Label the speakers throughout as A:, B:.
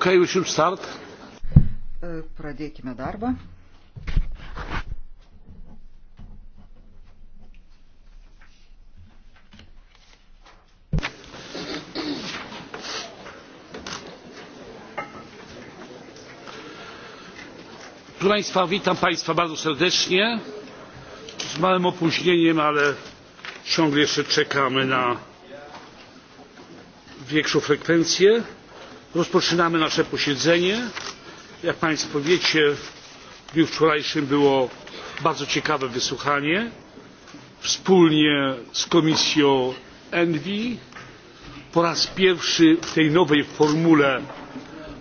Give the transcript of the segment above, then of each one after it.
A: Okay, we should start.
B: Pradėkime darbą.
A: proszę państwa witam państwa bardzo serdecznie z małym opóźnieniem ale ciągle jeszcze czekamy na większą frekwencję rozpoczynamy nasze posiedzenie. jak państwo wiecie w dniu wczorajszym było bardzo ciekawe wysłuchanie wspólnie z komisją envi. po raz pierwszy w tej nowej formule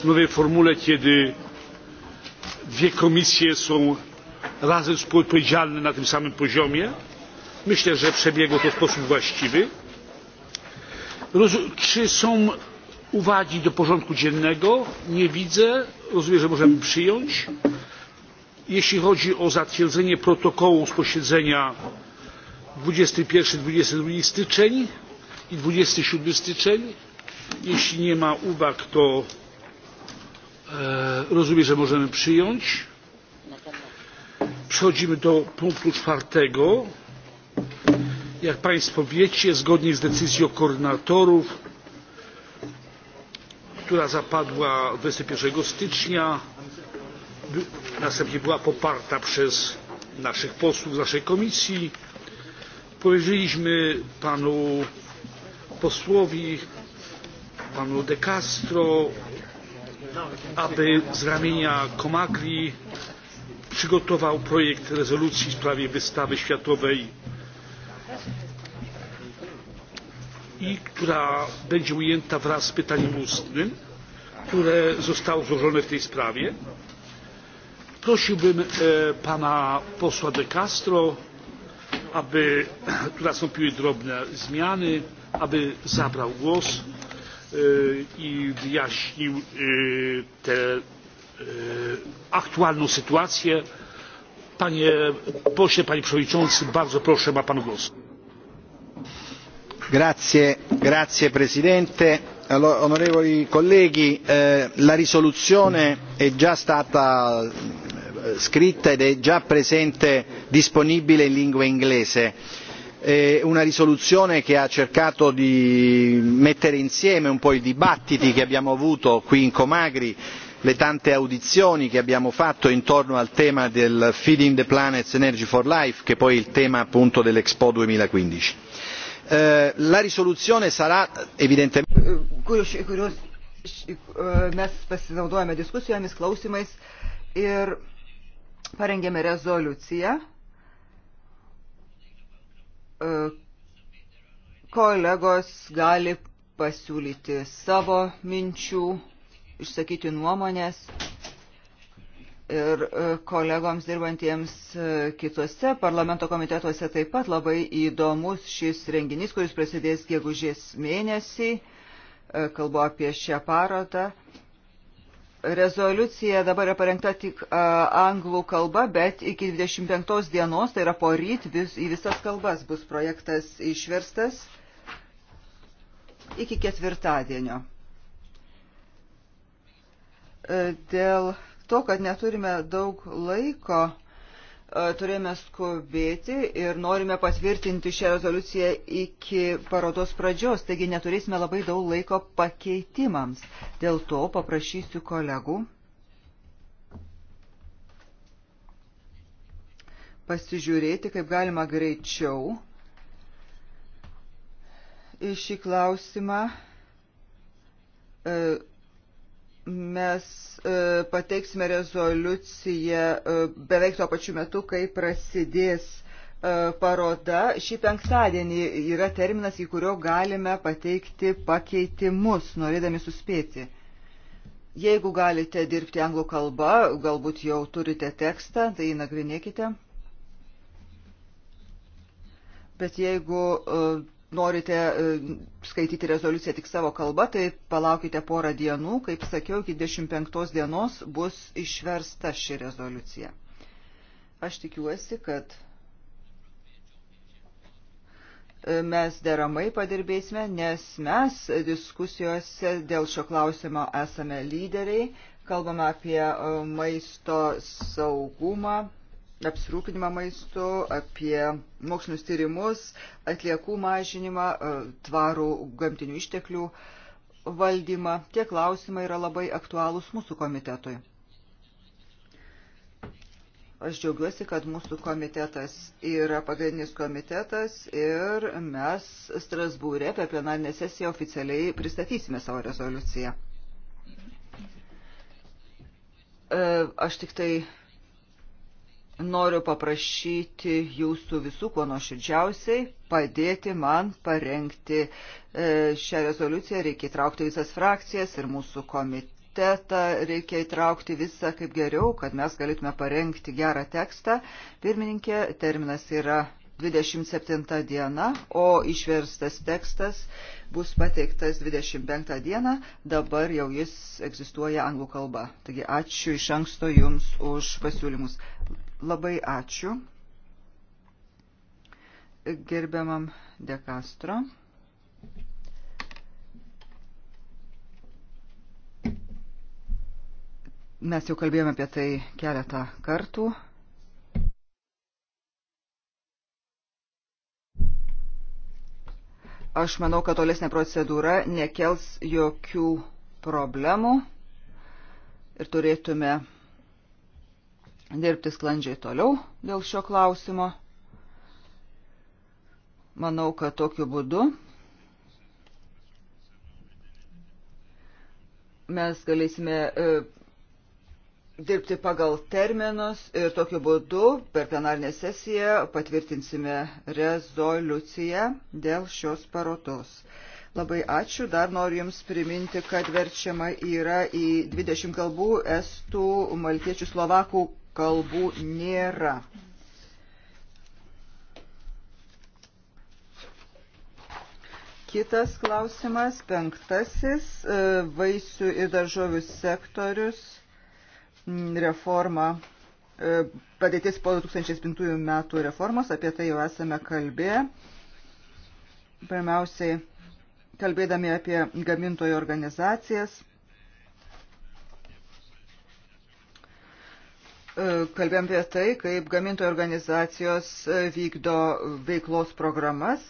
A: nowej formule kiedy dwie komisje są razem współodpowiedzialne na tym samym poziomie myślę że przebiegło to w sposób właściwy. czy są uwagi do porządku dziennego nie widzę rozumiem że możemy przyjąć. jeśli chodzi o zatwierdzenie protokołu z posiedzenia dwadzieścia jeden dwadzieścia dwa styczeń i dwadzieścia siedem styczeń jeśli nie ma uwag to e, rozumiem że możemy przyjąć. przechodzimy do punktu czwartego. jak państwo wiecie zgodnie z decyzją koordynatorów która zapadła dwadzieścia jeden stycznia następnie była poparta przez naszych posłów z naszej komisji powiedzieliśmy panu posłowi panu de castro aby z ramienia comagri przygotował projekt rezolucji w sprawie wystawy światowej i która będzie ujęta wraz z pytaniem ustnym które zostało złożone w tej sprawie. prosiłbym e, pana posła de castro aby tu nastąpiły drobne zmiany aby zabrał głos e, i wyjaśnił e, tę aktualną sytuację. panie pośle panie przewodniczący bardzo proszę ma pan głos.
C: Grazie, grazie Presidente. Allora, onorevoli colleghi, eh, la risoluzione è già stata eh, scritta ed è già presente disponibile in lingua inglese. È una risoluzione che ha cercato di mettere insieme un po' i dibattiti che abbiamo avuto qui in Comagri, le tante audizioni che abbiamo fatto intorno al tema del Feeding the Planet Energy for Life, che poi è il tema appunto dell'Expo 2015 eh, la risoluzione sarà evidentemente.
B: Kurios, e, mes pasinaudojame diskusijomis, klausimais ir parengėme rezoliuciją. E, kolegos gali pasiūlyti savo minčių, išsakyti nuomonės ir e, kolegoms dirbantiems e, kitose parlamento komitetuose taip pat labai įdomus šis renginys, kuris prasidės gegužės mėnesį. E, kalbu apie šią parodą. Rezoliucija dabar yra parengta tik uh, anglų kalba, bet iki 25 dienos, tai yra po ryt, vis, į visas kalbas bus projektas išverstas iki ketvirtadienio. Dėl uh, to, kad neturime daug laiko, e, turėjome skubėti ir norime patvirtinti šią rezoliuciją iki parodos pradžios, taigi neturėsime labai daug laiko pakeitimams. Dėl to paprašysiu kolegų pasižiūrėti, kaip galima greičiau į šį klausimą e, mes e, pateiksime rezoliuciją e, beveik tuo pačiu metu, kai prasidės e, paroda. Šį penktadienį yra terminas, į kurio galime pateikti pakeitimus, norėdami suspėti. Jeigu galite dirbti anglų kalbą, galbūt jau turite tekstą, tai nagrinėkite. Bet jeigu uh, norite e, skaityti rezoliuciją tik savo kalbą, tai palaukite porą dienų, kaip sakiau, iki 25 dienos bus išversta ši rezoliucija. Aš tikiuosi, kad e, mes deramai padirbėsime, nes mes diskusijose dėl šio klausimo esame lyderiai, kalbame apie e, maisto saugumą apsirūpinimą maistu, apie mokslinius tyrimus, atliekų mažinimą, e, tvarų gamtinių išteklių valdymą. Tie klausimai yra labai aktualūs mūsų komitetui. Aš džiaugiuosi, kad mūsų komitetas yra pagrindinis komitetas ir mes Strasbūrė per plenarinę sesiją oficialiai pristatysime savo rezoliuciją. E, aš tik tai noriu paprašyti jūsų visų, kuo nuoširdžiausiai, padėti man parengti e, šią rezoliuciją. Reikia įtraukti visas frakcijas ir mūsų komitetą, reikia įtraukti visą kaip geriau, kad mes galėtume parengti gerą tekstą. Pirmininkė, terminas yra 27 diena, o išverstas tekstas bus pateiktas 25 dieną, dabar jau jis egzistuoja anglų kalba. Taigi ačiū iš anksto Jums už pasiūlymus. Labai ačiū gerbiamam De Castro. Mes jau kalbėjome apie tai keletą kartų. Aš manau, kad tolesnė procedūra nekels jokių problemų ir turėtume dirbti sklandžiai toliau dėl šio klausimo. Manau, kad tokiu būdu mes galėsime e, dirbti pagal terminus ir tokiu būdu per plenarinę sesiją patvirtinsime rezoliuciją dėl šios parodos. Labai ačiū. Dar noriu Jums priminti, kad verčiama yra į 20 kalbų estų, maltiečių, slovakų, kalbų nėra. Kitas klausimas, penktasis, e, vaisių ir daržovių sektorius, reforma, e, padėtis po 2005 metų reformos, apie tai jau esame kalbėję. Pirmiausiai, kalbėdami apie gamintojų organizacijas, E, kalbėjom apie tai, kaip gamintojų organizacijos e, vykdo veiklos programas,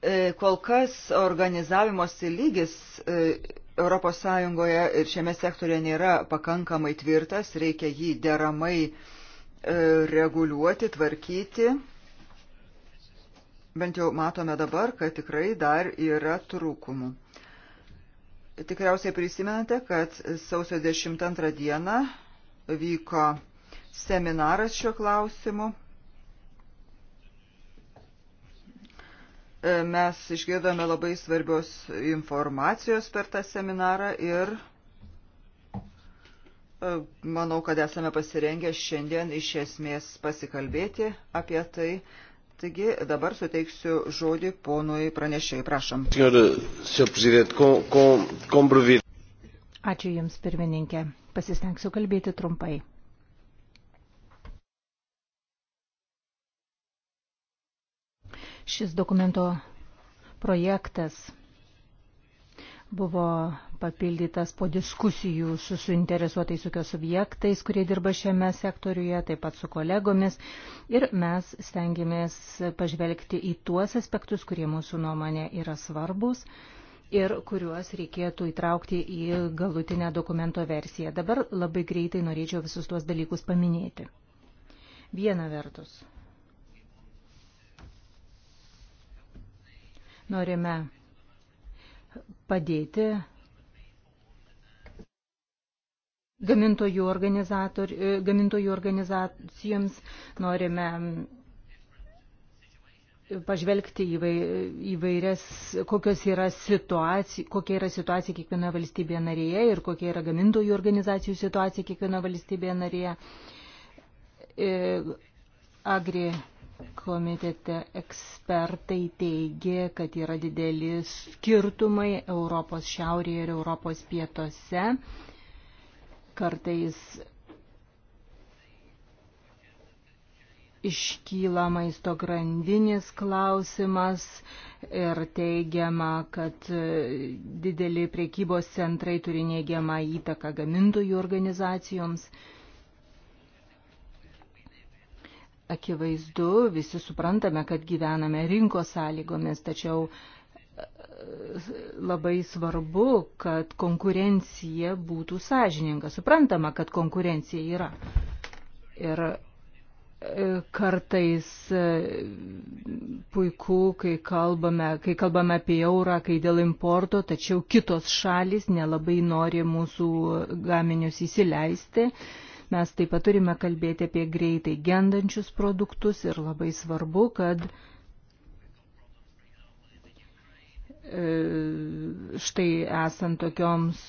B: e, kol kas organizavimosi lygis ES ir šiame sektorė nėra pakankamai tvirtas, reikia jį deramai reguliuoti, tvarkyti. Bent jau matome dabar, kad tikrai dar yra trūkumų. Tikriausiai prisimenate, kad sausio 12 dieną vyko seminaras šiuo klausimu. Mes išgirdome labai svarbios informacijos per tą seminarą ir e, manau, kad esame pasirengę šiandien iš esmės pasikalbėti apie tai. Taigi dabar suteiksiu žodį ponui pranešėjai. Prašom.
C: Eh,
D: Ačiū Jums, pirmininkė. Pasistengsiu kalbėti trumpai. Šis dokumento projektas buvo papildytas po diskusijų su suinteresuotais ūkio subjektais, kurie dirba šiame sektoriuje, taip pat su kolegomis. Ir mes stengiamės pažvelgti į tuos aspektus, kurie mūsų nuomonė yra svarbus ir kuriuos reikėtų įtraukti į galutinę dokumento versiją. Dabar labai greitai norėčiau visus tuos dalykus paminėti. Viena vertus. Norime padėti gamintojų, e, gamintojų organizacijoms, norime pažvelgti įvairias, kokios yra situacija, kokia yra situacija kiekvienoje valstybėje narėje ir kokia yra gamintojų organizacijų situacija kiekvienoje valstybėje narėje. E, Agri komitete ekspertai teigia, kad yra dideli skirtumai Europos šiaurėje ir Europos pietuose. Kartais iškyla maisto grandinis klausimas ir teigiama, kad dideli priekybos centrai turi neigiamą įtaką gamintojų organizacijoms. akivaizdu, visi suprantame, kad gyvename rinkos sąlygomis, tačiau e, labai svarbu, kad konkurencija būtų sąžininga. Suprantama, kad konkurencija yra. Ir e, kartais e, puiku, kai kalbame, kai kalbame apie eurą, kai dėl importo, tačiau kitos šalis nelabai nori mūsų gaminius įsileisti Mes taip pat turime kalbėti apie greitai gendančius produktus ir labai svarbu, kad e, štai esant tokioms e,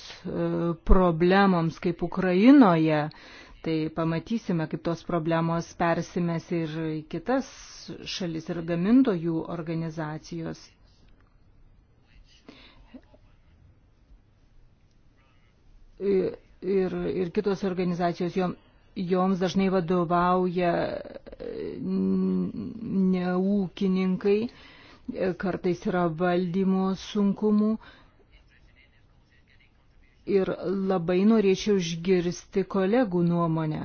D: problemoms kaip Ukrainoje, tai pamatysime, kaip tos problemos persimės ir kitas šalis ir gamintojų organizacijos. E, ir, ir kitos organizacijos jom, joms dažnai vadovauja neūkininkai, kartais yra valdymo sunkumų. Ir labai norėčiau išgirsti kolegų nuomonę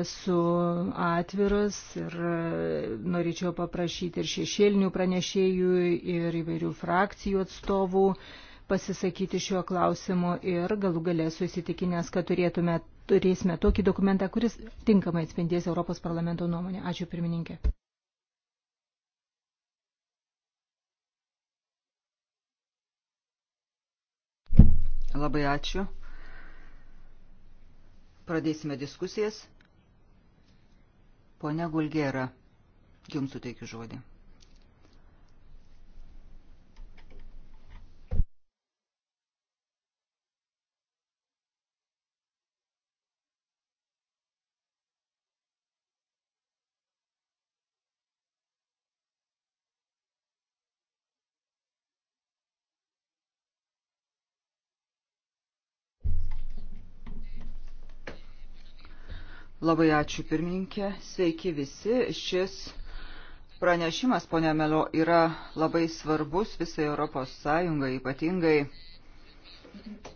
D: esu atviras ir norėčiau paprašyti ir šešėlinių pranešėjų, ir įvairių frakcijų atstovų pasisakyti šiuo klausimu ir galų galę susitikinęs, kad turėtume, turėsime tokį dokumentą, kuris tinkamai atspindės Europos parlamento nuomonę. Ačiū pirmininkė.
B: Labai ačiū. Pradėsime diskusijas. Pone Gulgera, jums suteikiu žodį. Labai ačiū pirmininkė. Sveiki visi. Šis pranešimas, ponė Melo, yra labai svarbus visai Europos Sąjungai, ypatingai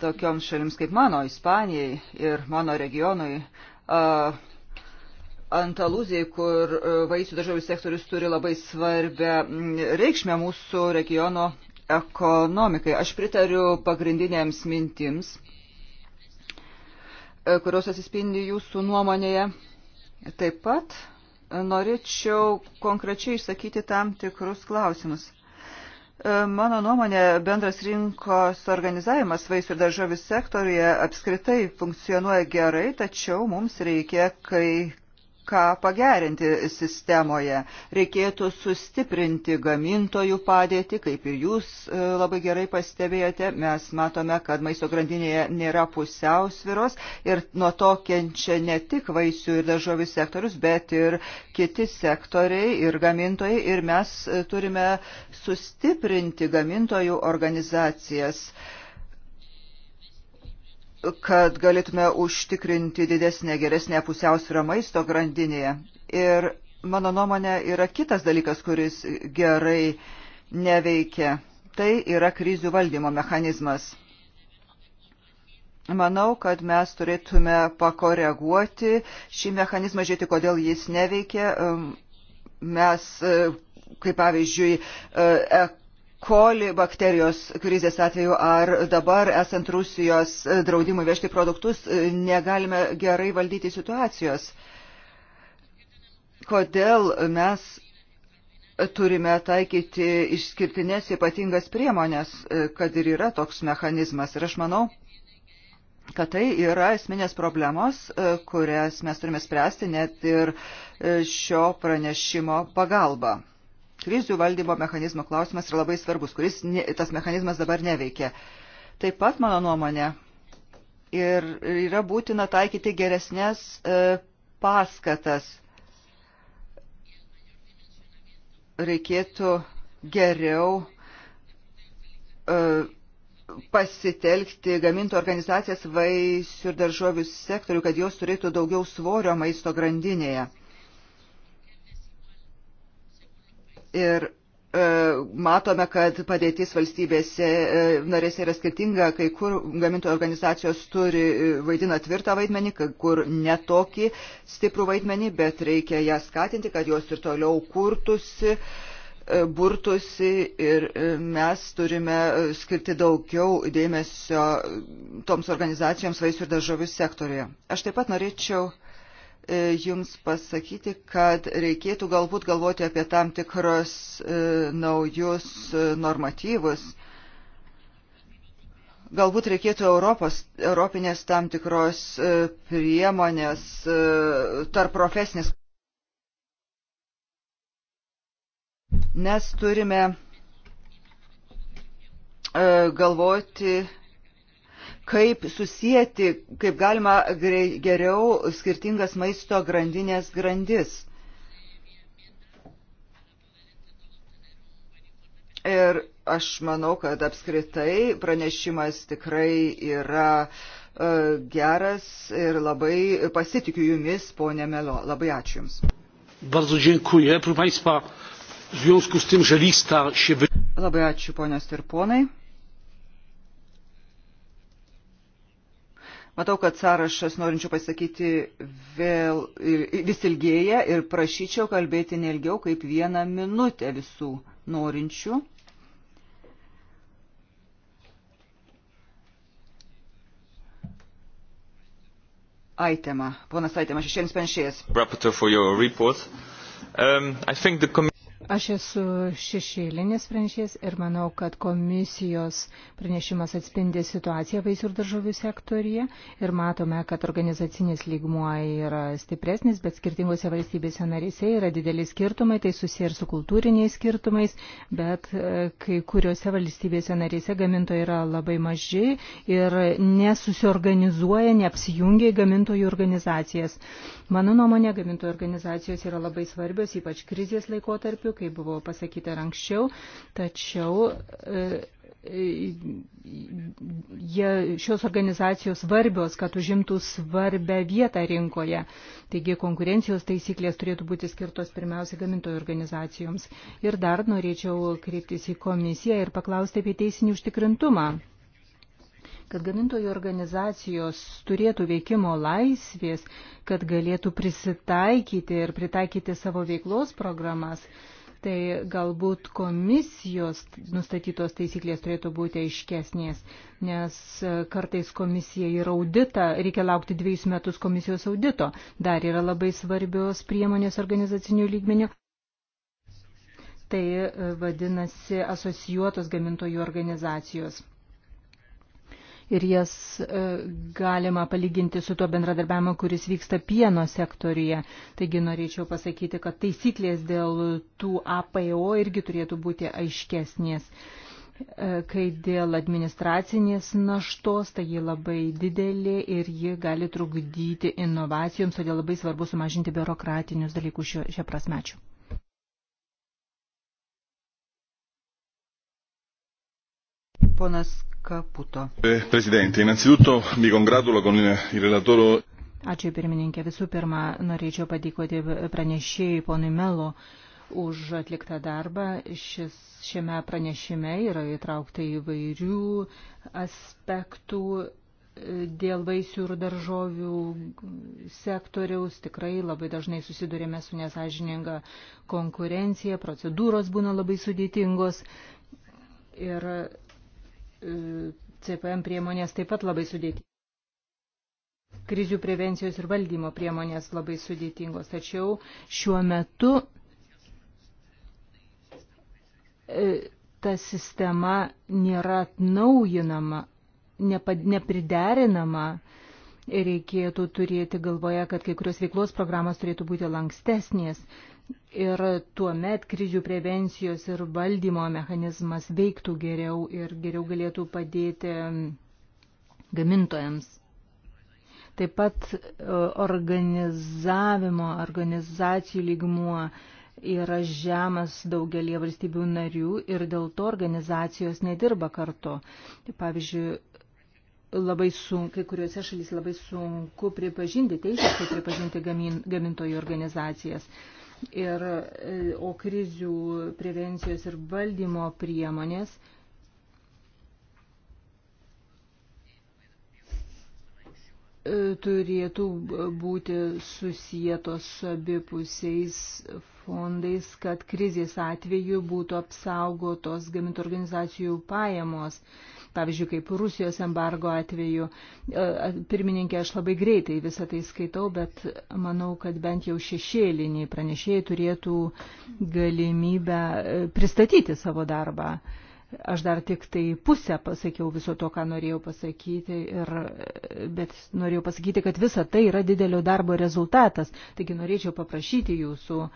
B: tokioms šalims kaip mano, Ispanijai ir mano regionui, Antalūzijai, kur e, vaisių daržovių sektorius turi labai svarbę reikšmę mūsų regiono ekonomikai. Aš pritariu pagrindinėms mintims kurios atsispindi jūsų nuomonėje. Taip pat norėčiau konkrečiai išsakyti tam tikrus klausimus. E, mano nuomonė, bendras rinkos organizavimas vaisių ir daržovių sektoriuje apskritai funkcionuoja gerai, tačiau mums reikia kai ką pagerinti sistemoje. Reikėtų sustiprinti gamintojų padėtį, kaip ir jūs e, labai gerai pastebėjote. Mes matome, kad maisto grandinėje nėra pusiausviros ir nuo to kenčia ne tik vaisių ir daržovių sektorius, bet ir kiti sektoriai ir gamintojai. Ir mes e, turime sustiprinti gamintojų organizacijas. Uh, kad galėtume užtikrinti didesnę, geresnę pusiausvyrą maisto grandinėje. Ir mano nuomonė yra kitas dalykas, kuris gerai neveikia. Tai yra krizių valdymo mechanizmas. Manau, kad mes turėtume pakoreguoti šį mechanizmą, žiūrėti, kodėl jis neveikia. Mes, kaip pavyzdžiui, koli bakterijos krizės atveju ar dabar esant Rusijos draudimui vežti produktus e, negalime gerai valdyti situacijos. Kodėl mes turime taikyti išskirtinės ypatingas priemonės, e, kad ir yra toks mechanizmas. Ir aš manau, kad tai yra esminės problemos, e, kurias mes turime spręsti net ir šio pranešimo pagalba krizių valdymo mechanizmo klausimas yra labai svarbus, kuris ne, tas mechanizmas dabar neveikia. Taip pat, mano nuomonė, ir yra būtina taikyti geresnės e, paskatas. Reikėtų geriau e, pasitelkti gamintų organizacijas vaisių ir daržovių sektorių, kad jos turėtų daugiau svorio maisto grandinėje. Ir e, matome, kad padėtis valstybėse e, narėse yra skirtinga, kai kur gamintojų organizacijos turi e, vaidina tvirtą vaidmenį, kai kur netokį stiprų vaidmenį, bet reikia ją skatinti, kad jos ir toliau kurtusi burtusi ir mes turime skirti daugiau dėmesio toms organizacijoms vaisių ir daržovių sektoriuje. Aš taip pat norėčiau uh, E, jums pasakyti, kad reikėtų galbūt galvoti apie tam tikros e, naujus e, normatyvus. Galbūt reikėtų Europos, Europinės tam tikros priemonės tarp profesinės. Nes turime galvoti kaip susijęti, kaip galima geriau skirtingas maisto grandinės grandis. Ir aš manau, kad apskritai pranešimas tikrai yra e, geras ir labai pasitikiu jumis, ponė Melo. Labai ačiū Jums.
A: Bardzo dziękuję. Proszę Państwa, w związku z
B: tym, że lista się wy... Labai ačiū, ponios ir ponai. Matau, kad sąrašas norinčių pasakyti vėl vis ilgėja ir prašyčiau kalbėti nelgiau kaip vieną minutę visų norinčių. Aitema, ponas Aitema, šešiems penšėjas. Um, Aš esu
D: šešėlinis pranešėjas ir manau, kad komisijos pranešimas atspindi situaciją vaisių ir daržovių sektorija ir matome, kad organizacinis lygmuo yra stipresnis, bet skirtingose valstybėse narėse yra dideli skirtumai, tai susiję ir su kultūriniais skirtumais, bet e, kai kuriuose valstybėse narėse gamintojai yra labai maži ir nesusiorganizuoja, neapsijungia į gamintojų organizacijas. Mano nuomonė, gamintojų organizacijos yra labai svarbios, ypač krizės laikotarpiu kaip buvo pasakyta ir anksčiau, tačiau e, e, jie, šios organizacijos svarbios, kad užimtų svarbę vietą rinkoje. Taigi konkurencijos taisyklės turėtų būti skirtos pirmiausia gamintojų organizacijoms. Ir dar norėčiau kreiptis į komisiją ir paklausti apie teisinį užtikrintumą kad gamintojų organizacijos turėtų veikimo laisvės, kad galėtų prisitaikyti ir pritaikyti savo veiklos programas tai galbūt komisijos nustatytos taisyklės turėtų būti aiškesnės, nes e, kartais komisija ir audita, reikia laukti dviejus metus komisijos audito, dar yra labai svarbios priemonės organizacinių lygmenių. Tai e, vadinasi asocijuotos gamintojų organizacijos ir jas e, galima palyginti su tuo bendradarbiavimu, kuris vyksta pieno sektorija. Taigi norėčiau pasakyti, kad taisyklės dėl tų APO irgi turėtų būti aiškesnės e, kai dėl administracinės naštos, tai ji labai didelė ir ji gali trukdyti inovacijoms, todėl labai svarbu sumažinti biurokratinius dalykus šią prasmečių.
B: Ponas Kaputo.
C: Prezidentė, innanzitutto mi congratulo con il relatoro.
D: Ačiū pirmininkė. Visų pirma, norėčiau padėkoti pranešėjai ponui Melo už atliktą darbą. Šis, šiame pranešime yra įtraukta įvairių aspektų e, dėl vaisių ir daržovių sektoriaus. Tikrai labai dažnai susidurėme su nesažininga konkurencija, procedūros būna labai sudėtingos. Ir CPM priemonės taip pat labai sudėtingos. Krizių prevencijos ir valdymo priemonės labai sudėtingos, tačiau šiuo metu e, ta sistema nėra atnaujinama, nepriderinama reikėtų turėti galvoje, kad kai kurios veiklos programos turėtų būti lankstesnės ir tuomet krizių prevencijos ir valdymo mechanizmas veiktų geriau ir geriau galėtų padėti gamintojams. Taip pat e, organizavimo, organizacijų lygmuo yra žemas daugelie valstybių narių ir dėl to organizacijos nedirba kartu. Tai pavyzdžiui, labai sunku, kai kuriuose šalyse labai sunku pripažinti, teisiškai pripažinti gamin, gamintojų organizacijas. Ir, e, o krizių prevencijos ir valdymo priemonės e, turėtų būti susijėtos su abipusiais fondais, kad krizės atveju būtų apsaugotos gamintų organizacijų pajamos. E, pavyzdžiui, kaip Rusijos embargo atveju. E, pirmininkė, aš labai greitai visą tai skaitau, bet manau, kad bent jau šešėliniai pranešėjai turėtų galimybę e, pristatyti savo darbą. Aš dar tik tai pusę pasakiau viso to, ką norėjau pasakyti, ir, bet norėjau pasakyti, kad visa tai yra didelio darbo rezultatas. Taigi norėčiau paprašyti jūsų e,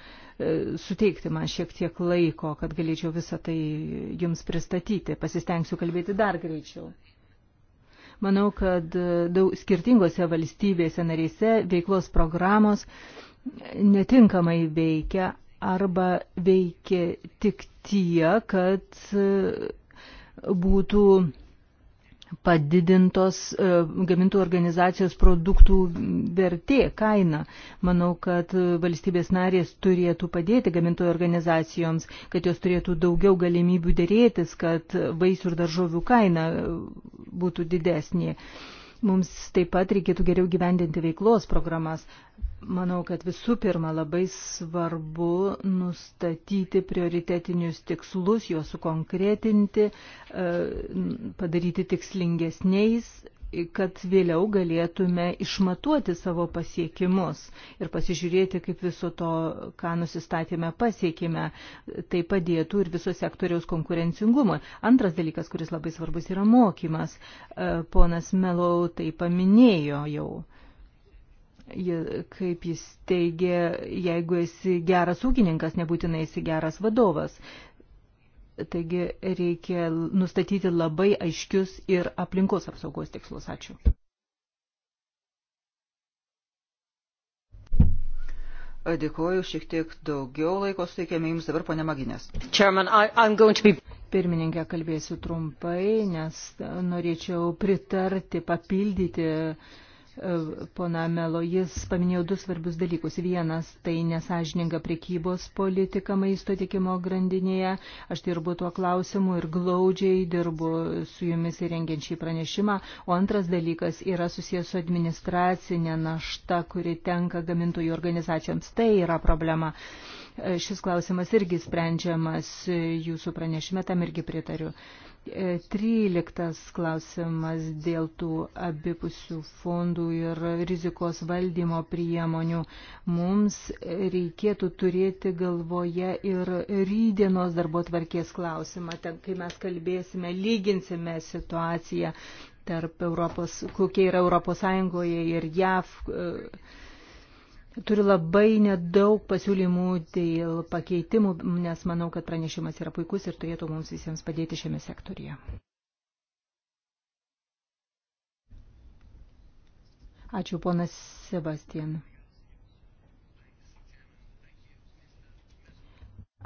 D: suteikti man šiek tiek laiko, kad galėčiau visą tai jums pristatyti. Pasistengsiu kalbėti dar greičiau. Manau, kad e, daug skirtingose valstybėse narėse veiklos programos netinkamai veikia arba veikė tik tie, kad e, būtų padidintos e, gamintų organizacijos produktų vertė, kaina. Manau, kad valstybės narės turėtų padėti gamintojų organizacijoms, kad jos turėtų daugiau galimybių dėrėtis, kad vaisių ir daržovių kaina būtų didesnė. Mums taip pat reikėtų geriau gyvendinti veiklos programas. Manau, kad visų pirma labai svarbu nustatyti prioritetinius tikslus, juos sukonkretinti, e, padaryti tikslingesniais kad vėliau galėtume išmatuoti savo pasiekimus ir pasižiūrėti, kaip viso to, ką nusistatėme, pasiekime. Tai padėtų ir viso sektoriaus konkurencingumui. Antras dalykas, kuris labai svarbus, yra mokymas. E, ponas Melau tai paminėjo jau kaip jis teigia, jeigu esi geras ūkininkas, nebūtinai esi geras vadovas. Taigi reikia nustatyti labai aiškius ir aplinkos apsaugos tikslus. Ačiū.
B: Dėkuoju, šiek tiek daugiau laiko suteikėme jums dabar, ponė Maginės. Chairman,
D: I, Pirmininkė, kalbėsiu trumpai, nes norėčiau pritarti, papildyti uh, pona Melo, jis paminėjo du svarbius dalykus. Vienas - tai nesažininga prekybos politika maisto tikimo grandinėje. Aš dirbu tuo klausimu ir glaudžiai dirbu su jumis įrengiant šį pranešimą. O antras dalykas yra susijęs su administracinė našta, kuri tenka gamintojų organizacijoms. Tai yra problema. Uh, šis klausimas irgi sprendžiamas jūsų pranešime, tam irgi pritariu. E, tryliktas klausimas dėl tų abipusių fondų ir rizikos valdymo priemonių. Mums reikėtų turėti galvoje ir rydienos darbo tvarkės klausimą, ten, kai mes kalbėsime, lyginsime situaciją tarp Europos, kokie yra Europos Sąjungoje ir JAV. E, turiu labai nedaug pasiūlymų dėl pakeitimų, nes manau, kad pranešimas yra puikus ir turėtų mums visiems padėti šiame sektorija. Ačiū, ponas Sebastian.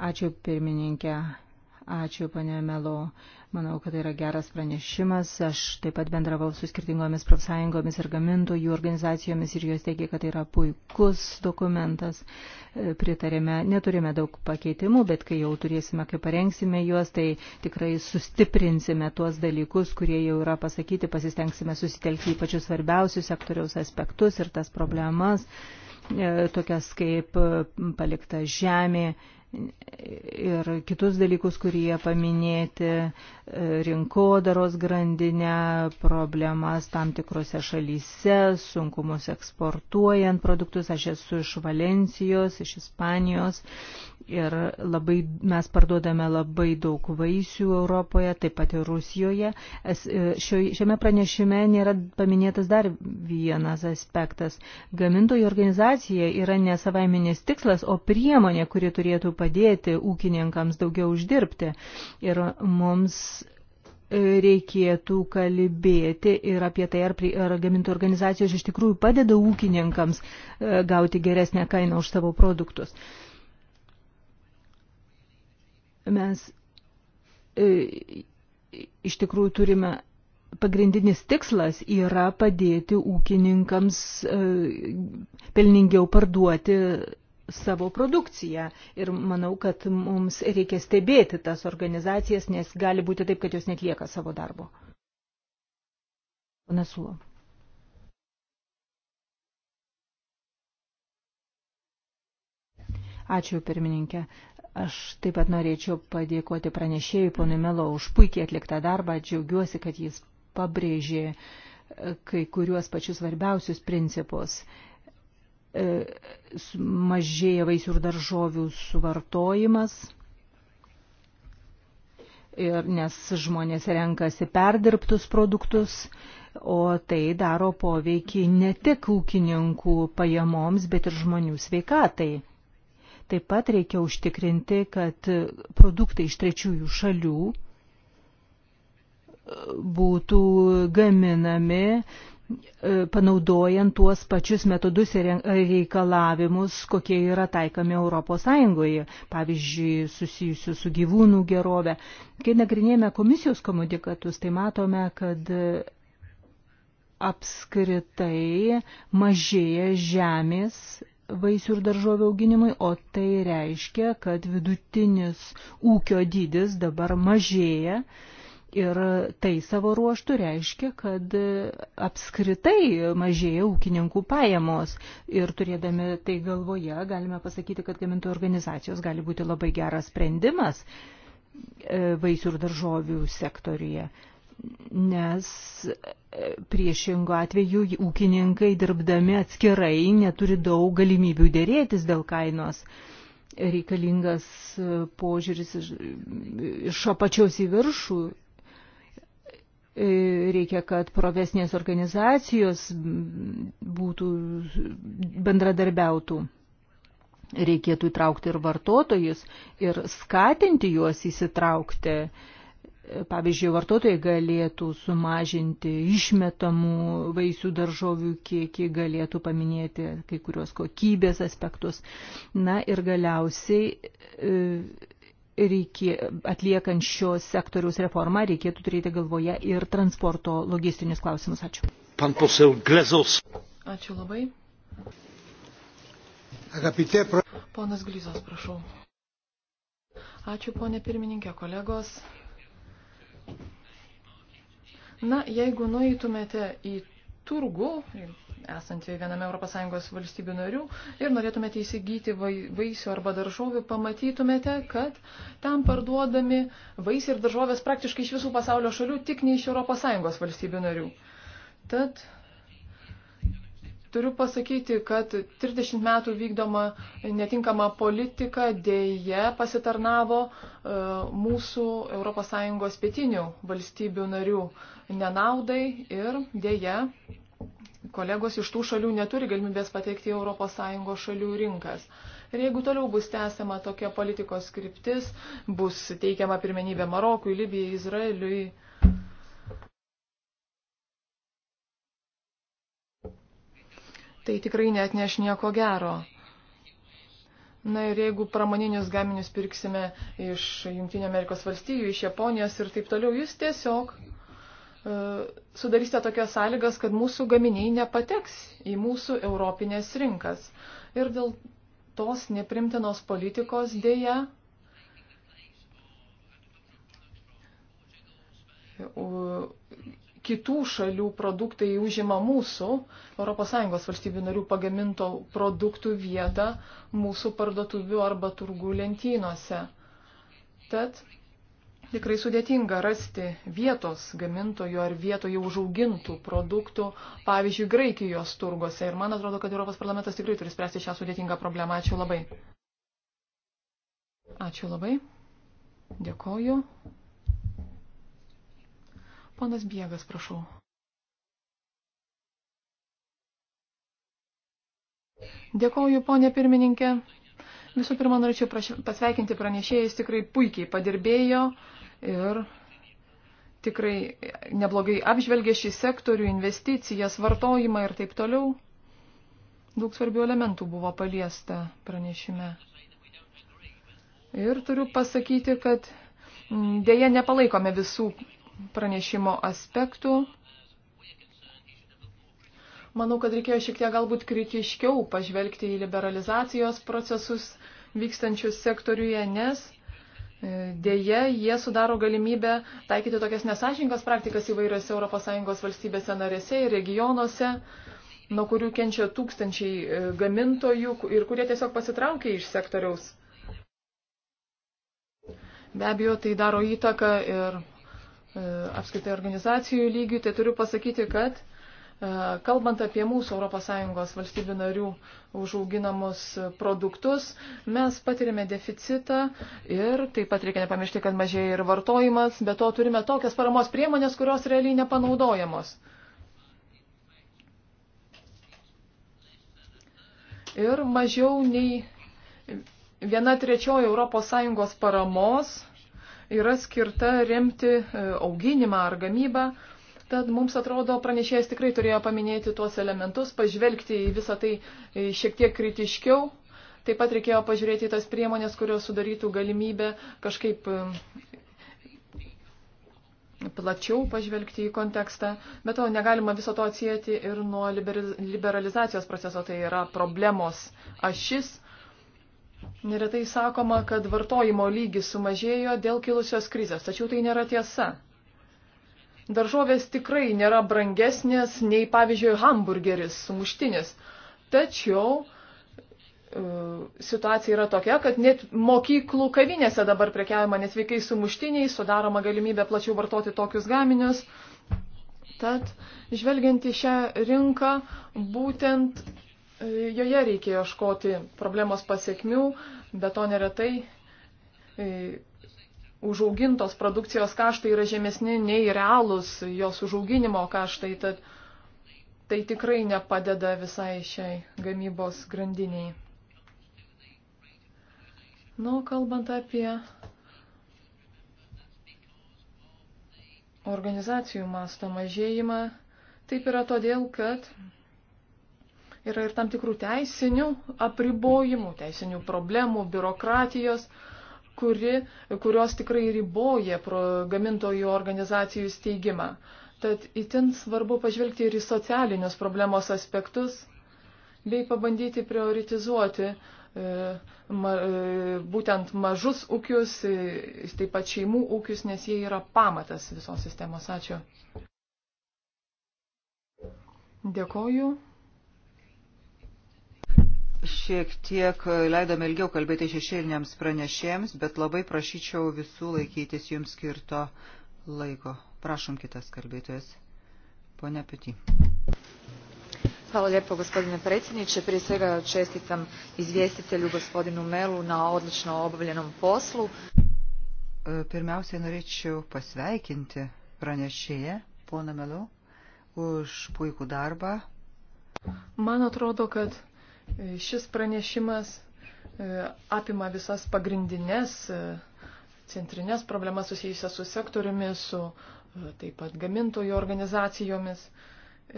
D: Ačiū, pirmininkė. Ačiū, panė Melo. Manau, kad tai yra geras pranešimas. Aš taip pat bendravau su skirtingomis profsąjungomis ir gamintojų organizacijomis ir jos teigia, kad tai yra puikus dokumentas. E, pritarėme, neturime daug pakeitimų, bet kai jau turėsime, kai parengsime juos, tai tikrai sustiprinsime tuos dalykus, kurie jau yra pasakyti, pasistengsime susitelkti į pačius svarbiausius sektoriaus aspektus ir tas problemas, e, tokias kaip palikta žemė ir kitus dalykus, kurie paminėti e, rinkodaros grandinę, problemas tam tikrose šalyse, sunkumus eksportuojant produktus. Aš esu iš Valencijos, iš Ispanijos Ir labai, mes parduodame labai daug vaisių Europoje, taip pat ir Rusijoje. E, šio, šiame pranešime nėra paminėtas dar vienas aspektas. Gamintojų organizacija yra ne savaiminis tikslas, o priemonė, kuri turėtų padėti ūkininkams daugiau uždirbti. Ir mums e, reikėtų kalbėti ir apie tai, ar, prie, ar gamintų organizacijos iš tikrųjų padeda ūkininkams e, gauti geresnę kainą už savo produktus. Uh, Mes e, iš tikrųjų turime pagrindinis tikslas yra padėti ūkininkams e, pelningiau parduoti savo produkciją. Ir manau, kad mums reikia stebėti tas organizacijas, nes gali būti taip, kad jos netlieka savo darbo. Panasulo. Ačiū, pirmininkė. Aš taip pat norėčiau padėkoti pranešėjui ponui Melo už puikiai atliktą darbą. Džiaugiuosi, kad jis pabrėžė e, kai kuriuos pačius svarbiausius principus. E, mažėja vaisių ir daržovių suvartojimas, ir nes žmonės renkasi perdirbtus produktus, o tai daro poveikį ne tik ūkininkų pajamoms, bet ir žmonių sveikatai. Taip pat reikia užtikrinti, kad produktai iš trečiųjų šalių būtų gaminami e, panaudojant tuos pačius metodus ir reikalavimus, kokie yra taikami ES, pavyzdžiui, susijusių su gyvūnų gerove. Kai nagrinėjame komisijos komunikatus, tai matome, kad apskritai mažėja žemės vaisių ir daržovių auginimui, o tai reiškia, kad vidutinis ūkio dydis dabar mažėja. Ir tai savo ruoštų reiškia, kad apskritai mažėja ūkininkų pajamos. Ir turėdami tai galvoje, galime pasakyti, kad gamintojų organizacijos gali būti labai geras sprendimas e, vaisių ir daržovių sektoriuje nes e, priešingo atveju ūkininkai dirbdami atskirai neturi daug galimybių dėrėtis dėl kainos. Reikalingas e, požiūris iš, iš apačios į viršų. E, reikia, kad profesinės organizacijos būtų bendradarbiautų. Reikėtų įtraukti ir vartotojus ir skatinti juos įsitraukti. E, Pavyzdžiui, vartotojai galėtų sumažinti išmetamų vaisių daržovių kiekį, galėtų paminėti kai kurios kokybės aspektus. Na ir galiausiai e, reikie, atliekant šios sektoriaus reformą reikėtų turėti galvoje ir transporto logistinius klausimus.
E: Ačiū.
A: Pan posel Glezos.
E: Ačiū labai. Agapite, pra... Ponas Glizos, prašau. Ačiū, ponė pirmininkė, kolegos. Na, jeigu nueitumėte į turgų, esantį viename ES valstybių narių, ir norėtumėte įsigyti vaisių arba daržovių, pamatytumėte, kad tam parduodami vaisiai ir daržovės praktiškai iš visų pasaulio šalių, tik ne iš ES valstybių narių. Tad Turiu pasakyti, kad 30 metų vykdoma netinkama politika dėje pasitarnavo e, mūsų ES pietinių valstybių narių nenaudai ir dėje kolegos iš tų šalių neturi galimybės patekti į ES šalių rinkas. Ir jeigu toliau bus tęsiama tokia politikos skriptis, bus teikiama pirmenybė Marokui, Libijai, Izraeliui, tai tikrai net neš nieko gero. Na ir jeigu pramoninius gaminius pirksime iš Junktinio Amerikos valstijų, iš Japonijos ir taip toliau, jūs tiesiog e, sudarysite tokias sąlygas, kad mūsų gaminiai nepateks į mūsų europinės rinkas. Ir dėl tos neprimtinos politikos dėja kitų šalių produktai užima mūsų ES valstybių narių pagaminto produktų vietą mūsų parduotuvių arba turgų lentynose. Tad tikrai sudėtinga rasti vietos gamintojų ar vietoje užaugintų produktų, pavyzdžiui, Graikijos turgose. Ir man atrodo, kad Europos parlamentas tikrai turi spręsti šią sudėtingą problemą. Ačiū labai. Ačiū labai. Dėkoju. Ponas Biegas, prašau. Dėkoju, ponė pirmininkė. Visų pirma, norėčiau pasveikinti pranešėjus, tikrai puikiai padirbėjo ir tikrai neblogai apžvelgė šį sektorių, investicijas, vartojimą ir taip toliau. Daug svarbių elementų buvo paliesta pranešime. Ir turiu pasakyti, kad dėje nepalaikome visų pranešimo aspektų. Manau, kad reikėjo šiek tiek galbūt kritiškiau pažvelgti į liberalizacijos procesus vykstančius sektoriuje, nes e, Deja, jie sudaro galimybę taikyti tokias nesažingas praktikas įvairiose ES valstybėse narėse ir regionuose, nuo kurių kenčia tūkstančiai e, gamintojų ir kurie tiesiog pasitraukia iš sektoriaus. Be abejo, tai daro įtaką ir E, apskaitai organizacijų lygių, tai turiu pasakyti, kad e, kalbant apie mūsų ES valstybių narių užauginamus produktus, mes patirime deficitą ir taip pat reikia nepamiršti, kad mažėja ir vartojimas, bet to turime tokias paramos priemonės, kurios realiai nepanaudojamos. Ir mažiau nei viena trečioji ES paramos yra skirta remti e, auginimą ar gamybą. Tad mums atrodo, pranešėjas tikrai turėjo paminėti tuos elementus, pažvelgti į visą tai e, šiek tiek kritiškiau. Taip pat reikėjo pažiūrėti tas priemonės, kurios sudarytų galimybę kažkaip e, plačiau pažvelgti į kontekstą, bet to negalima viso to atsijėti ir nuo liberalizacijos proceso, tai yra problemos ašis, Neretai sakoma, kad vartojimo lygis sumažėjo dėl kilusios krizės, tačiau tai nėra tiesa. Daržovės tikrai nėra brangesnės nei, pavyzdžiui, hamburgeris, sumuštinis. Tačiau e, situacija yra tokia, kad net mokyklų kavinėse dabar prekiavama nesveikai sumuštiniai, sudaroma galimybė plačiau vartoti tokius gaminius. Tad, žvelgiant į šią rinką, būtent joje reikia ieškoti problemos pasiekmių, bet to neretai e, užaugintos produkcijos kaštai yra žemesni nei realūs jos užauginimo kaštai, tad tai tikrai nepadeda visai šiai gamybos grandiniai. Nu, kalbant apie organizacijų masto mažėjimą, taip yra todėl, kad yra ir tam tikrų teisinių apribojimų, teisinių problemų, biurokratijos, kuri, kurios tikrai riboja gamintojų organizacijų steigimą. Tad itin svarbu pažvelgti ir į socialinius problemos aspektus bei pabandyti prioritizuoti e, ma, e, būtent mažus ūkius, e, taip pat šeimų ūkius, nes jie yra pamatas visos sistemos. Ačiū. Dėkoju. Šiek
B: tiek leidome ilgiau kalbėti šešėliniams pranešėjams, bet labai prašyčiau visų laikytis jums skirto laiko. Prašom kitas kalbėtojas. Pone Peti.
D: Hvala lijepo gospodine predsjedniče. Prije svega čestitam
B: izvjestitelju gospodinu Melu na odlično obavljenom poslu. E, pirmiausiai norėčiau pasveikinti pranešėją, poną Melu, už puikų darbą.
E: Man atrodo, kad Šis pranešimas e, apima visas pagrindinės e, centrinės problemas susijusias su sektoriumi, su e, taip pat gamintojų organizacijomis.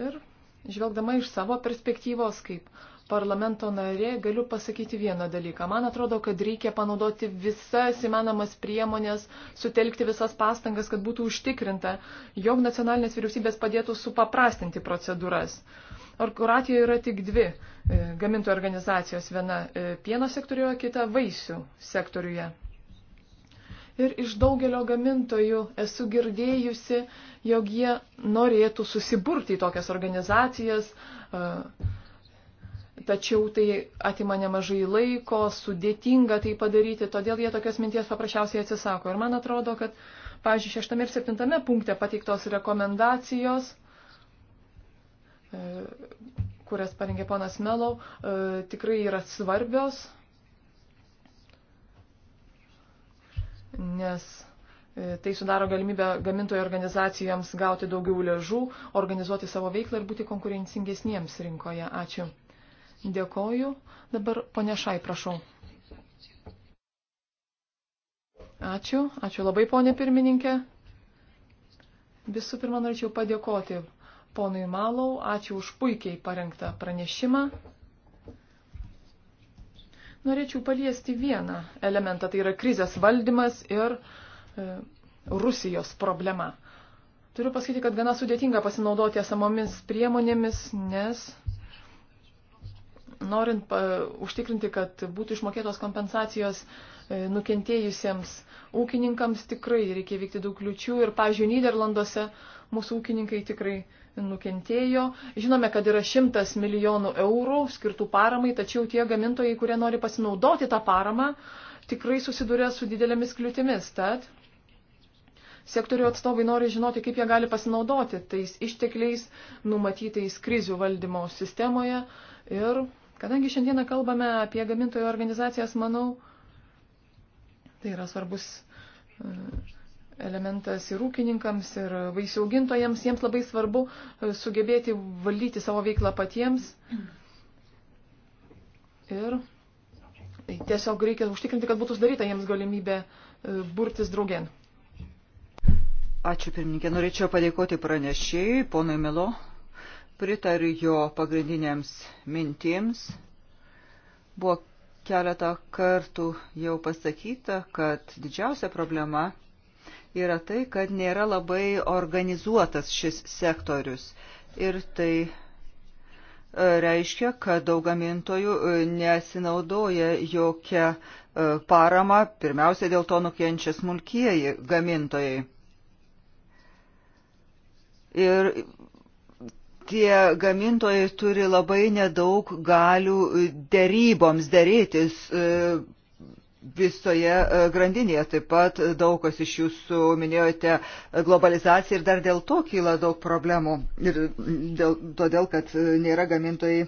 E: Ir žvelgdama iš savo perspektyvos kaip parlamento narė galiu pasakyti vieną dalyką. Man atrodo, kad reikia panaudoti visas įmanomas priemonės, sutelkti visas pastangas, kad būtų užtikrinta, jog nacionalinės vyriausybės padėtų supaprastinti procedūras. Uh, Ar Kroatijoje yra tik dvi e, gamintojų organizacijos, viena e, pieno sektoriuje, kita vaisių sektoriuje. Ir iš daugelio gamintojų esu girdėjusi, jog jie norėtų susiburti į tokias organizacijas, e, tačiau tai atima nemažai laiko, sudėtinga tai padaryti, todėl jie tokios minties paprasčiausiai atsisako. Ir man atrodo, kad, pavyzdžiui, šeštame ir septintame punkte pateiktos rekomendacijos kurias parengė ponas Melau, e, tikrai yra svarbios, nes e, tai sudaro galimybę gamintojų organizacijoms gauti daugiau lėžų, organizuoti savo veiklą ir būti konkurencingesniems rinkoje. Ačiū. Dėkoju. Dabar ponešai, prašau. Ačiū. Ačiū labai, ponė pirmininkė. Visų pirma, norėčiau padėkoti ponui Malau, ačiū už puikiai parengtą pranešimą. Norėčiau paliesti vieną elementą, tai yra krizės valdymas ir e, Rusijos problema. Turiu pasakyti, kad gana sudėtinga pasinaudoti esamomis priemonėmis, nes norint pa, užtikrinti, kad būtų išmokėtos kompensacijos e, nukentėjusiems ūkininkams, tikrai reikia vykti daug kliučių ir, pavyzdžiui, Niderlanduose mūsų ūkininkai tikrai nukentėjo. Žinome, kad yra šimtas milijonų eurų skirtų paramai, tačiau tie gamintojai, kurie nori pasinaudoti tą paramą, tikrai susiduria su didelėmis kliūtimis. Tad sektorių atstovai nori žinoti, kaip jie gali pasinaudoti tais ištekliais numatytais krizių valdymo sistemoje. Ir kadangi šiandieną kalbame apie gamintojų organizacijas, manau, tai yra svarbus. Uh, elementas ir ūkininkams, ir vaisių augintojams. Jiems labai svarbu e, sugebėti valdyti savo veiklą patiems. Ir tiesiog reikia užtikrinti, kad būtų sudaryta jiems galimybė e, burtis draugien.
B: Ačiū pirmininkė. Norėčiau padėkoti pranešėjui, ponui Milo. Pritariu jo pagrindinėms mintims. Buvo keletą kartų jau pasakyta, kad didžiausia problema – yra tai, kad nėra labai organizuotas šis sektorius. Ir tai e, reiškia, kad daug gamintojų e, nesinaudoja jokią e, paramą, pirmiausia dėl to nukenčia smulkieji gamintojai. Ir tie gamintojai turi labai nedaug galių deryboms, darytis visoje e, grandinėje. Taip pat daug kas iš jūsų minėjote e, globalizaciją ir dar dėl to kyla daug problemų. Ir dėl, todėl, kad e, nėra gamintojai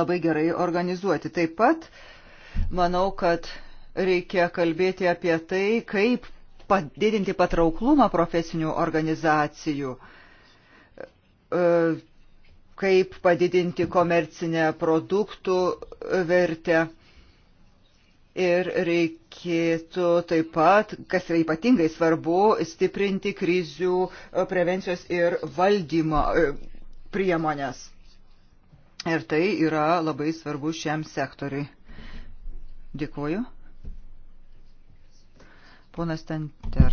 B: labai gerai organizuoti. Taip pat manau, kad reikia kalbėti apie tai, kaip padidinti patrauklumą profesinių organizacijų kaip padidinti komercinę produktų vertę. Ir reikėtų taip pat, kas yra ypatingai svarbu, stiprinti krizių e, prevencijos ir valdymo e, priemonės. Ir tai yra labai svarbu šiam sektoriui. Dėkuoju. Ponas Tenter.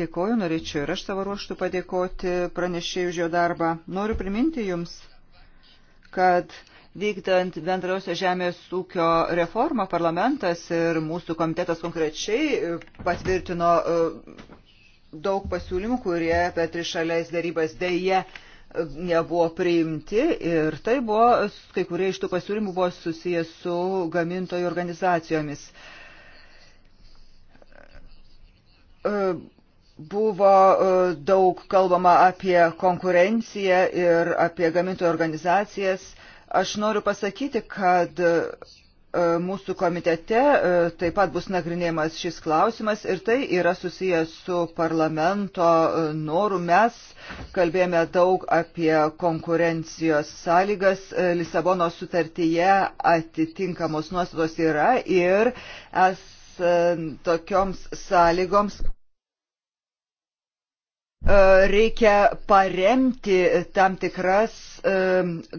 B: Dėkoju, norėčiau ir aš savo ruoštų padėkoti pranešėjai už jo darbą. Noriu priminti Jums, kad Vykdant bendrausio žemės ūkio reformą, parlamentas ir mūsų komitetas konkrečiai e, patvirtino e, daug pasiūlymų, kurie apie trišalės darybas dėje nebuvo priimti ir tai buvo, kai kurie iš tų pasiūlymų buvo susijęs su gamintojų organizacijomis e, buvo daug kalbama apie konkurenciją ir apie gamintojų organizacijas. Aš noriu pasakyti, kad e, mūsų komitete e, taip pat bus nagrinėjamas šis klausimas ir tai yra susijęs su parlamento e, noru. Mes kalbėjome daug apie konkurencijos sąlygas. Lisabono sutartyje atitinkamos nuostatos yra ir es tokioms sąlygoms E, reikia paremti tam tikras e,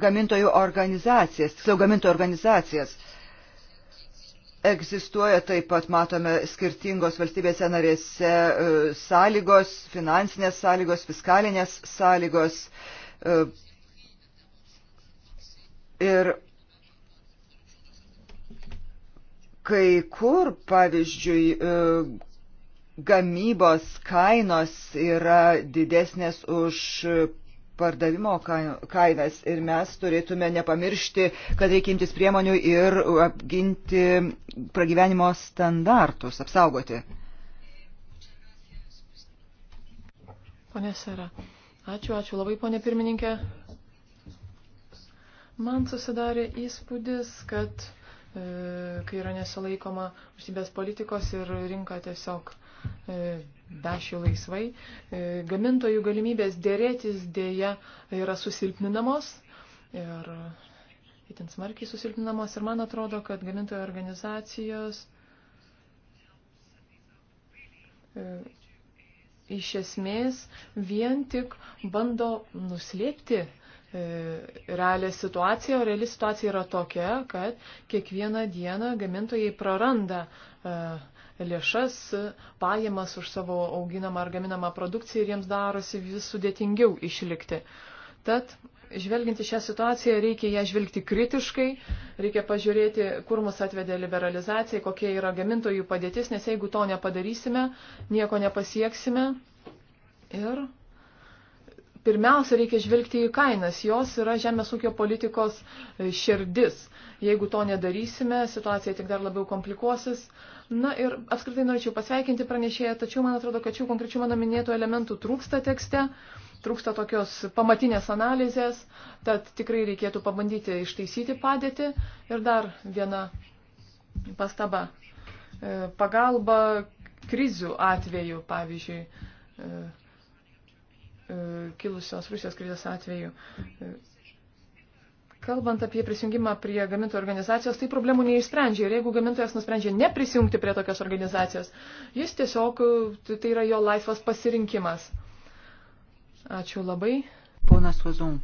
B: gamintojų organizacijas, tiksliau gamintojų organizacijas. Egzistuoja taip pat, matome, skirtingos valstybėse narėse e, sąlygos, finansinės sąlygos, fiskalinės sąlygos. Ir kai kur, pavyzdžiui, gamybos kainos yra didesnės už pardavimo kainas ir mes turėtume nepamiršti, kad reikia imtis priemonių ir apginti pragyvenimo standartus, apsaugoti.
E: Pone Sara, ačiū, ačiū labai, ponė pirmininkė. Man susidarė įspūdis, kad e, kai yra nesilaikoma užsibės politikos ir rinka tiesiog e, E, dašių laisvai, e, gamintojų galimybės dėrėtis dėja yra susilpninamos ir itin smarkiai susilpninamos ir man atrodo, kad gamintojų organizacijos e, iš esmės vien tik bando nuslėpti realią situaciją, o reali situacija yra tokia, kad kiekvieną dieną gamintojai praranda uh, lėšas, pajamas už savo auginamą ar gaminamą produkciją ir jiems darosi vis sudėtingiau išlikti. Tad, žvelgiant į šią situaciją, reikia ją žvelgti kritiškai, reikia pažiūrėti, kur mus atvedė liberalizacija, kokia yra gamintojų padėtis, nes jeigu to nepadarysime, nieko nepasieksime. Ir pirmiausia reikia žvelgti į kainas. Jos yra žemės ūkio politikos e, širdis. Jeigu to nedarysime, situacija tik dar labiau komplikuosis. Na ir apskritai norėčiau pasveikinti pranešėją, tačiau man atrodo, kad šių konkrečių mano minėtų elementų trūksta tekste, trūksta tokios pamatinės analizės, tad tikrai reikėtų pabandyti ištaisyti padėtį. Ir dar viena pastaba. E, pagalba krizių atveju, pavyzdžiui, e, E, kilusios Rusijos krizės atveju. E, kalbant apie prisijungimą prie gamintojų organizacijos, tai problemų neišsprendžia. Ir jeigu gamintojas nusprendžia neprisijungti prie tokios organizacijos, jis tiesiog, e, tai yra jo laisvas pasirinkimas. Ačiū labai.
B: Ponas Ozum.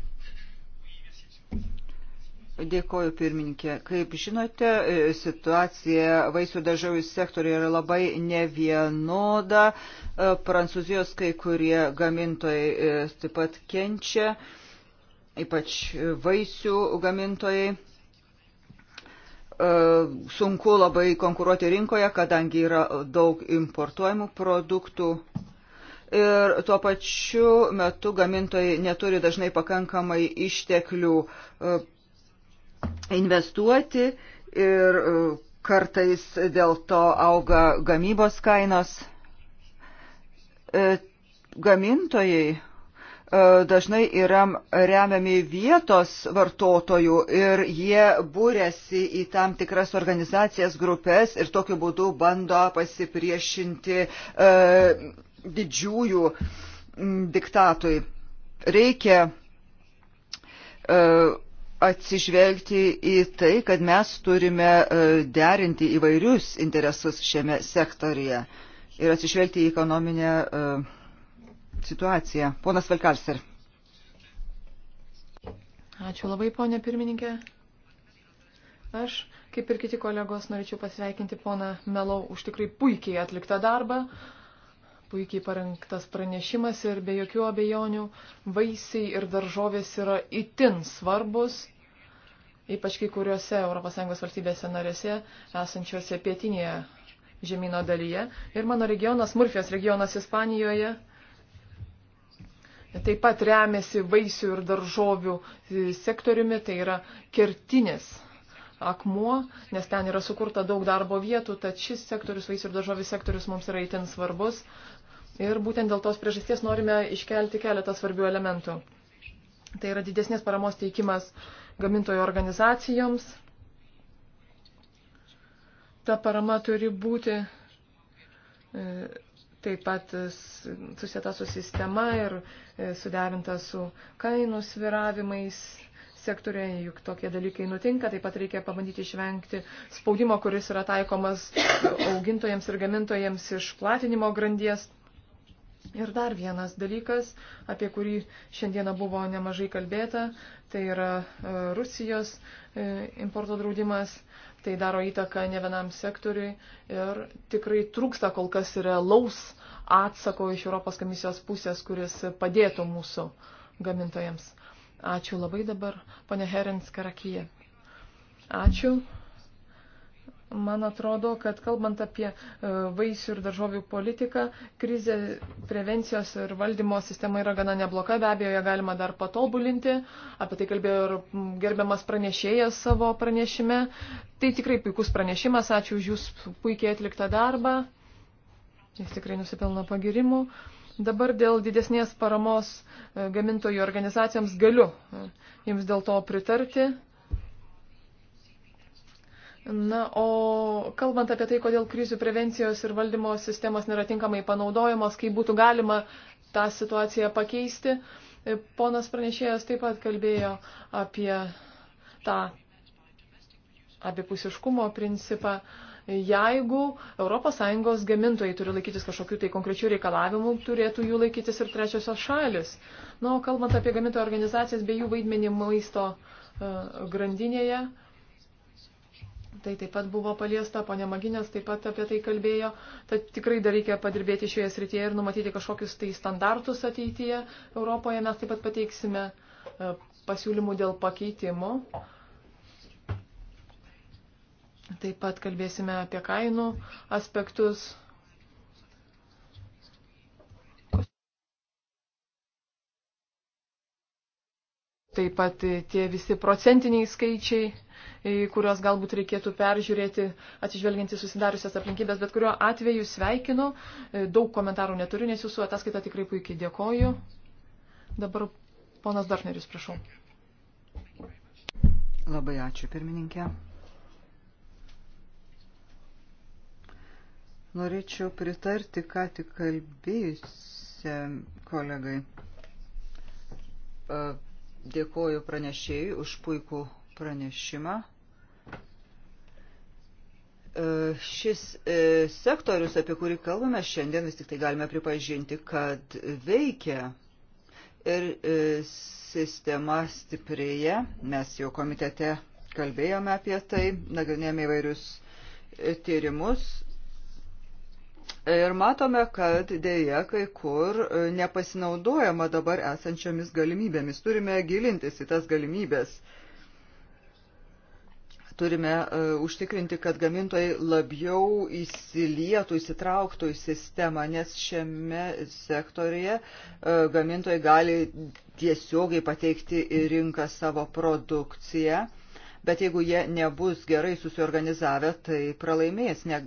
B: Dėkoju pirmininkė. Kaip žinote, e, situacija vaisių dažavių sektoriuje yra labai nevienoda. E, Prancūzijos kai kurie gamintojai e, taip pat kenčia, ypač vaisių gamintojai. Sunku labai konkuruoti rinkoje, kadangi yra daug importuojamų produktų ir tuo pačiu metu gamintojai neturi dažnai pakankamai išteklių investuoti ir e, kartais dėl to auga gamybos kainos. E, gamintojai e, dažnai yra remiami vietos vartotojų ir jie būrėsi į tam tikras organizacijas, grupės ir tokiu būdu bando pasipriešinti didžiųjų diktatui. Reikia atsižvelgti į tai, kad mes turime e, derinti įvairius interesus šiame sektorija ir atsižvelgti į ekonominę e, situaciją. Ponas Valkalser.
E: Ačiū labai, ponė pirmininkė. Aš, kaip ir kiti kolegos, norėčiau pasveikinti poną Melau už tikrai puikiai atliktą darbą. Uh, puikiai parengtas pranešimas ir be jokių abejonių vaisiai ir daržovės yra itin svarbus, ypač kai kuriuose ES valstybėse narėse esančiose pietinėje žemyno dalyje. Ir mano regionas, Murfijos regionas Ispanijoje, taip pat remiasi vaisių ir daržovių e, sektoriumi, tai yra kertinis akmuo, nes ten yra sukurta daug darbo vietų, tad šis sektorius, vaisių ir daržovių sektorius mums yra itin svarbus. Ir būtent dėl tos priežasties norime iškelti keletą svarbių elementų. Tai yra didesnės paramos teikimas gamintojų organizacijoms. Ta parama turi būti e, taip pat susieta su sistema ir e, suderinta su kainų sviravimais sektoriai, juk tokie dalykai nutinka, taip pat reikia pabandyti išvengti spaudimo, kuris yra taikomas augintojams ir gamintojams iš platinimo grandies. Ir dar vienas dalykas, apie kurį šiandieną buvo nemažai kalbėta, tai yra e, Rusijos e, importo draudimas, tai daro įtaką ne vienam sektoriui ir tikrai trūksta kol kas realaus atsako iš Europos komisijos pusės, kuris padėtų mūsų gamintojams. Ačiū labai dabar, ponė Herins Karakija. Ačiū. Man atrodo, kad kalbant apie e, vaisių ir daržovių politiką, krizė prevencijos ir valdymo sistema yra gana nebloka, be abejo, ją galima dar patobulinti, apie tai kalbėjo ir gerbiamas pranešėjas savo pranešime. Tai tikrai puikus pranešimas, ačiū už jūsų puikiai atliktą darbą, jis tikrai nusipelno pagirimų. Dabar dėl didesnės paramos e, gamintojų organizacijoms galiu e, jums dėl to pritarti. Na, o kalbant apie tai, kodėl krizių prevencijos ir valdymo sistemos nėra tinkamai panaudojamos, kaip būtų galima tą situaciją pakeisti, ponas pranešėjas taip pat kalbėjo apie tą abipusiškumo principą. Jeigu ES gamintojai turi laikytis kažkokių tai konkrečių reikalavimų, turėtų jų laikytis ir trečiosios šalis. Na, o kalbant apie gamintojų organizacijas bei jų vaidmenį maisto e, grandinėje, uh, Tai taip pat buvo paliesta, ponė Maginės taip pat apie tai kalbėjo. Tad tikrai dar reikia padirbėti šioje srityje ir numatyti kažkokius tai standartus ateityje Europoje. Mes taip pat pateiksime e, pasiūlymų dėl pakeitimų. Taip pat kalbėsime apie kainų aspektus. Taip pat tie visi procentiniai skaičiai, kuriuos galbūt reikėtų peržiūrėti, atsižvelginti susidariusias aplinkybės, bet kuriuo atveju sveikinu. Daug komentarų neturiu, nes jūsų ataskaita tikrai puikiai dėkoju. Dabar ponas Darneris, prašau.
B: Labai ačiū, pirmininkė. Norėčiau pritarti, ką tik kalbėjusiam kolegai. Dėkoju pranešėjui už puikų pranešimą. E, šis e, sektorius, apie kurį kalbame šiandien, vis tik tai galime pripažinti, kad veikia ir e, sistema stiprėja. Mes jau komitete kalbėjome apie tai, nagrinėjome įvairius tyrimus Ir matome, kad dėja kai kur e, nepasinaudojama dabar esančiomis galimybėmis. Turime gilintis į tas galimybės. Turime uh, užtikrinti, kad gamintojai labiau įsilietų, įsitrauktų į sistemą, nes šiame sektorėje uh, gamintojai gali tiesiogiai pateikti į rinką savo produkciją. Uh, bet jeigu jie nebus gerai susiorganizavę, tai pralaimės. Ne,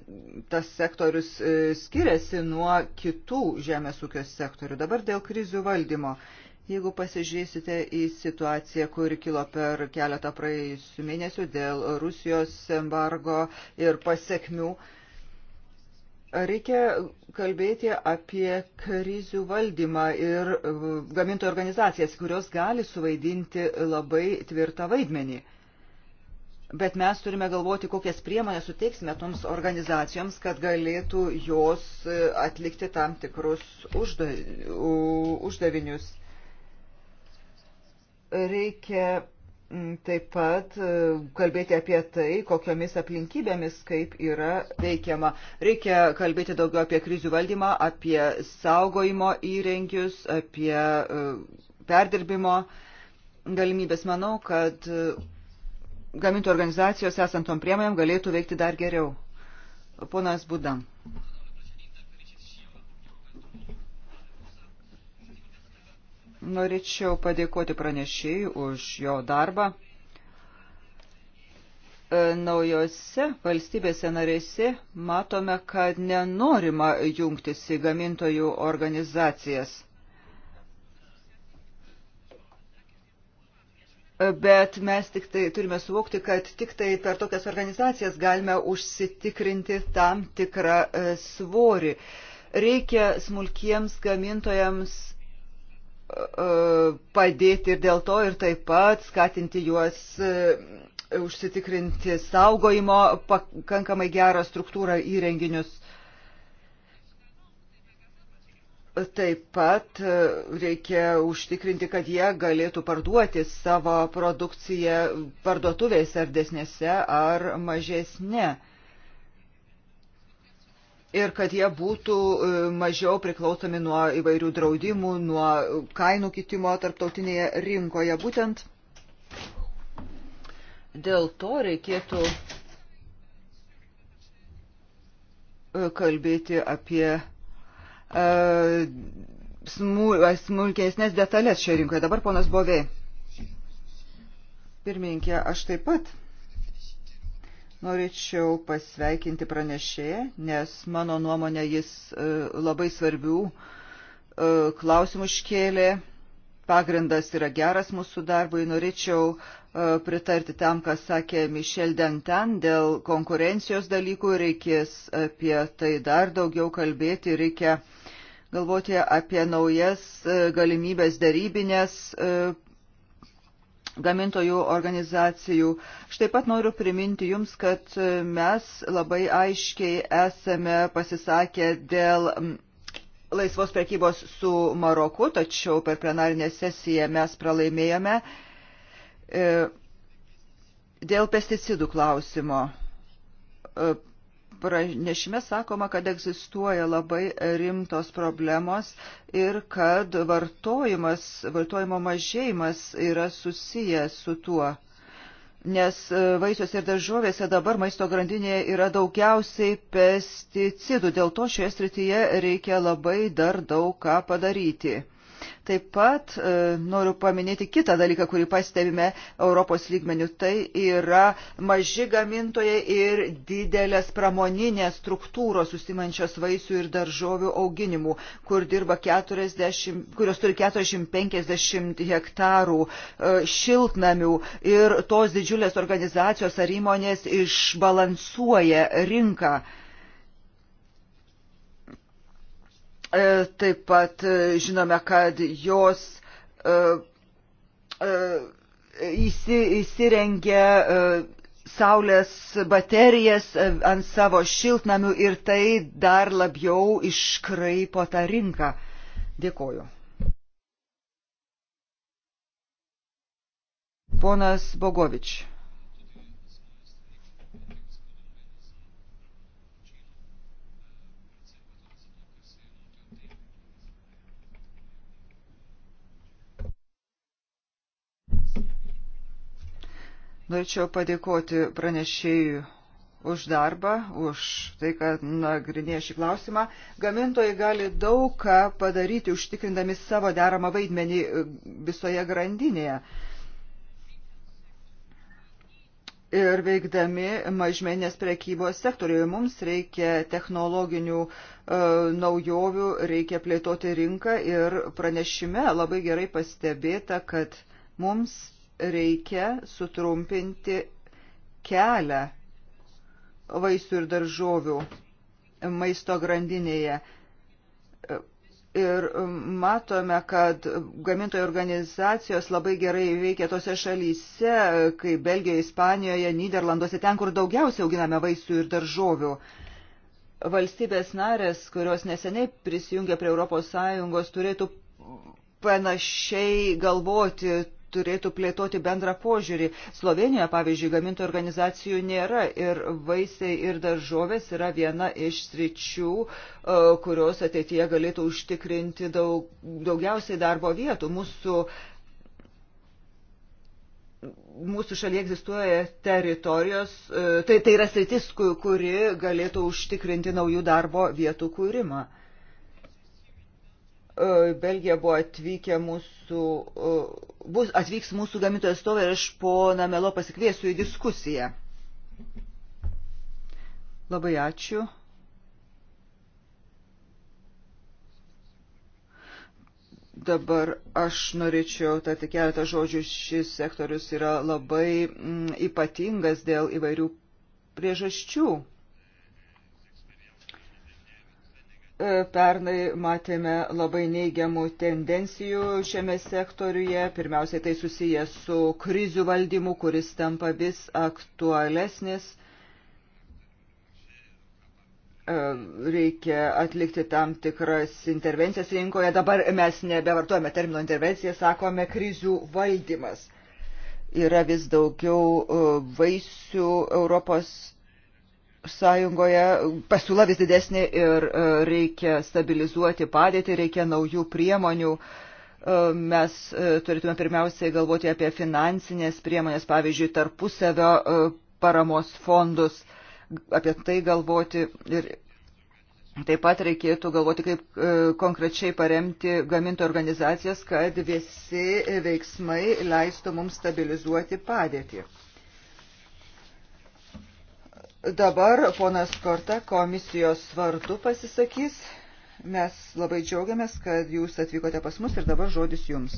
B: tas sektorius e, skiriasi nuo kitų žemės ūkio sektorių. Dabar dėl krizių valdymo. Jeigu pasižiūrėsite į situaciją, kuri kilo per keletą praėjusių mėnesių dėl Rusijos embargo ir pasiekmių, reikia kalbėti apie krizių valdymą ir e, gamintojų organizacijas, kurios gali suvaidinti labai tvirtą vaidmenį. Bet mes turime galvoti, kokias priemonės suteiksime toms organizacijoms, kad galėtų jos e, atlikti tam tikrus užda, uždavinius. Reikia taip pat e, kalbėti apie tai, kokiomis aplinkybėmis, kaip yra veikiama. Reikia kalbėti daugiau apie krizių valdymą, apie saugojimo įrengius, apie e, perdirbimo galimybės. Manau, kad gamintų organizacijos esant tom priemonėm galėtų veikti dar geriau. Ponas Budam. Norėčiau padėkoti pranešėjai už jo darbą. E, naujose valstybėse narėse matome, kad nenorima jungtis į gamintojų organizacijas. bet mes tik tai turime suvokti, kad tik tai per tokias organizacijas galime užsitikrinti tam tikrą e, svorį. Reikia smulkiems gamintojams e, padėti ir dėl to ir taip pat skatinti juos e, užsitikrinti saugojimo pakankamai gerą struktūrą įrenginius Taip pat e, reikia užtikrinti, kad jie galėtų parduoti savo produkciją parduotuvėse ar desnėse ar mažesne. Ir kad jie būtų e, mažiau priklausomi nuo įvairių draudimų, nuo kainų kitimo tarptautinėje rinkoje. Būtent dėl to reikėtų e, kalbėti apie smulkesnės detalės šioje rinkoje. Dabar ponas Bovė. Pirmininkė, aš taip pat norėčiau pasveikinti pranešėją, nes mano nuomonė jis e, labai svarbių e, klausimų iškėlė. Pagrindas yra geras mūsų darbui. Norėčiau e, pritarti tam, ką sakė Mišel Dantan dėl konkurencijos dalykų. Reikės apie tai dar daugiau kalbėti. Reikia uh, galvoti apie naujas e, galimybės darybinės e, gamintojų organizacijų. Štai pat noriu priminti Jums, kad e, mes labai aiškiai esame pasisakę dėl laisvos prekybos su Maroku, tačiau per plenarinę sesiją mes pralaimėjome dėl pesticidų klausimo pranešime sakoma, kad egzistuoja labai rimtos problemos ir kad vartojimas, vartojimo mažėjimas yra susijęs su tuo. Nes e, vaisiuose ir daržovėse dabar maisto grandinėje yra daugiausiai pesticidų, dėl to šioje srityje reikia labai dar daug ką padaryti. Taip pat e, noriu paminėti kitą dalyką, kurį pastebime Europos lygmenių. Tai yra maži gamintojai ir didelės pramoninės struktūros susimančios vaisių ir daržovių auginimų, kur 40, kurios turi 450 hektarų e, šiltnamių ir tos didžiulės organizacijos ar įmonės išbalansuoja rinką. E, E, taip pat e, žinome, kad jos e, įsirengia saulės baterijas ant savo šiltnamių ir tai dar labiau iškraipo tą rinką. Dėkoju. Ponas Bogovič. Norėčiau padėkoti pranešėjui už darbą, už tai, kad nagrinėja šį klausimą. Gamintojai gali daug ką padaryti, užtikrindami savo deramą vaidmenį visoje grandinėje. Ir veikdami mažmenės prekybos sektorijoje mums reikia technologinių e, naujovių, reikia plėtoti rinką ir pranešime labai gerai pastebėta, kad mums reikia sutrumpinti kelią vaisių ir daržovių maisto grandinėje. Ir matome, kad gamintojų organizacijos labai gerai veikia tose šalyse, kaip Belgijoje, Ispanijoje, Niderlanduose, ten, kur daugiausiai auginame vaisių ir daržovių. Valstybės narės, kurios neseniai prisijungė prie ES, turėtų panašiai galvoti, turėtų plėtoti bendrą požiūrį. Slovenijoje, pavyzdžiui, gamintojų organizacijų nėra ir vaisiai ir daržovės yra viena iš sričių, e, kurios ateityje galėtų užtikrinti daug, daugiausiai darbo vietų. Mūsų Mūsų šalyje egzistuoja teritorijos, e, tai, tai yra sritis, kuri galėtų užtikrinti naujų darbo vietų kūrimą. E, Belgija buvo atvykę mūsų, e, bus, atvyks mūsų gamintojų atstovai ir aš poną Melo pasikviesiu į diskusiją. Labai ačiū. Dabar aš norėčiau tarti keletą žodžių. Šis sektorius yra labai mm, ypatingas dėl įvairių priežasčių. E, pernai matėme labai neigiamų tendencijų šiame sektoriuje. Pirmiausiai tai susijęs su krizių valdymu, kuris tampa vis aktualesnis. E, reikia atlikti tam tikras intervencijas rinkoje. Dabar mes nebevartojame termino intervencija, sakome krizių valdymas. Yra vis daugiau e, vaisių Europos sąjungoje pasiūla vis didesnė ir e, reikia stabilizuoti padėtį, reikia naujų priemonių. E, mes e, turėtume pirmiausiai galvoti apie finansinės priemonės, pavyzdžiui, tarpusavio paramos fondus, apie tai galvoti ir Taip pat reikėtų galvoti, kaip konkrečiai paremti gamintojų organizacijas, kad visi veiksmai leistų mums stabilizuoti padėtį. Dabar ponas Korta komisijos vardu pasisakys. Mes labai džiaugiamės, kad jūs atvykote pas mus ir dabar žodis jums.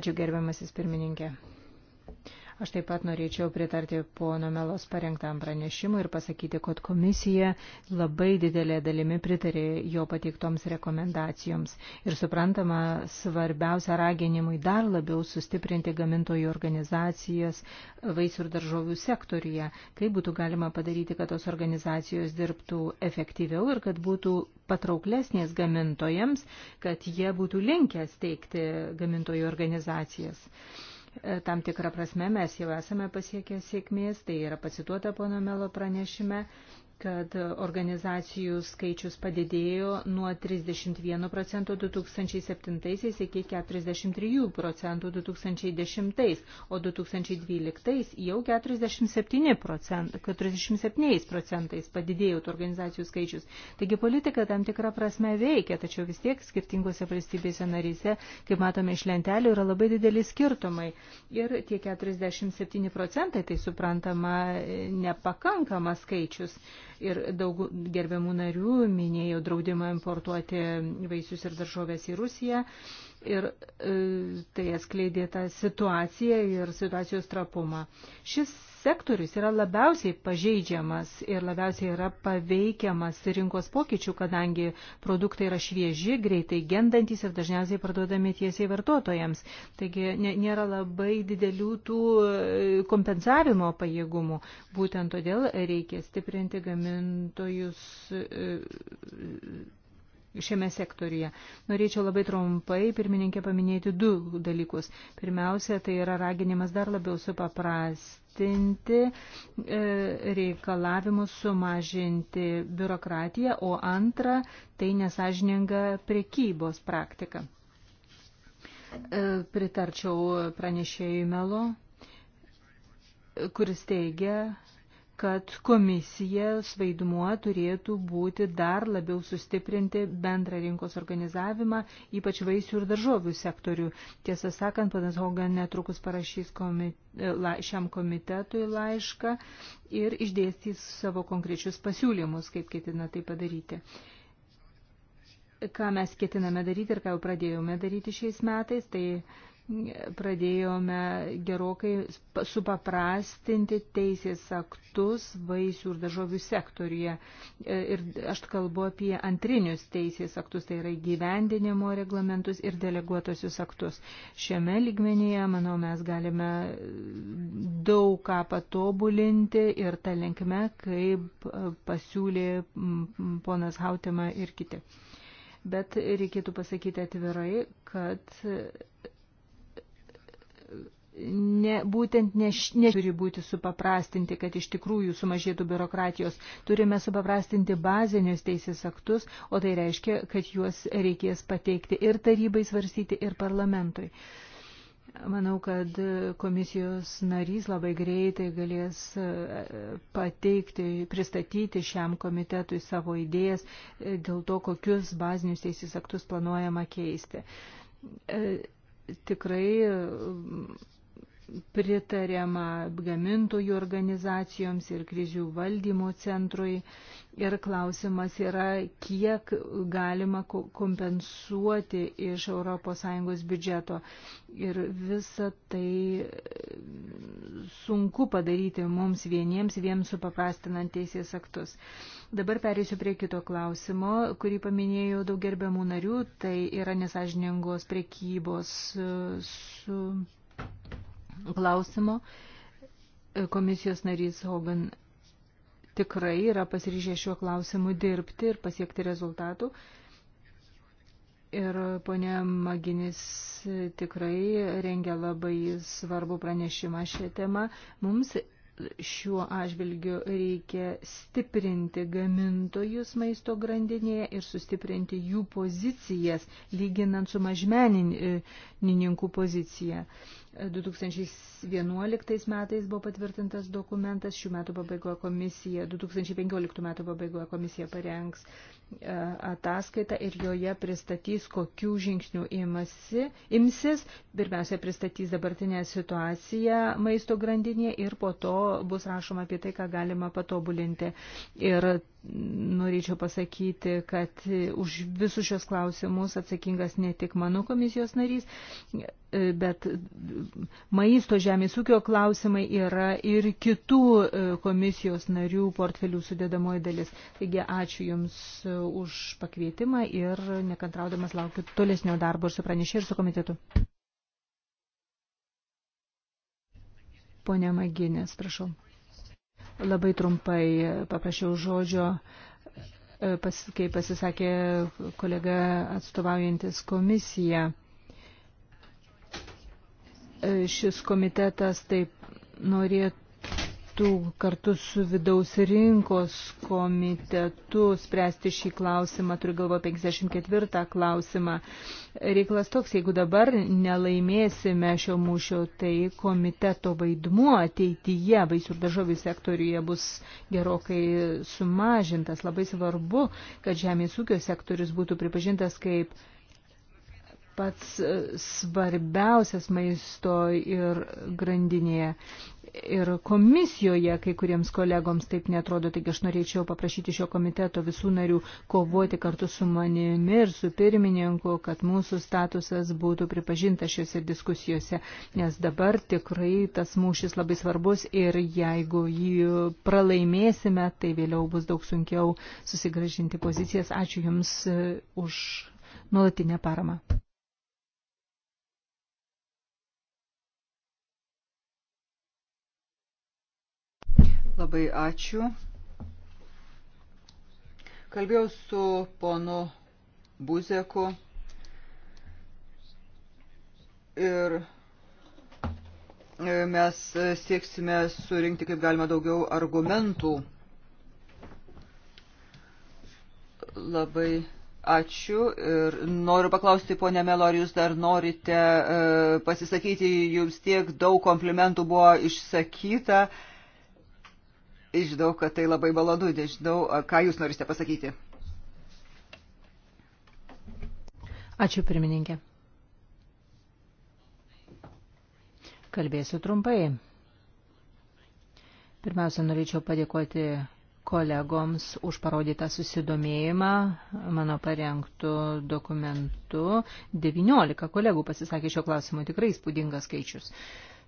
D: Ačiū gerbiamasis pirmininkė. Aš taip pat norėčiau pritarti pono Melos parengtam pranešimui ir pasakyti, kad komisija labai didelė dalimi pritarė jo pateiktoms rekomendacijoms ir suprantama svarbiausia raginimui dar labiau sustiprinti gamintojų organizacijas vaisių ir daržovių sektoriuje, kaip būtų galima padaryti, kad tos organizacijos dirbtų efektyviau ir kad būtų patrauklesnės gamintojams, kad jie būtų linkę steigti gamintojų organizacijas. E, tam tikrą prasme mes jau esame pasiekę sėkmės, tai yra pacituota pono Melo pranešime, kad organizacijų skaičius padidėjo nuo 31 procento 2007 iki 43 procentų 2010, o 2012 jau 47 procentai, 47 procentais padidėjo organizacijų skaičius. Taigi politika tam tikrą prasme veikia, tačiau vis tiek skirtingose valstybėse narise, kaip matome iš lentelių, yra labai dideli skirtumai. Ir tie 47 procentai, tai suprantama, nepakankamas skaičius ir daug gerbiamų narių minėjo draudimą importuoti vaisius ir daržovės į Rusiją. Ir e, tai atskleidė tą situaciją ir situacijos trapumą. Šis sektorius yra labiausiai pažeidžiamas ir labiausiai yra paveikiamas rinkos pokyčių, kadangi produktai yra švieži, greitai gendantis ir dažniausiai parduodami tiesiai vartotojams. Taigi nėra labai didelių tų e, kompensavimo pajėgumų. Būtent todėl reikia stiprinti gamintojus e, šiame sektoriuje. Norėčiau labai trumpai, pirmininkė, paminėti du dalykus. Pirmiausia, tai yra raginimas dar labiau supaprasti įtvirtinti e, reikalavimus sumažinti biurokratiją, o antra, tai nesažininga prekybos praktika. E, pritarčiau pranešėjui Melo, kuris teigia, kad komisijos vaidmuo turėtų būti dar labiau sustiprinti bendrą rinkos organizavimą, ypač vaisių ir daržovių sektorių. Tiesą sakant, panas Hogan netrukus parašys komite, la, šiam komitetui laišką ir išdėstys savo konkrečius pasiūlymus, kaip ketina tai padaryti ką mes ketiname daryti ir ką jau pradėjome daryti šiais metais, tai pradėjome gerokai supaprastinti teisės aktus vaisių ir daržovių sektoriuje. E, ir aš kalbu apie antrinius teisės aktus, tai yra gyvendinimo reglamentus ir deleguotosius aktus. Šiame lygmenyje, manau, mes galime daug ką patobulinti ir tą linkme, kaip pasiūlė ponas Hautema ir kiti. Bet reikėtų pasakyti atvirai, kad ne, būtent nešiniečiai turi būti supaprastinti, kad iš tikrųjų sumažėtų biurokratijos. Turime supaprastinti bazinius teisės aktus, o tai reiškia, kad juos reikės pateikti ir tarybai svarstyti, ir parlamentui. Manau, kad komisijos narys labai greitai galės e, pateikti, pristatyti šiam komitetui savo idėjas e, dėl to, kokius bazinius teisės aktus planuojama keisti e, tikrai mm, pritariama gamintojų organizacijoms ir krizių valdymo centrui. Ir klausimas yra, kiek galima kompensuoti iš ES biudžeto. Ir visą tai mm, sunku padaryti mums vieniems, vien supaprastinant teisės aktus. Dabar perėsiu prie kito klausimo, kurį paminėjo daug gerbiamų narių, tai yra nesažiningos prekybos e, su klausimo. E, komisijos narys Hogan tikrai yra pasiryžę šiuo klausimu dirbti ir pasiekti rezultatų. Ir ponia Maginis tikrai rengia labai svarbų pranešimą šią temą. Mums šiuo atžvilgiu reikia stiprinti gamintojus maisto grandinėje ir sustiprinti jų pozicijas, lyginant su mažmenininkų pozicija. 2011 metais buvo patvirtintas dokumentas, šių metų pabaigoje komisija, 2015 metų pabaigoje komisija parengs e, ataskaitą ir joje pristatys, kokių žingsnių imasi, imsis. Pirmiausia, pristatys dabartinę situaciją maisto grandinėje ir po to bus rašoma apie tai, ką galima patobulinti. Ir norėčiau pasakyti, kad už visus šios klausimus atsakingas ne tik mano komisijos narys, bet maisto žemės ūkio klausimai yra ir kitų e, komisijos narių portfelių sudėdamoji dalis. Taigi ačiū Jums e, už pakvietimą ir nekantraudamas laukiu tolesnio darbo ir su pranešė ir su komitetu. Pone Maginės, prašau. Labai trumpai paprašiau žodžio e, pas, kai pasisakė kolega atstovaujantis komisiją. Šis komitetas taip norėtų kartu su vidaus rinkos komitetu spręsti šį klausimą, turiu galvo 54 klausimą. Reiklas toks, jeigu dabar nelaimėsime šio mūšio, tai komiteto vaidmuo ateityje vaisių ir daržovių sektoriuje bus gerokai sumažintas. Labai svarbu, kad žemės ūkio sektorius būtų pripažintas kaip pats e, svarbiausias maisto ir grandinėje. Ir komisijoje kai kuriems kolegoms taip netrodo, taigi aš norėčiau paprašyti šio komiteto visų narių kovoti kartu su manimi ir su pirmininku, kad mūsų statusas būtų pripažintas šiuose diskusijose, nes dabar tikrai tas mūšis labai svarbus ir jeigu jį pralaimėsime, tai vėliau bus daug sunkiau susigražinti pozicijas. Ačiū Jums e, už nuolatinę paramą.
B: Labai ačiū. Kalbėjau su ponu Buzeku ir e, mes sieksime surinkti kaip galima daugiau argumentų. Labai Ačiū ir noriu paklausti, ponė Melo, ar jūs dar norite e, pasisakyti, jums tiek daug komplimentų buvo išsakyta, Žinau, kad tai labai malonu, nežinau, ką jūs norite pasakyti.
D: Ačiū, pirmininkė. Kalbėsiu trumpai. Pirmiausia, norėčiau padėkoti kolegoms už parodytą susidomėjimą mano parengtų dokumentu. 19 kolegų pasisakė šio klausimu, tikrai spūdingas skaičius. Uh,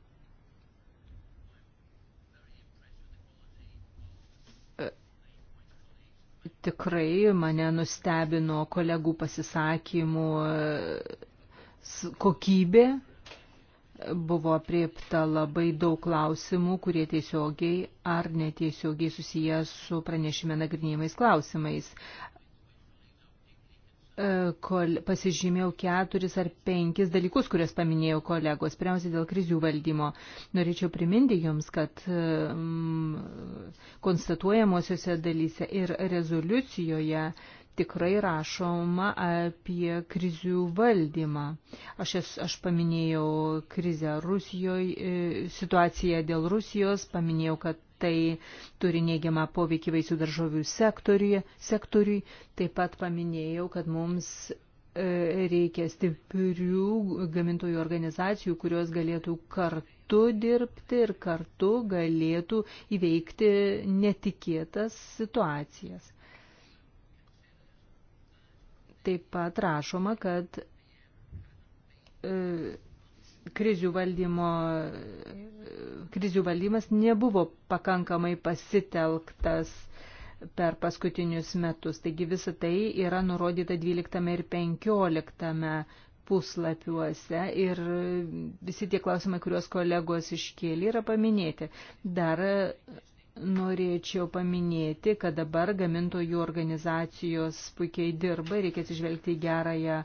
D: Tikrai mane nustebino kolegų pasisakymų e, kokybė. Buvo priepta labai daug klausimų, kurie tiesiogiai ar netiesiogiai susijęs su pranešime nagrinėjimais klausimais. E, kol, pasižymėjau keturis ar penkis dalykus, kuriuos paminėjau kolegos. Pirmiausia, dėl krizių valdymo. Norėčiau priminti jums, kad mm, konstatuojamosiose dalyse ir rezoliucijoje tikrai rašoma apie krizių valdymą. Aš, es, aš paminėjau krizę Rusijoje, situaciją dėl Rusijos, paminėjau, kad tai turi neigiamą poveikį vaisių daržovių sektoriui. Taip pat paminėjau, kad mums e, reikia stiprių gamintojų organizacijų, kurios galėtų kartu dirbti ir kartu galėtų įveikti netikėtas situacijas. Taip pat rašoma, kad e, krizių, valdymo, krizių valdymas nebuvo pakankamai pasitelktas per paskutinius metus. Taigi visa tai yra nurodyta 12 ir 15 puslapiuose ir visi tie klausimai, kuriuos kolegos iškėlė, yra paminėti. Dar Norėčiau paminėti, kad dabar gamintojų organizacijos puikiai dirba, reikia atsižvelgti gerąją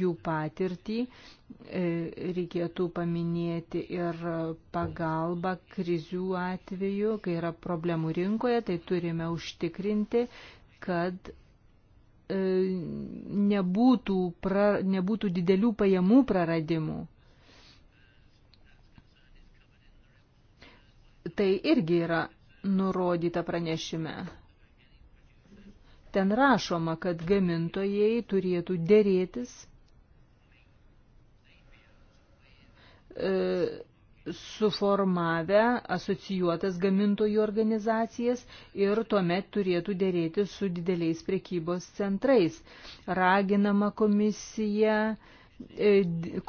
D: jų patirtį. E, reikėtų paminėti ir pagalbą krizių atveju, kai yra problemų rinkoje, tai turime užtikrinti, kad e, nebūtų, pra, nebūtų didelių pajamų praradimų. Tai irgi yra nurodyta pranešime. Ten rašoma, kad gamintojai turėtų dėrėtis e, suformavę asocijuotas gamintojų organizacijas ir tuomet turėtų dėrėti su dideliais prekybos centrais. Raginama komisija e, E,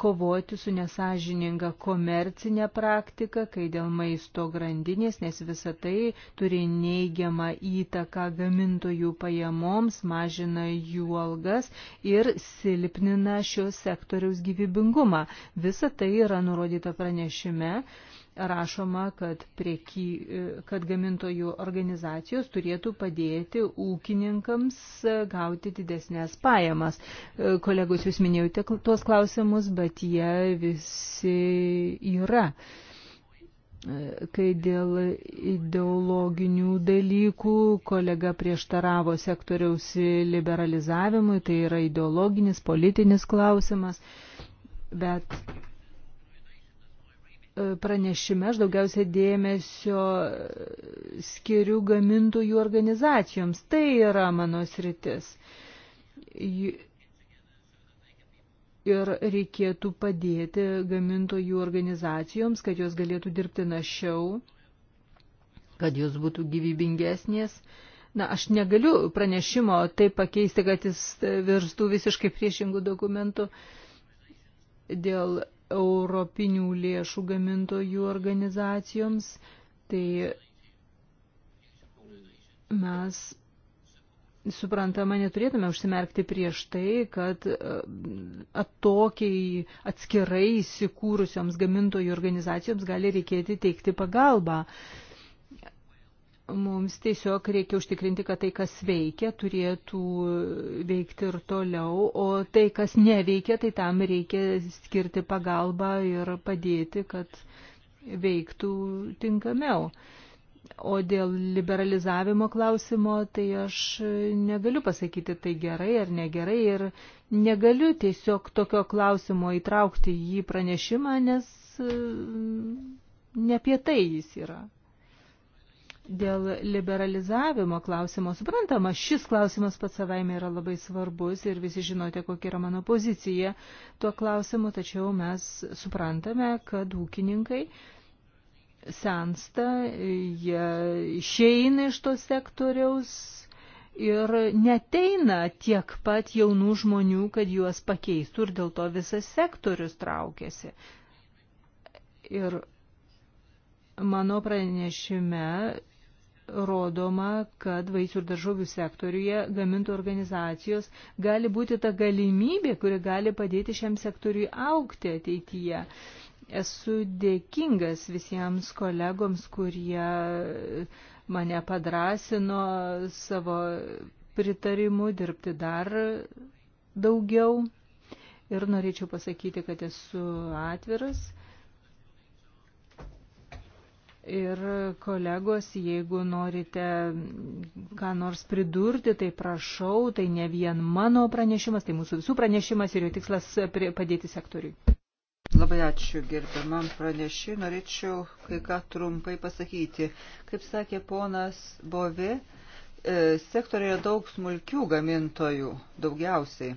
D: kovoti su nesažininga komercinė praktika, kai dėl maisto grandinės, nes visa tai turi neigiamą įtaką gamintojų pajamoms, mažina jų algas ir silpnina šios sektoriaus gyvybingumą. Visa tai yra nurodyta pranešime rašoma, kad, prieky, kad gamintojų organizacijos turėtų padėti ūkininkams e, gauti didesnės pajamas. E, kolegos, jūs minėjote tuos klausimus, bet jie visi yra e, kai dėl ideologinių dalykų kolega prieštaravo sektoriaus liberalizavimui, tai yra ideologinis, politinis klausimas, bet pranešime aš daugiausia dėmesio skiriu gamintojų organizacijoms. Tai yra mano sritis. Ir reikėtų padėti gamintojų organizacijoms, kad jos galėtų dirbti našiau, kad jos būtų gyvybingesnės. Na, aš negaliu pranešimo taip pakeisti, kad jis virstų visiškai priešingų dokumentų dėl europinių lėšų gamintojų organizacijoms, tai mes, suprantama, neturėtume užsimerkti prieš tai, kad e, atokiai atskirai įsikūrusioms gamintojų organizacijoms gali reikėti teikti pagalbą. Mums tiesiog reikia užtikrinti, kad tai, kas veikia, turėtų veikti ir toliau, o tai, kas neveikia, tai tam reikia skirti pagalbą ir padėti, kad veiktų tinkamiau. O dėl liberalizavimo klausimo, tai aš negaliu pasakyti, tai gerai ar negerai ir negaliu tiesiog tokio klausimo įtraukti į pranešimą, nes mm, ne apie tai jis yra. Dėl liberalizavimo klausimo, suprantama, šis klausimas pats savaime yra labai svarbus ir visi žinote, kokia yra mano pozicija tuo klausimu, tačiau mes suprantame, kad ūkininkai sensta, jie išeina iš to sektoriaus ir neteina tiek pat jaunų žmonių, kad juos pakeistų ir dėl to visas sektorius traukėsi. Ir mano pranešime rodoma, kad vaisių ir daržovių sektoriuje gamintų organizacijos gali būti ta galimybė, kuri gali padėti šiam sektoriui aukti ateityje. Esu dėkingas visiems kolegoms, kurie mane padrasino savo pritarimu dirbti dar daugiau. Ir norėčiau pasakyti, kad esu atviras Ir kolegos, jeigu norite ką nors pridurti, tai prašau, tai ne vien mano pranešimas, tai mūsų visų pranešimas ir jo tikslas
B: padėti sektoriui. Labai ačiū gerbiamam pranešiui. Norėčiau kai ką trumpai pasakyti. Kaip sakė ponas Bovi, e, sektorėje daug smulkių gamintojų, daugiausiai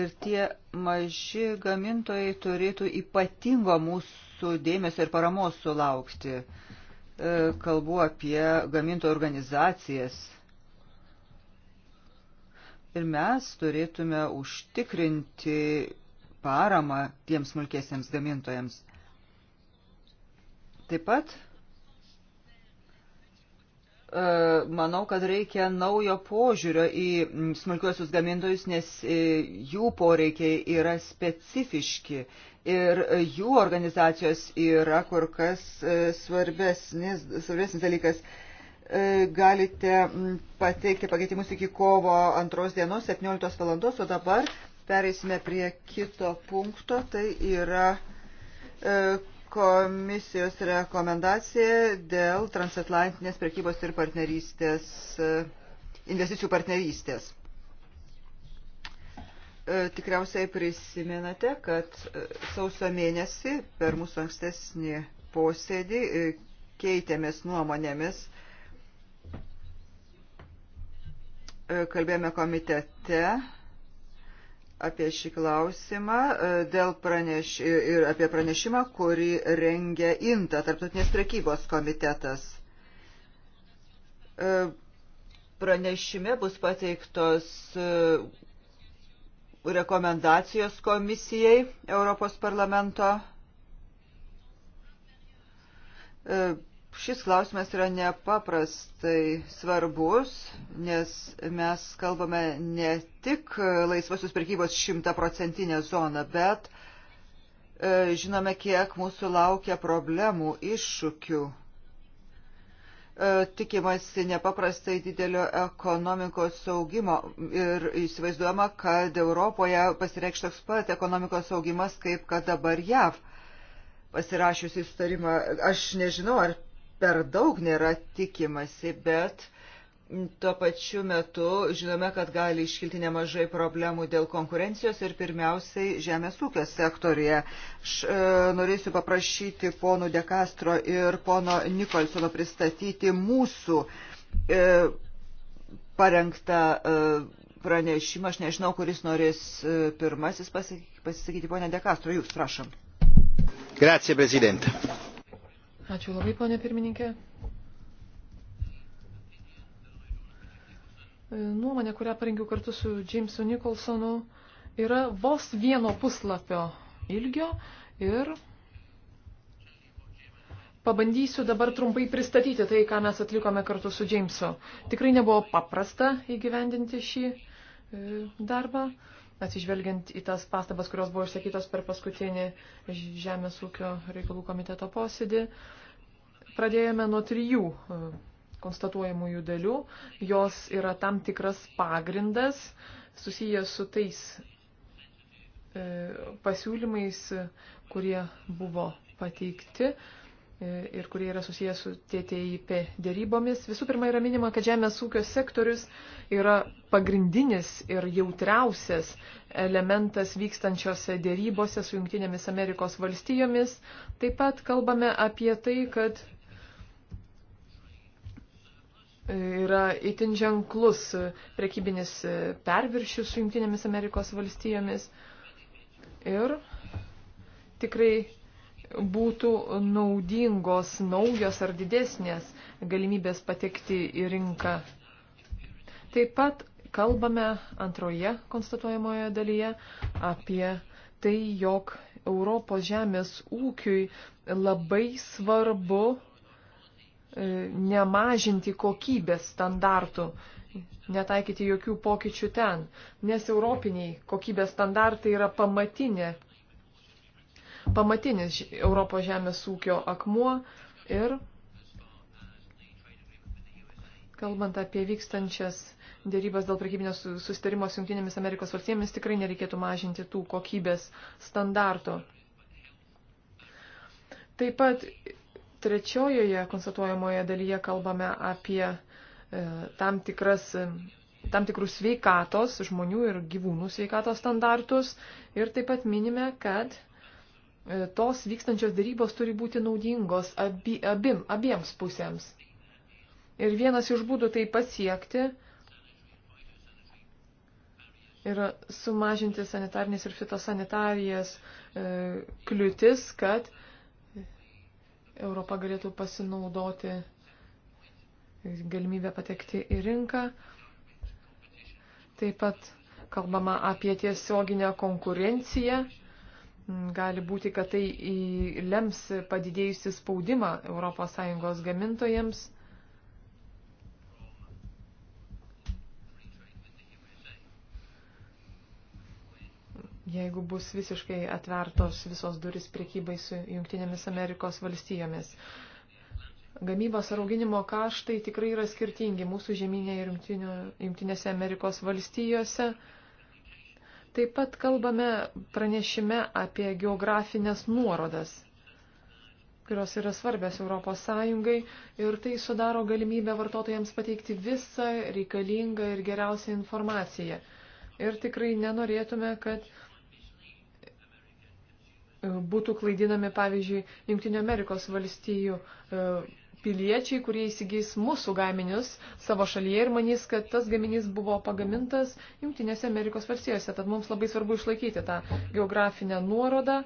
B: ir tie maži gamintojai turėtų ypatingo mūsų mūsų dėmesio ir paramos sulaukti. E, kalbu apie gaminto organizacijas. Ir mes turėtume užtikrinti paramą tiems smulkėsiams gamintojams. Taip pat e, manau, kad reikia naujo požiūrio į smulkiuosius gamintojus, nes e, jų poreikiai yra specifiški ir jų organizacijos yra kur kas e, svarbesnis, svarbesnis dalykas. E, galite pateikti pakeitimus iki kovo antros dienos 17 valandos, o dabar pereisime prie kito punkto, tai yra e, komisijos rekomendacija dėl transatlantinės prekybos ir partnerystės, investicijų partnerystės. E, tikriausiai prisimenate, kad e, sausio mėnesį per mūsų ankstesnį posėdį e, keitėmės nuomonėmis. Kalbėjome komitete apie šį klausimą dėl praneš, ir apie pranešimą, kurį rengia INTA, Tarptautinės prekybos komitetas pranešime bus pateiktos rekomendacijos komisijai Europos parlamento. E, šis klausimas yra nepaprastai svarbus, nes mes kalbame ne tik laisvosios prekybos šimtaprocentinę zoną, bet e, žinome, kiek mūsų laukia problemų, iššūkių E, tikimasi nepaprastai didelio ekonomikos augimo ir įsivaizduojama, kad Europoje pasireikš toks pat ekonomikos augimas, kaip kad dabar JAV pasirašiusi sustarimą. Aš nežinau, ar per daug nėra tikimasi, bet Tuo pačiu metu žinome, kad gali iškilti nemažai problemų dėl konkurencijos ir pirmiausiai žemės ūkio sektorija. Aš e, norėsiu paprašyti ponų Dekastro ir pono Nikolsono pristatyti mūsų e, parengtą e, pranešimą. Aš nežinau, kuris norės e, pirmasis pasisakyti. Pone Dekastro, jūs prašom.
C: Grazie, prezidente.
E: Ačiū labai, ponė pirmininkė. E, nuomonė, kurią parengiau kartu su Jamesu Nicholsonu, yra vos vieno puslapio ilgio ir pabandysiu dabar trumpai pristatyti tai, ką mes atlikome kartu su Jamesu. Tikrai nebuvo paprasta įgyvendinti šį e, darbą, atsižvelgiant į tas pastabas, kurios buvo išsakytos per paskutinį Žemės ūkio reikalų komiteto posėdį. Pradėjome nuo trijų e, konstatuojamųjų dalių. Jos yra tam tikras pagrindas susijęs su tais e, pasiūlymais, kurie buvo pateikti e, ir kurie yra susijęs su TTIP dėrybomis. Visų pirma, yra minima, kad žemės ūkio sektorius yra pagrindinis ir jautriausias elementas vykstančiose dėrybose su Junktinėmis Amerikos valstijomis. Taip pat kalbame apie tai, kad yra itin ženklus prekybinis perviršius su Junktinėmis Amerikos valstijomis. Ir tikrai būtų naudingos naujos ar didesnės galimybės patekti į rinką. Taip pat kalbame antroje konstatuojamoje dalyje apie tai, jog Europos žemės ūkiui labai svarbu E, nemažinti kokybės standartų, netaikyti jokių pokyčių ten, nes europiniai kokybės standartai yra pamatinė, pamatinis Europos žemės ūkio akmuo ir kalbant apie vykstančias dėrybas dėl prekybinio susitarimo su Junktinėmis Amerikos valstybėmis, tikrai nereikėtų mažinti tų kokybės standartų. Taip pat Trečiojoje konstatuojamoje dalyje kalbame apie e, tam, tikras, e, tam tikrus sveikatos žmonių ir gyvūnų sveikatos standartus ir taip pat minime, kad e, tos vykstančios darybos turi būti naudingos abi, abim, abiems pusėms. Ir vienas iš būdų tai pasiekti yra sumažinti sanitarnės ir fitosanitarijas e, kliūtis, kad e, Europa galėtų pasinaudoti galimybę patekti į rinką. Taip pat kalbama apie tiesioginę konkurenciją. Gali būti, kad tai lems padidėjusi spaudimą ES gamintojams. jeigu bus visiškai atvertos visos duris priekybai su Junktinėmis Amerikos valstijomis. Gamybos ar auginimo kaštai tikrai yra skirtingi mūsų žemynė ir Junktinėse Amerikos valstijose. Taip pat kalbame pranešime apie geografinės nuorodas, kurios yra svarbios Europos Sąjungai ir tai sudaro galimybę vartotojams pateikti visą reikalingą ir geriausią informaciją. Ir tikrai nenorėtume, kad uh, E, būtų klaidinami, pavyzdžiui, Junktinio Amerikos valstijų e, piliečiai, kurie įsigys mūsų gaminius savo šalyje ir manys, kad tas gaminys buvo pagamintas Junktinėse Amerikos valstijose. Tad mums labai svarbu išlaikyti tą geografinę nuorodą.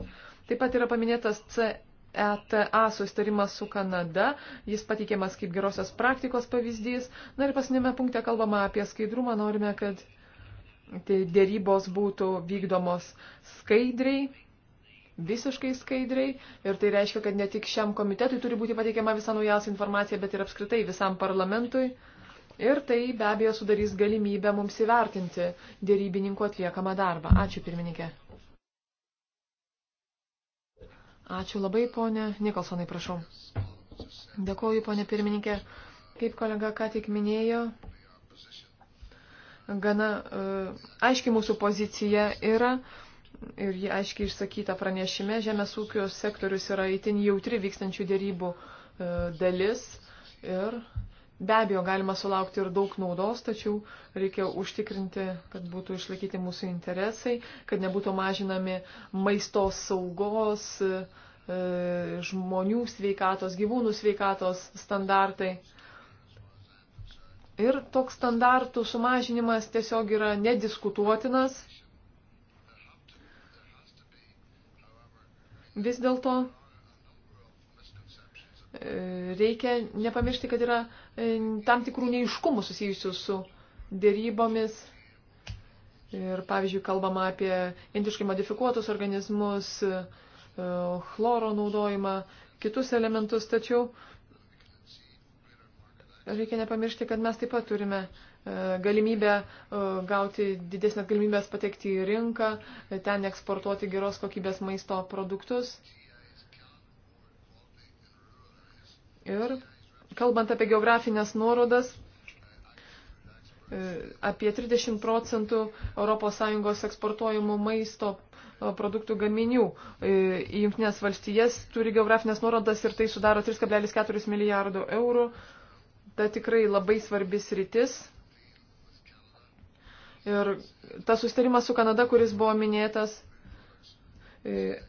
E: Taip pat yra paminėtas CETA sustarimas su Kanada. Jis pateikiamas kaip gerosios praktikos pavyzdys. Na ir pasinėme punkte kalbama apie skaidrumą. Norime, kad dėrybos būtų vykdomos skaidriai visiškai skaidriai ir tai reiškia, kad ne tik šiam komitetui turi būti pateikiama visa naujausia informacija, bet ir apskritai visam parlamentui. Ir tai be abejo sudarys galimybę mums įvertinti dėrybininkų atliekamą darbą. Ačiū pirmininkė. Ačiū labai, ponė Nikolsonai, prašau. Dėkuoju, ponė pirmininkė. Kaip kolega ką tik minėjo, gana uh, aiški mūsų pozicija yra. Uh, ir jį aiškiai išsakyta pranešime, žemės ūkio sektorius yra įtin jautri vykstančių dėrybų e, dalis ir be abejo galima sulaukti ir daug naudos, tačiau reikia užtikrinti, kad būtų išlaikyti mūsų interesai, kad nebūtų mažinami maisto saugos, e, žmonių sveikatos, gyvūnų sveikatos standartai. Ir toks standartų sumažinimas tiesiog yra nediskutuotinas. Vis dėlto e, reikia nepamiršti, kad yra e, tam tikrų neiškumų susijusių su dėrybomis. Ir, pavyzdžiui, kalbama apie indiškai modifikuotus organizmus, e, chloro naudojimą, kitus elementus, tačiau reikia nepamiršti, kad mes taip pat turime uh, E, galimybę e, gauti didesnės galimybės patekti į rinką, ten eksportuoti geros kokybės maisto produktus. Ir kalbant apie geografinės nuorodas, e, apie 30 procentų ES eksportuojamų maisto produktų gaminių į Junktinės valstijas turi geografinės nuorodas ir tai sudaro 3,4 milijardų eurų. Tai tikrai labai svarbis rytis. Ir tas sustarimas su Kanada, kuris buvo minėtas, e,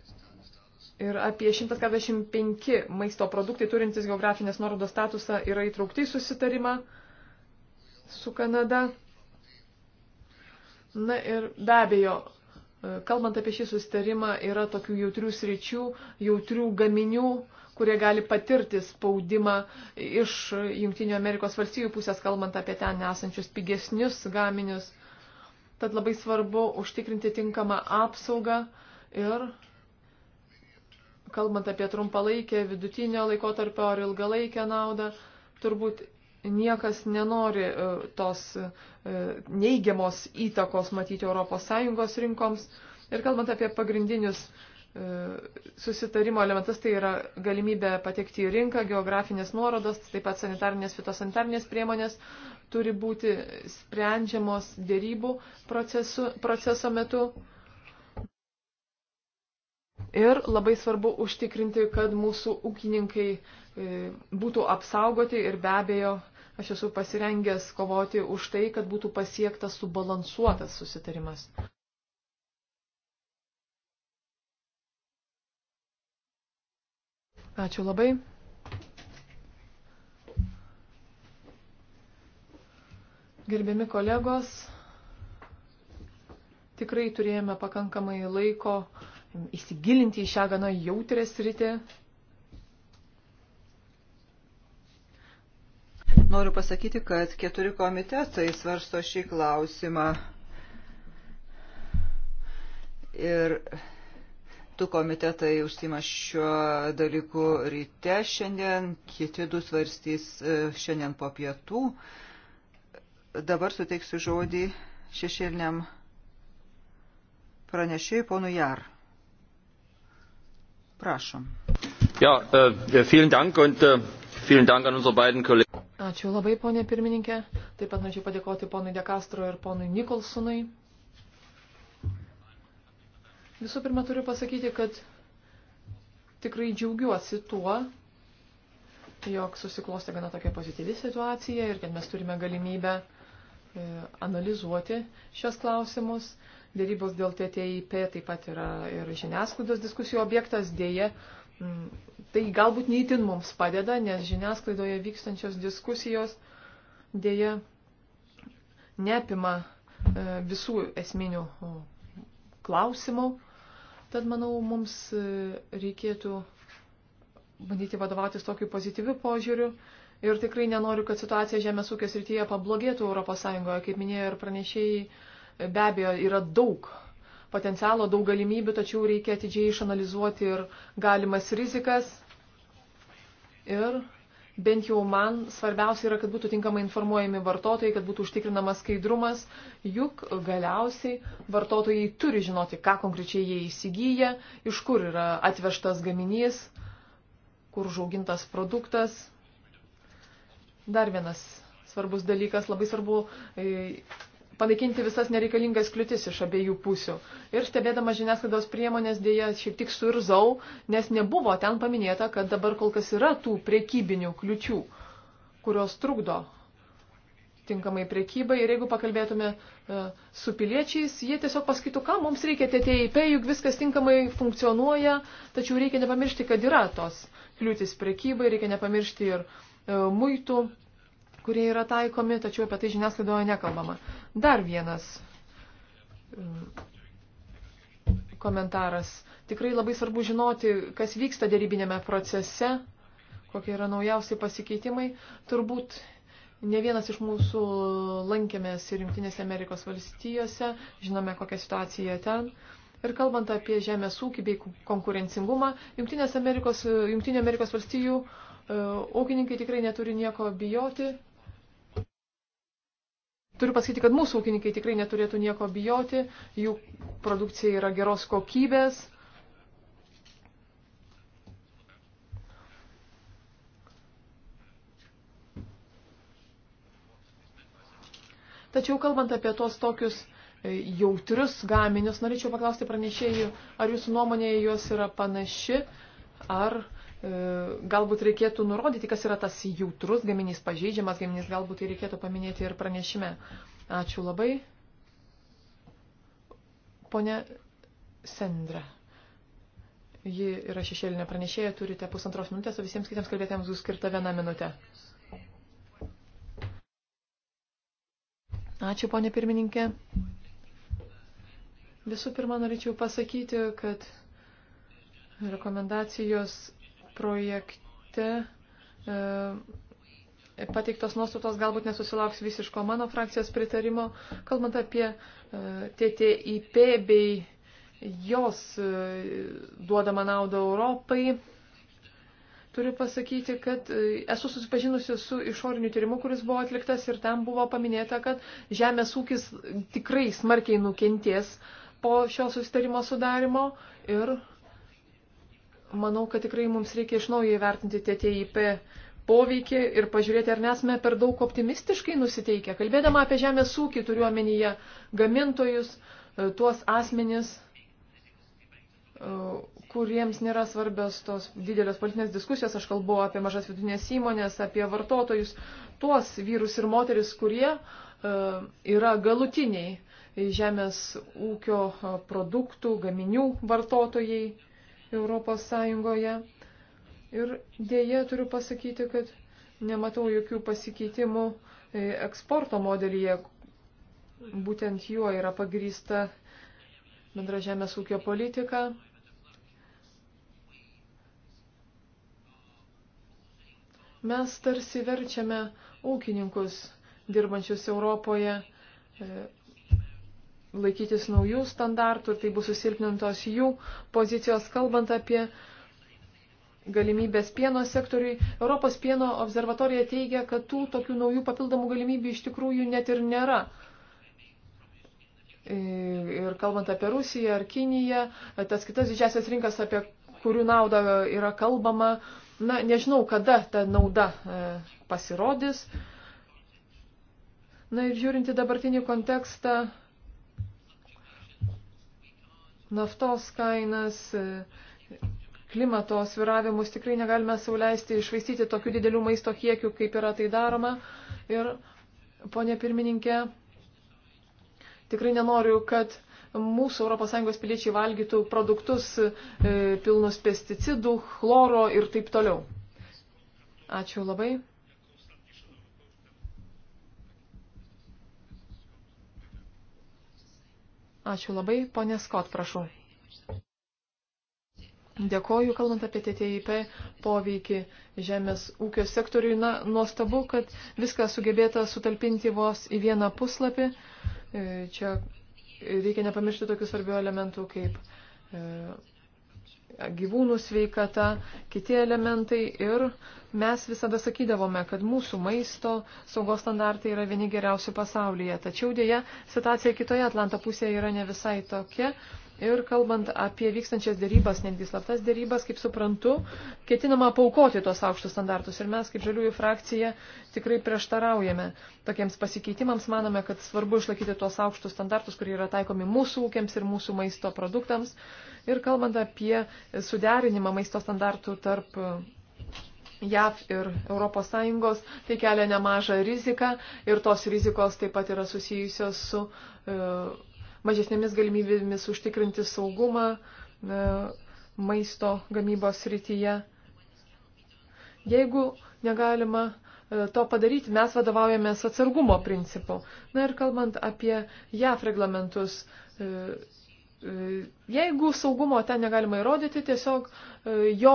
E: ir apie 145 maisto produktai turintys geografinės nuorodos statusą yra įtraukti į susitarimą su Kanada. Na ir be abejo, e, kalbant apie šį susitarimą, yra tokių jautrių sričių, jautrių gaminių, kurie gali patirti spaudimą iš Junktinio Amerikos valstybių pusės, kalbant apie ten esančius pigesnius gaminius. Tad labai svarbu užtikrinti tinkamą apsaugą ir, kalbant apie trumpalaikę, vidutinio laikotarpio ar ilgalaikę naudą, turbūt niekas nenori e, tos e, neigiamos įtakos matyti ES rinkoms. Ir kalbant apie pagrindinius E, susitarimo elementas tai yra galimybė patekti į rinką, geografinės nuorodos, taip pat sanitarnės, fitosanitarnės priemonės turi būti sprendžiamos dėrybų procesu, proceso metu. Ir labai svarbu užtikrinti, kad mūsų ūkininkai e, būtų apsaugoti ir be abejo, aš esu pasirengęs kovoti už tai, kad būtų pasiektas subalansuotas susitarimas. Ačiū labai. Gerbiami kolegos, tikrai turėjome pakankamai laiko įsigilinti į šią gana jautrę sritį.
B: Noriu pasakyti, kad keturi komitetai svarsto šį klausimą. Ir Du komitetai užsima šiuo dalyku ryte šiandien, kiti du svarstys e, šiandien po pietų. Dabar suteiksiu žodį šešėliniam pranešėjui ponui
E: Jar. Prašom.
B: Ja, äh, vielen Dank und äh, vielen Dank an unsere beiden Kollegen.
E: Ačiū labai, ponė pirmininkė. Taip pat norėčiau padėkoti ponui Dekastro ir ponui Nikolsonui Visų pirma, turiu pasakyti, kad tikrai džiaugiuosi tuo, jog susiklostė gana tokia pozityvi situacija ir kad mes turime galimybę e, analizuoti šios klausimus. Dėrybos dėl TTIP taip pat yra ir žiniasklaidos diskusijų objektas, dėje. Tai galbūt neįtin mums padeda, nes žiniasklaidoje vykstančios diskusijos dėje neapima e, visų esminių klausimų. Tad manau, mums e, reikėtų bandyti vadovautis tokiu pozityviu požiūriu. Ir tikrai nenoriu, kad situacija žemės ūkės rytyje pablogėtų ES. Kaip minėjo ir pranešėjai, e, be abejo, yra daug potencialo, daug galimybių, tačiau reikia atidžiai išanalizuoti ir galimas rizikas. Ir bent jau man svarbiausia yra, kad būtų tinkamai informuojami vartotojai, kad būtų užtikrinamas skaidrumas, juk galiausiai vartotojai turi žinoti, ką konkrečiai jie įsigyja, iš kur yra atvežtas gaminys, kur žaugintas produktas. Dar vienas svarbus dalykas, labai svarbu e, panaikinti visas nereikalingas kliūtis iš abiejų pusių. Ir stebėdama žiniasklaidos priemonės dėja šiek tiek suirzau, nes nebuvo ten paminėta, kad dabar kol kas yra tų priekybinių kliučių, kurios trukdo tinkamai priekybai. Ir jeigu pakalbėtume e, su piliečiais, jie tiesiog pasakytų, ką mums reikia TTIP, juk viskas tinkamai funkcionuoja, tačiau reikia nepamiršti, kad yra tos kliūtis priekybai, reikia nepamiršti ir e, muitų kurie yra taikomi, tačiau apie tai žiniasklaidoje nekalbama. Dar vienas e, komentaras. Tikrai labai svarbu žinoti, kas vyksta dėrybinėme procese, kokie yra naujausi pasikeitimai. Turbūt ne vienas iš mūsų lankėmės ir Junktinėse Amerikos valstijose, žinome, kokia situacija ten. Ir kalbant apie žemės ūkį bei konkurencingumą, Junktinės Amerikos, Junktinė Amerikos valstijų e, ūkininkai tikrai neturi nieko bijoti, Turiu pasakyti, kad mūsų ūkininkai tikrai neturėtų nieko bijoti, jų produkcija yra geros kokybės. Tačiau kalbant apie tos tokius e, jautrius gaminius, norėčiau paklausti pranešėjų, ar jūsų nuomonė juos yra panaši, ar uh, E, galbūt reikėtų nurodyti, kas yra tas jautrus gaminys, pažeidžiamas gaminys, galbūt tai reikėtų paminėti ir pranešime. Ačiū labai. Pone Sendra. Ji yra šešėlinė pranešėja, turite pusantros minutės, o visiems kitiems kalbėtėms bus skirta viena minutė. Ačiū, ponė pirmininkė. Visų pirma, norėčiau pasakyti, kad rekomendacijos projekte e, pateiktos nuostatos galbūt nesusilauks visiško mano frakcijos pritarimo, kalbant apie e, TTIP bei jos e, duodama naudą Europai. Turiu pasakyti, kad esu susipažinusi su išoriniu tyrimu, kuris buvo atliktas ir ten buvo paminėta, kad žemės ūkis tikrai smarkiai nukentės po šio susitarimo sudarimo ir manau, kad tikrai mums reikia iš naujo įvertinti TTIP poveikį ir pažiūrėti, ar nesame per daug optimistiškai nusiteikę. Kalbėdama apie žemės ūkį, turiu omenyje gamintojus, e, tuos asmenis, e, kuriems nėra svarbios tos didelės politinės diskusijos, aš kalbu apie mažas vidinės įmonės, apie vartotojus, tuos vyrus ir moteris, kurie e, yra galutiniai žemės ūkio produktų, gaminių vartotojai. Europos Sąjungoje. Ir dėje turiu pasakyti, kad nematau jokių pasikeitimų e, eksporto modelyje. Būtent juo yra pagrįsta bendra žemės ūkio politika. Mes tarsi verčiame ūkininkus dirbančius Europoje e, laikytis naujų standartų ir tai bus susilpnintos jų pozicijos, kalbant apie galimybės pieno sektoriui. Europos pieno observatorija teigia, kad tų tokių naujų papildomų galimybių iš tikrųjų net ir nėra. E, ir kalbant apie Rusiją ar Kiniją, tas kitas didžiasias rinkas, apie kurių naudą yra kalbama, na, nežinau, kada ta nauda e, pasirodys. Na ir žiūrinti dabartinį kontekstą, naftos kainas, klimato sviravimus tikrai negalime sauliaisti išvaistyti tokių didelių maisto kiekių, kaip yra tai daroma. Ir, ponė pirmininkė, tikrai nenoriu, kad mūsų ES piliečiai valgytų produktus e, pilnus pesticidų, chloro ir taip toliau. Ačiū labai. Ačiū labai. Pone Skot, prašau. Dėkoju, kalbant apie TTIP poveikį žemės ūkio sektoriui. Na, nuostabu, kad viską sugebėta sutalpinti vos į vieną puslapį. E, čia reikia nepamiršti tokių svarbių elementų kaip e, gyvūnų sveikata, kiti elementai ir mes visada sakydavome, kad mūsų maisto saugos standartai yra vieni geriausių pasaulyje. Tačiau dėja situacija kitoje Atlanto pusėje yra ne visai tokia Ir kalbant apie vykstančias dėrybas, netgi slaptas dėrybas, kaip suprantu, ketinama paukoti tuos aukštus standartus. Ir mes, kaip žaliųjų frakcija, tikrai prieštaraujame tokiems pasikeitimams. Manome, kad svarbu išlaikyti tuos aukštus standartus, kurie yra taikomi mūsų ūkiams ir mūsų maisto produktams. Ir kalbant apie suderinimą maisto standartų tarp JAV ir ES, tai kelia nemažą riziką ir tos rizikos taip pat yra susijusios su e, mažesnėmis galimybėmis užtikrinti saugumą maisto gamybos rytyje. Jeigu negalima e, to padaryti, mes vadovaujamės atsargumo principu. Na ir kalbant apie JAF reglamentus, e, e, jeigu saugumo ten negalima įrodyti, tiesiog jo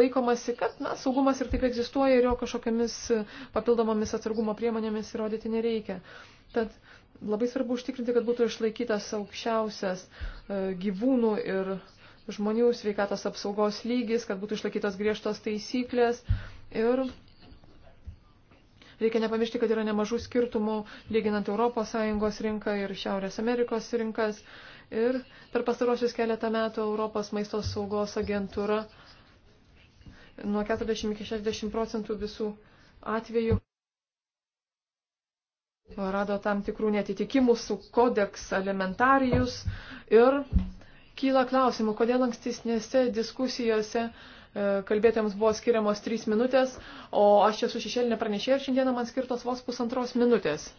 E: laikomasi, kad na, saugumas ir taip egzistuoja ir jo kažkokiamis papildomomis atsargumo priemonėmis įrodyti nereikia. Tad Labai svarbu užtikrinti, kad būtų išlaikytas aukščiausias e, gyvūnų ir žmonių sveikatos apsaugos lygis, kad būtų išlaikytos griežtos taisyklės ir reikia nepamiršti, kad yra nemažų skirtumų lyginant ES rinką ir Šiaurės Amerikos rinkas. Ir per pastarosius keletą metų Europos maisto saugos agentūra nuo 40 iki 60 procentų visų atvejų rado tam tikrų netitikimų su kodeks elementarijus ir kyla klausimų, kodėl ankstesnėse diskusijose e, kalbėtėms buvo skiriamos trys minutės, o aš esu šešėlinė pranešėja ir šiandieną man skirtos vos pusantros minutės.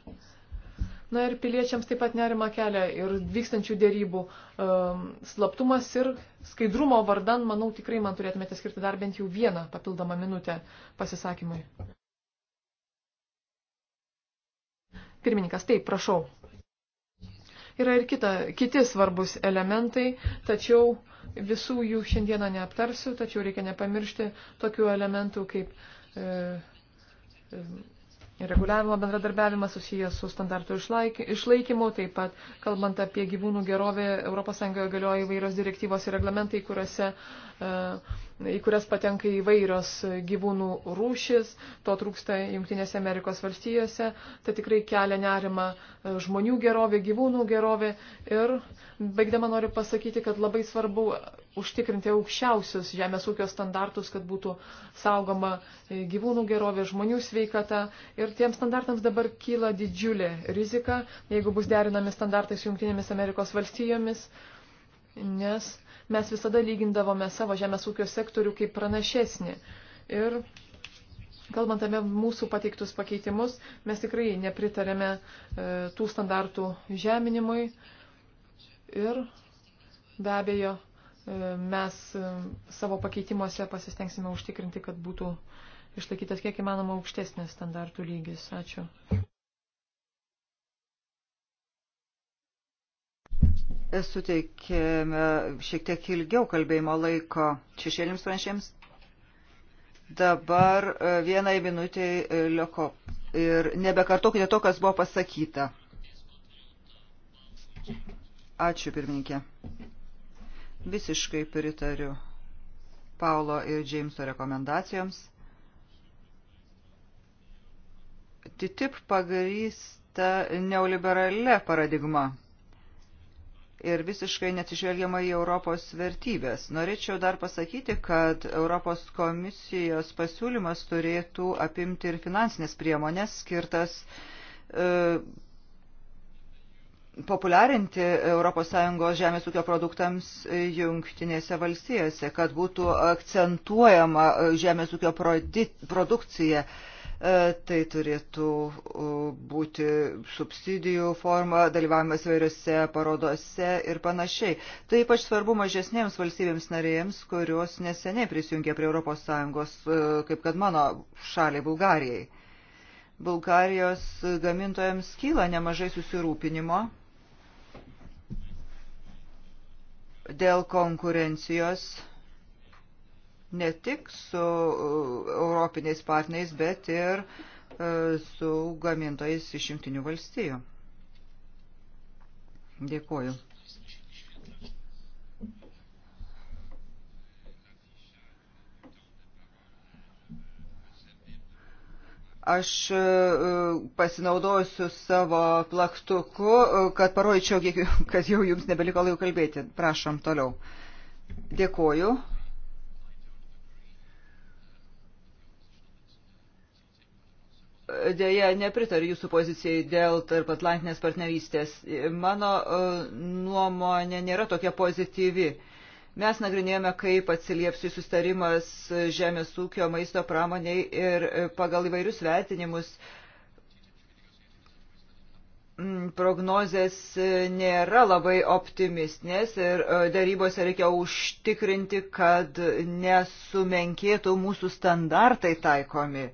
E: Na ir piliečiams taip pat nerima kelia ir vykstančių dėrybų um, slaptumas ir skaidrumo vardan, manau, tikrai man turėtumėte skirti dar bent jau vieną papildomą minutę pasisakymui. Pirmininkas, taip, prašau. Yra ir kita, kiti svarbus elementai, tačiau visų jų šiandieną neaptarsiu, tačiau reikia nepamiršti tokių elementų kaip e, e, reguliavimo bendradarbiavimas susijęs su standartų išlaikymu, taip pat kalbant apie gyvūnų gerovę, ES galioja įvairios direktyvos ir reglamentai, kuriuose e, į kurias patenka įvairios gyvūnų rūšis, to trūksta Junktinėse Amerikos valstijose, tai tikrai kelia nerima e, žmonių gerovė, gyvūnų gerovė ir baigdama noriu pasakyti, kad labai svarbu užtikrinti aukščiausius žemės ūkio standartus, kad būtų saugoma e, gyvūnų gerovė, žmonių sveikata ir tiems standartams dabar kyla didžiulė rizika, jeigu bus derinami standartai su Junktinėmis Amerikos valstijomis, nes mes visada lygindavome savo žemės ūkio sektorių kaip pranašesnį. Ir kalbant apie mūsų pateiktus pakeitimus, mes tikrai nepritarėme e, tų standartų žeminimui. Ir be abejo, e, mes e, savo pakeitimuose pasistengsime užtikrinti, kad būtų išlaikytas kiek įmanoma aukštesnis standartų lygis. Ačiū.
B: suteikėme šiek tiek ilgiau kalbėjimo laiko šešėlims pranešėjams. Dabar e, vienai minutiai e, lioko ir nebekartokite to, kas buvo pasakyta. Ačiū, pirmininkė. Visiškai pritariu Paulo ir Džeimso rekomendacijoms. TTIP pagrįsta neoliberale paradigma ir visiškai neatsižvelgiama į Europos vertybės. Norėčiau dar pasakyti, kad Europos komisijos pasiūlymas turėtų apimti ir finansinės priemonės skirtas e, populiarinti ES žemės ūkio produktams jungtinėse valstijose, kad būtų akcentuojama žemės ūkio produkcija. E, E, tai turėtų e, būti subsidijų forma, dalyvavimas vairiose parodose ir panašiai. Tai ypač svarbu mažesnėms valstybėms narėjams, kurios neseniai prisijungė prie ES, e, kaip kad mano šaliai Bulgarijai. Bulgarijos gamintojams kyla nemažai susirūpinimo dėl konkurencijos ne tik su uh, europiniais partneriais, bet ir uh, su gamintojais iš jungtinių valstijų. Dėkuoju. Aš uh, pasinaudosiu savo plaktuku, kad parodyčiau, kad jau jums nebeliko laiko kalbėti. Prašom toliau. Dėkuoju. dėja nepritariu jūsų pozicijai dėl tarp Atlantinės partnerystės. Mano e, nuomonė nėra tokia pozityvi. Mes nagrinėjome, kaip atsiliepsi sustarimas žemės ūkio maisto pramoniai ir pagal įvairius vertinimus prognozės nėra labai optimistinės ir e, darybose reikia užtikrinti, kad nesumenkėtų mūsų standartai taikomi.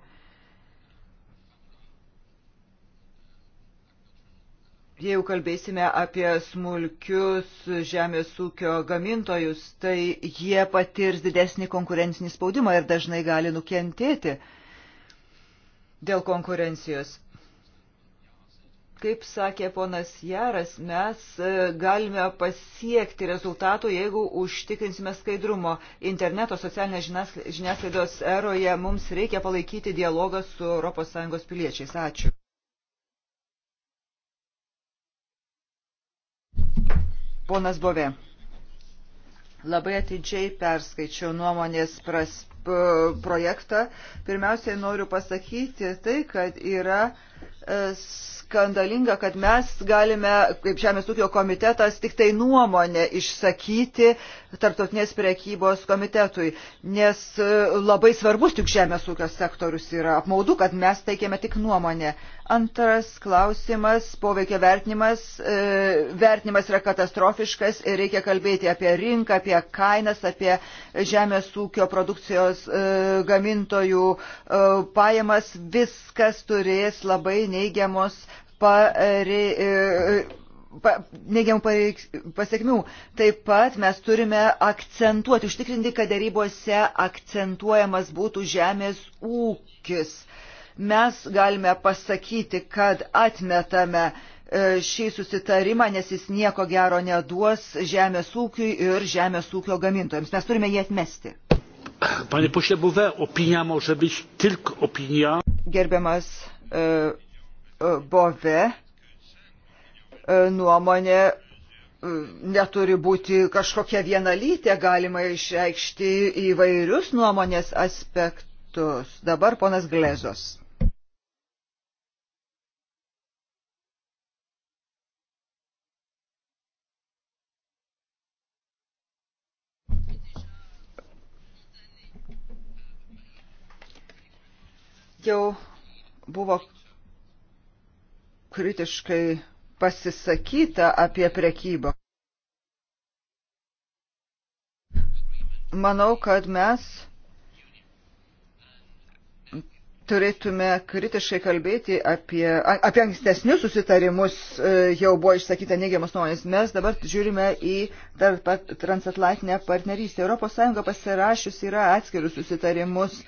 B: Jeigu kalbėsime apie smulkius žemės ūkio gamintojus, tai jie patirs didesnį konkurencinį spaudimą ir dažnai gali nukentėti dėl konkurencijos. Kaip sakė ponas Jaras, mes e, galime pasiekti rezultatų, jeigu užtikrinsime skaidrumo. Interneto socialinės žiniasklaidos eroje mums reikia palaikyti dialogą su ES piliečiais. Ačiū. Ponas Bove, labai atidžiai perskaičiau nuomonės pras, projektą. Pirmiausiai noriu pasakyti tai, kad yra e, skandalinga, kad mes galime, kaip Žemės ūkio komitetas, tik tai nuomonę išsakyti tarptautinės priekybos komitetui, nes e, labai svarbus tik Žemės ūkio sektorius yra. Apmaudu, kad mes teikėme tik nuomonę. Antras klausimas - poveikio vertinimas. E, vertinimas yra katastrofiškas ir reikia kalbėti apie rinką, apie kainas, apie žemės ūkio produkcijos e, gamintojų e, pajamas. Viskas turės labai neigiamos parei, pa, neigiamų pasiekmių. Taip pat mes turime akcentuoti, užtikrinti, kad darybose akcentuojamas būtų žemės ūkis. E, mes galime pasakyti, kad atmetame e, šį susitarimą, nes jis nieko gero neduos žemės ūkiui ir žemės ūkio gamintojams. Mes turime jį atmesti.
A: Panie pośle Bouvet, opinia może być
B: tylko opinia. Gerbiamas e, e, Bove, e, nuomonė e, neturi būti kažkokia vienalytė, galima išreikšti įvairius nuomonės aspektus. Dabar ponas Glezos. jau buvo kritiškai pasisakyta apie prekybą. Manau, kad mes turėtume kritiškai kalbėti apie, apie ankstesnius susitarimus, e, jau buvo išsakyta neigiamas nuomonės. Mes dabar žiūrime į transatlantinę partnerystę. ES pasirašius yra atskirius susitarimus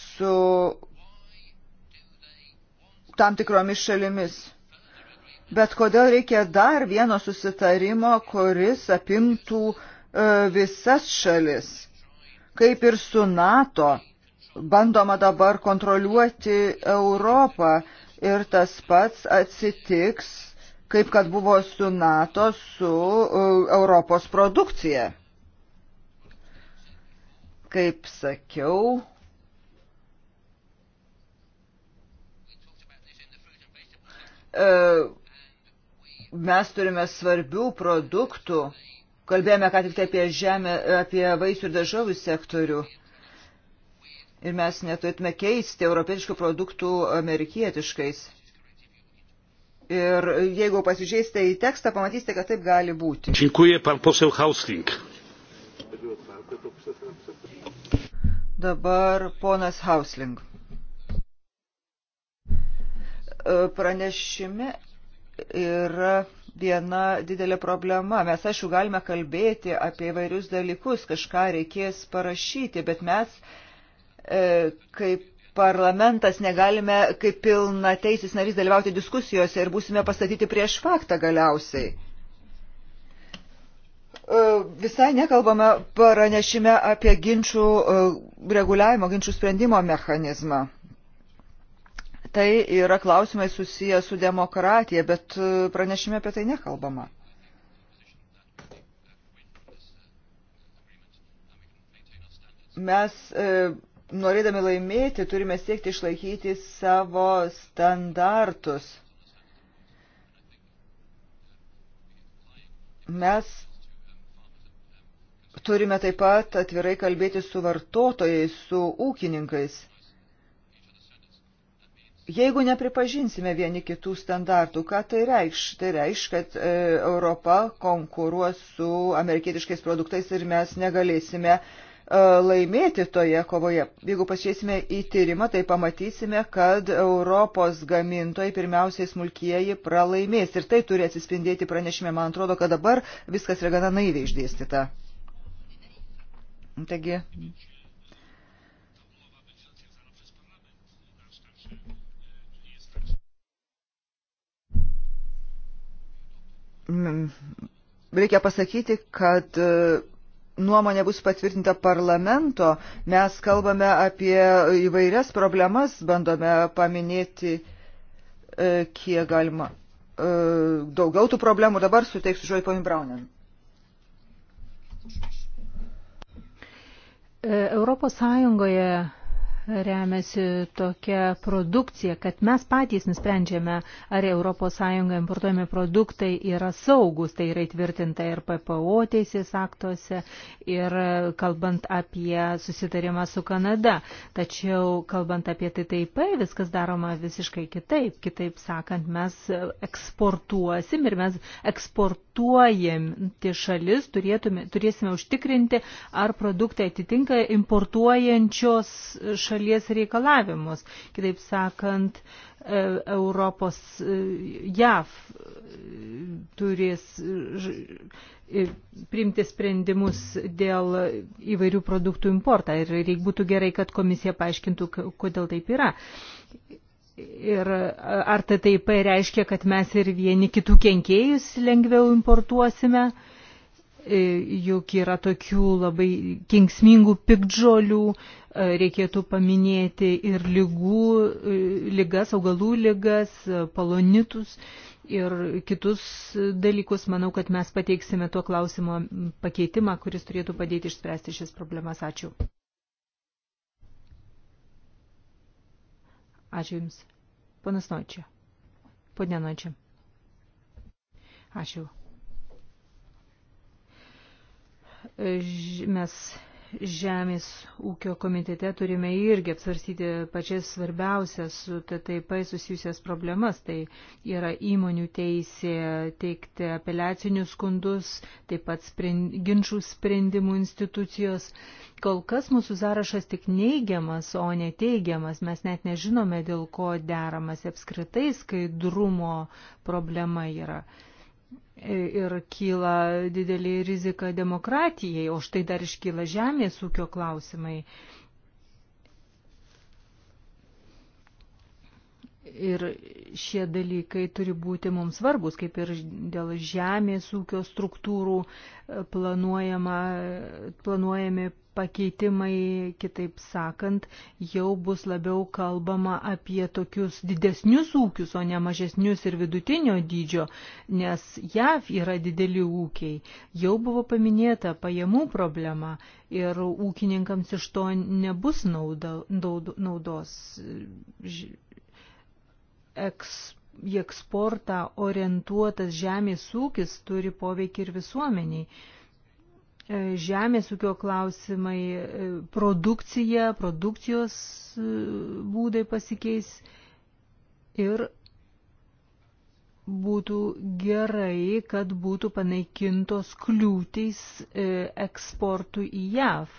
B: su tam tikromis šalimis. Bet kodėl reikia dar vieno susitarimo, kuris apimtų e, visas šalis? Kaip ir su NATO, bandoma dabar kontroliuoti Europą ir tas pats atsitiks, kaip kad buvo su NATO, su e, Europos produkcija. Kaip sakiau, E, mes turime svarbių produktų. Kalbėjome ką tik tai apie žemę, apie vaisių ir daržovių sektorių. Ir mes neturėtume keisti europietiškų produktų amerikietiškais. Ir jeigu pasižiūrėsite į tekstą, pamatysite, kad taip gali būti.
A: Dziękuję, pan poseł Hausling.
B: Dabar ponas Hausling. Pranešime yra viena didelė problema. Mes, aišku, galime kalbėti apie įvairius dalykus, kažką reikės parašyti, bet mes e, kaip parlamentas negalime kaip pilna teisės narys dalyvauti diskusijose ir būsime pastatyti prieš faktą galiausiai. E, visai nekalbame paranešime apie ginčių e, reguliavimo, ginčių sprendimo mechanizmą. Tai yra klausimai susiję su demokratija, bet e, pranešime apie tai nekalbama. Mes e, norėdami laimėti turime siekti išlaikyti savo standartus. Mes turime taip pat atvirai kalbėti su vartotojais, su ūkininkais. Jeigu nepripažinsime vieni kitų standartų, ką tai reikš? Tai reikš, kad e, Europa konkuruos su amerikietiškais produktais ir mes negalėsime e, laimėti toje kovoje. Jeigu pasižiūrėsime į tyrimą, tai pamatysime, kad Europos gamintojai, pirmiausiai smulkieji, pralaimės. Ir tai turi atsispindėti pranešime. Man atrodo, kad dabar viskas yra gana naiviai išdėstyta. Taigi, Mm, reikia pasakyti, kad e, nuomonė bus patvirtinta parlamento. Mes kalbame apie įvairias problemas, bandome paminėti, e, kiek galima e, daugiau tų problemų. Dabar suteiksiu žodį poniai Braunen.
D: Europos Sąjungoje remiasi tokia produkcija, kad mes patys nusprendžiame, ar ES importuojami produktai yra saugus, tai yra įtvirtinta ir PPO teisės aktuose, ir kalbant apie susitarimą su Kanada. Tačiau kalbant apie TTIP, viskas daroma visiškai kitaip. Kitaip sakant, mes eksportuosim ir mes eksportuojam tie šalis, turėtume, turėsime užtikrinti, ar produktai atitinka importuojančios šalis šalies reikalavimus. Kitaip sakant, e, Europos e, JAV e, turės priimti sprendimus dėl įvairių produktų importą ir būtų gerai, kad komisija paaiškintų, kodėl taip yra. Ir ar tai taip reiškia, kad mes ir vieni kitų kenkėjus lengviau importuosime? Uh, E, juk yra tokių labai kenksmingų pikdžolių, e, reikėtų paminėti ir lygų, e, lygas, augalų lygas, palonitus ir kitus dalykus. Manau, kad mes pateiksime tuo klausimo pakeitimą, kuris turėtų padėti išspręsti šias problemas. Ačiū. Ačiū Jums. Ponas Noičia. Pone Noičia. Ačiū. mes Žemės ūkio komitete turime irgi apsvarstyti pačias svarbiausias su TTIP susijusias problemas. Tai yra įmonių teisė teikti apeliacinius skundus, taip pat sprend, ginčių sprendimų institucijos. Kol kas mūsų sąrašas tik neigiamas, o ne teigiamas. Mes net nežinome, dėl ko deramas apskritai skaidrumo problema yra ir kyla didelė rizika demokratijai, o štai dar iškyla žemės ūkio klausimai. Ir šie dalykai turi būti mums svarbus, kaip ir dėl žemės ūkio struktūrų e, planuojami pakeitimai, kitaip sakant, jau bus labiau kalbama apie tokius didesnius ūkius, o ne mažesnius ir vidutinio dydžio, nes JAV yra dideli ūkiai. Jau buvo paminėta pajamų problema ir ūkininkams iš to nebus nauda, naudos. E, eks, į eksportą orientuotas žemės ūkis turi poveikį ir visuomeniai. E, žemės ūkio klausimai, e, produkcija, produkcijos e, būdai pasikeis ir būtų gerai, kad būtų panaikintos kliūtys eksportui į JAV.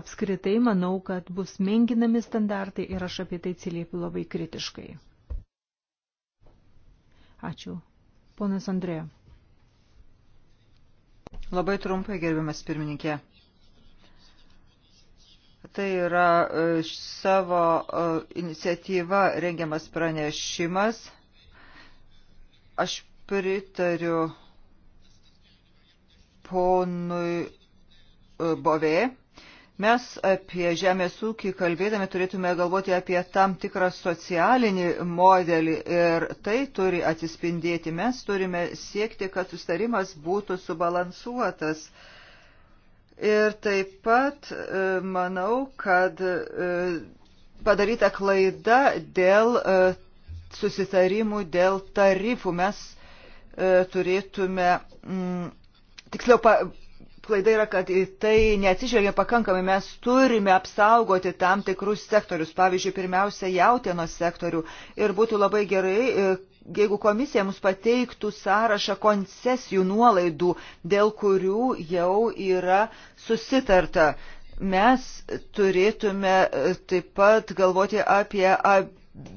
D: Apskritai manau, kad bus menginami standartai ir aš apie tai atsiliepiu labai kritiškai. Ačiū. Ponas Andrėjo.
B: Labai trumpai, gerbiamas pirmininkė. Tai yra e, savo e, iniciatyva rengiamas pranešimas. Aš pritariu ponui e, Bovė Mes apie žemės ūkį kalbėdami turėtume galvoti apie tam tikrą socialinį modelį ir tai turi atsispindėti. Mes turime siekti, kad sustarimas būtų subalansuotas. Ir taip pat e, manau, kad e, padaryta klaida dėl e, susitarimų, dėl tarifų. Mes turėtume, mm, tiksliau, klaida yra, kad į tai neatsižvelgia pakankamai. Mes turime apsaugoti tam tikrus sektorius, pavyzdžiui, pirmiausia, jautienos sektorių. Ir būtų labai gerai, e, jeigu komisija mums pateiktų sąrašą koncesijų nuolaidų, dėl kurių jau yra susitarta. Mes turėtume e, taip pat galvoti apie ab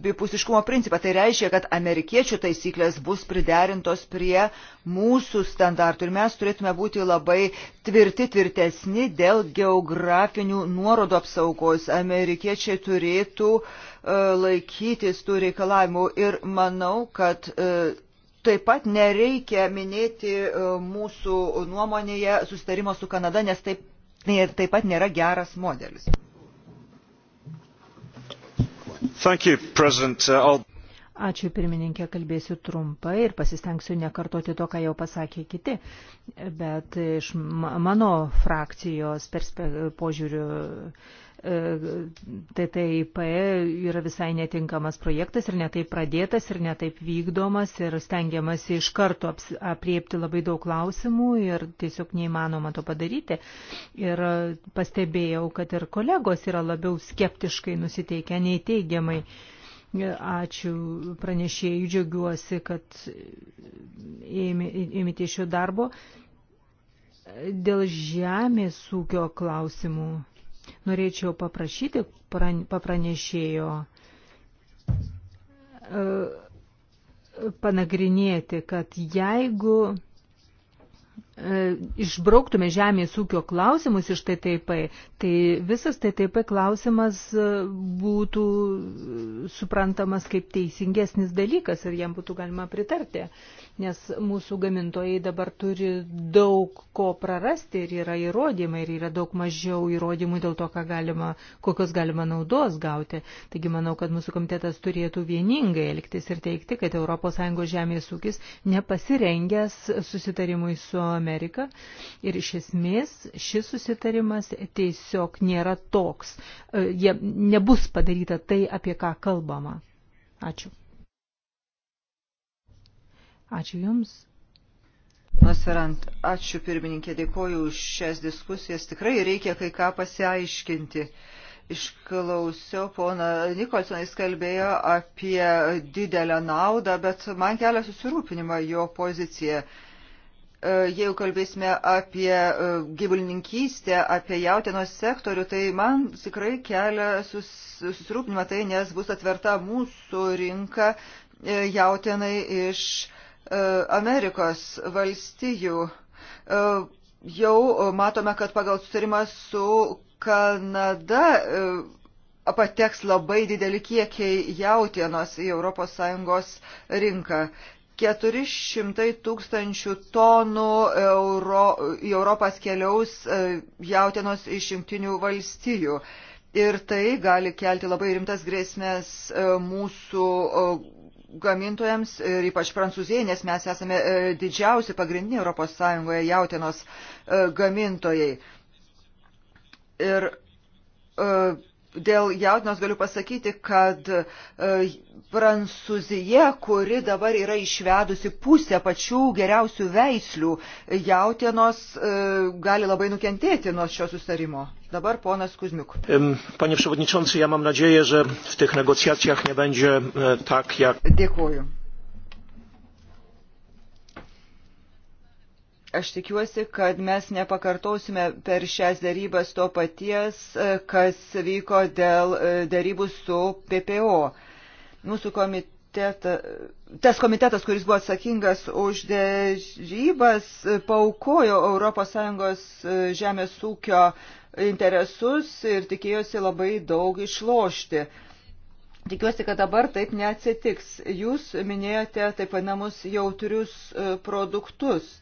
B: bipusiškumo principą. Tai reiškia, kad amerikiečių taisyklės bus priderintos prie mūsų standartų ir mes turėtume būti labai tvirti, tvirtesni dėl geografinių nuorodų apsaugos. Amerikiečiai turėtų uh, laikytis tų reikalavimų ir manau, kad uh, Taip pat nereikia minėti e, mūsų nuomonėje sustarimo su Kanada, nes taip, taip pat nėra geras modelis.
A: You, uh,
D: Ačiū pirmininkė, kalbėsiu trumpai ir pasistengsiu nekartoti to, ką jau pasakė kiti, bet iš mano frakcijos požiūrių TTIP yra visai netinkamas projektas ir netaip pradėtas ir netaip vykdomas ir stengiamasi iš karto apriepti labai daug klausimų ir tiesiog neįmanoma to padaryti. Ir pastebėjau, kad ir kolegos yra labiau skeptiškai nusiteikę nei teigiamai. Ačiū pranešėjai, džiaugiuosi, kad ėmėte šio darbo. Dėl žemės ūkio klausimų norėčiau paprašyti papranešėjo e, panagrinėti, kad jeigu e, išbrauktume žemės ūkio klausimus iš TTIP, tai visas TTIP klausimas e, būtų suprantamas kaip teisingesnis dalykas ir jam būtų galima pritarti. Uh, nes mūsų gamintojai dabar turi daug ko prarasti ir yra įrodymai ir yra daug mažiau įrodymų dėl to, galima, kokios galima naudos gauti. Taigi manau, kad mūsų komitetas turėtų vieningai elgtis ir teikti, kad ES žemės ūkis nepasirengęs susitarimui su Amerika ir iš esmės šis susitarimas tiesiog nėra toks. E, jie nebus padaryta tai, apie ką kalbama. Ačiū. Ačiū Jums.
B: Nusverant, ačiū pirmininkė, dėkoju už šias diskusijas. Tikrai reikia kai ką pasiaiškinti. Išklausiau, pona Nikolsonas jis kalbėjo apie didelę naudą, bet man kelia susirūpinimą jo pozicija e, jeigu kalbėsime apie e, gyvulininkystę, apie jautienos sektorių, tai man tikrai kelia sus, susirūpinimą tai, nes bus atverta mūsų rinka e, jautienai iš E, Amerikos valstijų. E, jau matome, kad pagal sutarimą su Kanada e, pateks labai dideli kiekiai jautienos į ES rinką. 400 tūkstančių tonų euro, į Europas keliaus jautienos iš jungtinių valstijų. Ir tai gali kelti labai rimtas grėsmės mūsų gamintojams ir ypač Prancūzijai, nes mes esame e, didžiausi pagrindiniai ES jautienos e, gamintojai. Ir e, dėl jautinos galiu pasakyti, kad e, Prancūzija, kuri dabar yra išvedusi pusę pačių geriausių veislių jautienos, e, gali labai nukentėti nuo šio sustarimo. Dabar ponas Kuzmiuk.
A: Panie Przewodniczący, ja mam nadzieję, że w tych negocjacjach nie będzie e, tak jak.
B: Dėkuoju. aš tikiuosi, kad mes nepakartosime per šias darybas to paties, e, kas vyko dėl e, darybų su PPO. Mūsų komiteta, tas komitetas, kuris buvo atsakingas už darybas, paukojo ES e, žemės ūkio interesus ir tikėjosi labai daug išlošti. Tikiuosi, kad dabar taip neatsitiks. Jūs minėjote taip vadinamus jautrius produktus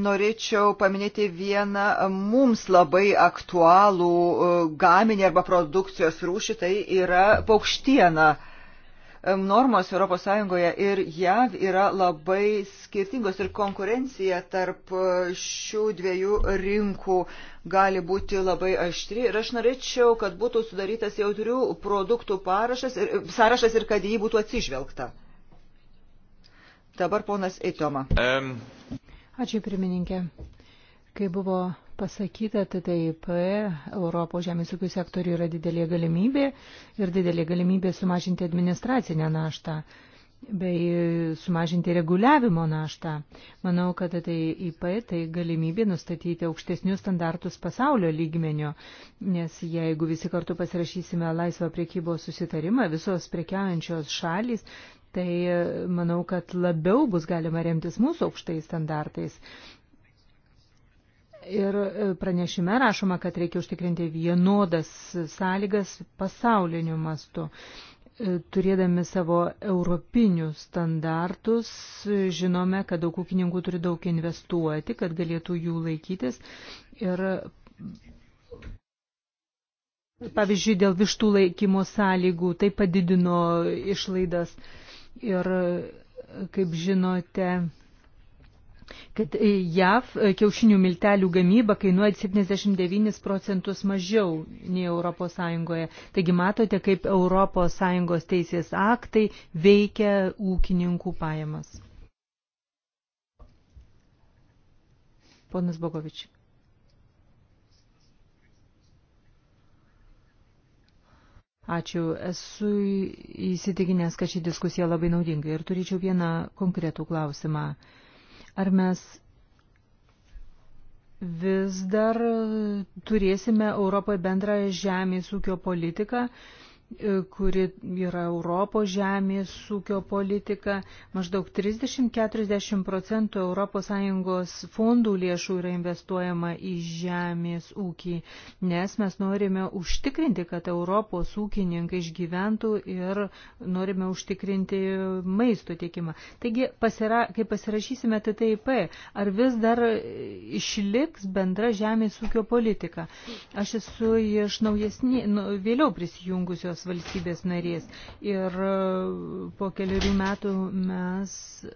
B: norėčiau paminėti vieną mums labai aktualų e, gaminį arba produkcijos rūšį, tai yra paukštiena. E, normos ES ir JAV yra labai skirtingos ir konkurencija tarp e, šių dviejų rinkų gali būti labai aštri. Ir aš norėčiau, kad būtų sudarytas jautrių produktų parašas ir, sąrašas ir kad jį būtų atsižvelgta. Dabar ponas Eitoma. Um. Ačiū pirmininkė.
D: Kai buvo pasakyta, tai taip, Europos žemės ūkio sektoriui yra didelė galimybė ir didelė galimybė sumažinti administracinę naštą bei sumažinti reguliavimo naštą. Manau, kad tai IP tai galimybė nustatyti aukštesnius standartus pasaulio lygmenio, nes jeigu visi kartu pasirašysime laisvą priekybos susitarimą, visos prekiaujančios šalys tai e, manau, kad labiau bus galima remtis mūsų aukštais standartais. Ir e, pranešime rašoma, kad reikia užtikrinti vienodas sąlygas pasauliniu mastu. E, turėdami savo europinius standartus, žinome, kad daug ūkininkų turi daug investuoti, kad galėtų jų laikytis. Ir pavyzdžiui, dėl vištų laikymo sąlygų tai padidino išlaidas. Uh, Ir, kaip žinote, kad JAV kiaušinių miltelių gamyba kainuoja 79 procentus mažiau nei ES. Taigi matote, kaip ES teisės aktai veikia ūkininkų pajamas. Ponas Bogovič. Ačiū. Esu įsitikinęs, kad ši diskusija labai naudinga ir turėčiau vieną konkretų klausimą. Ar mes vis dar turėsime Europoje bendrą žemės ūkio politiką, E, kuri yra Europos žemės ūkio politika. Maždaug 30-40 procentų ES fondų lėšų yra investuojama į žemės ūkį, nes mes norime užtikrinti, kad Europos ūkininkai išgyventų ir norime užtikrinti maisto tiekimą. Taigi, pasira, kai pasirašysime TTIP, ar vis dar išliks bendra žemės ūkio politika? Aš esu iš naujesnį, nu, vėliau prisijungusios kitos valstybės narės. Ir e, po keliarių metų mes e,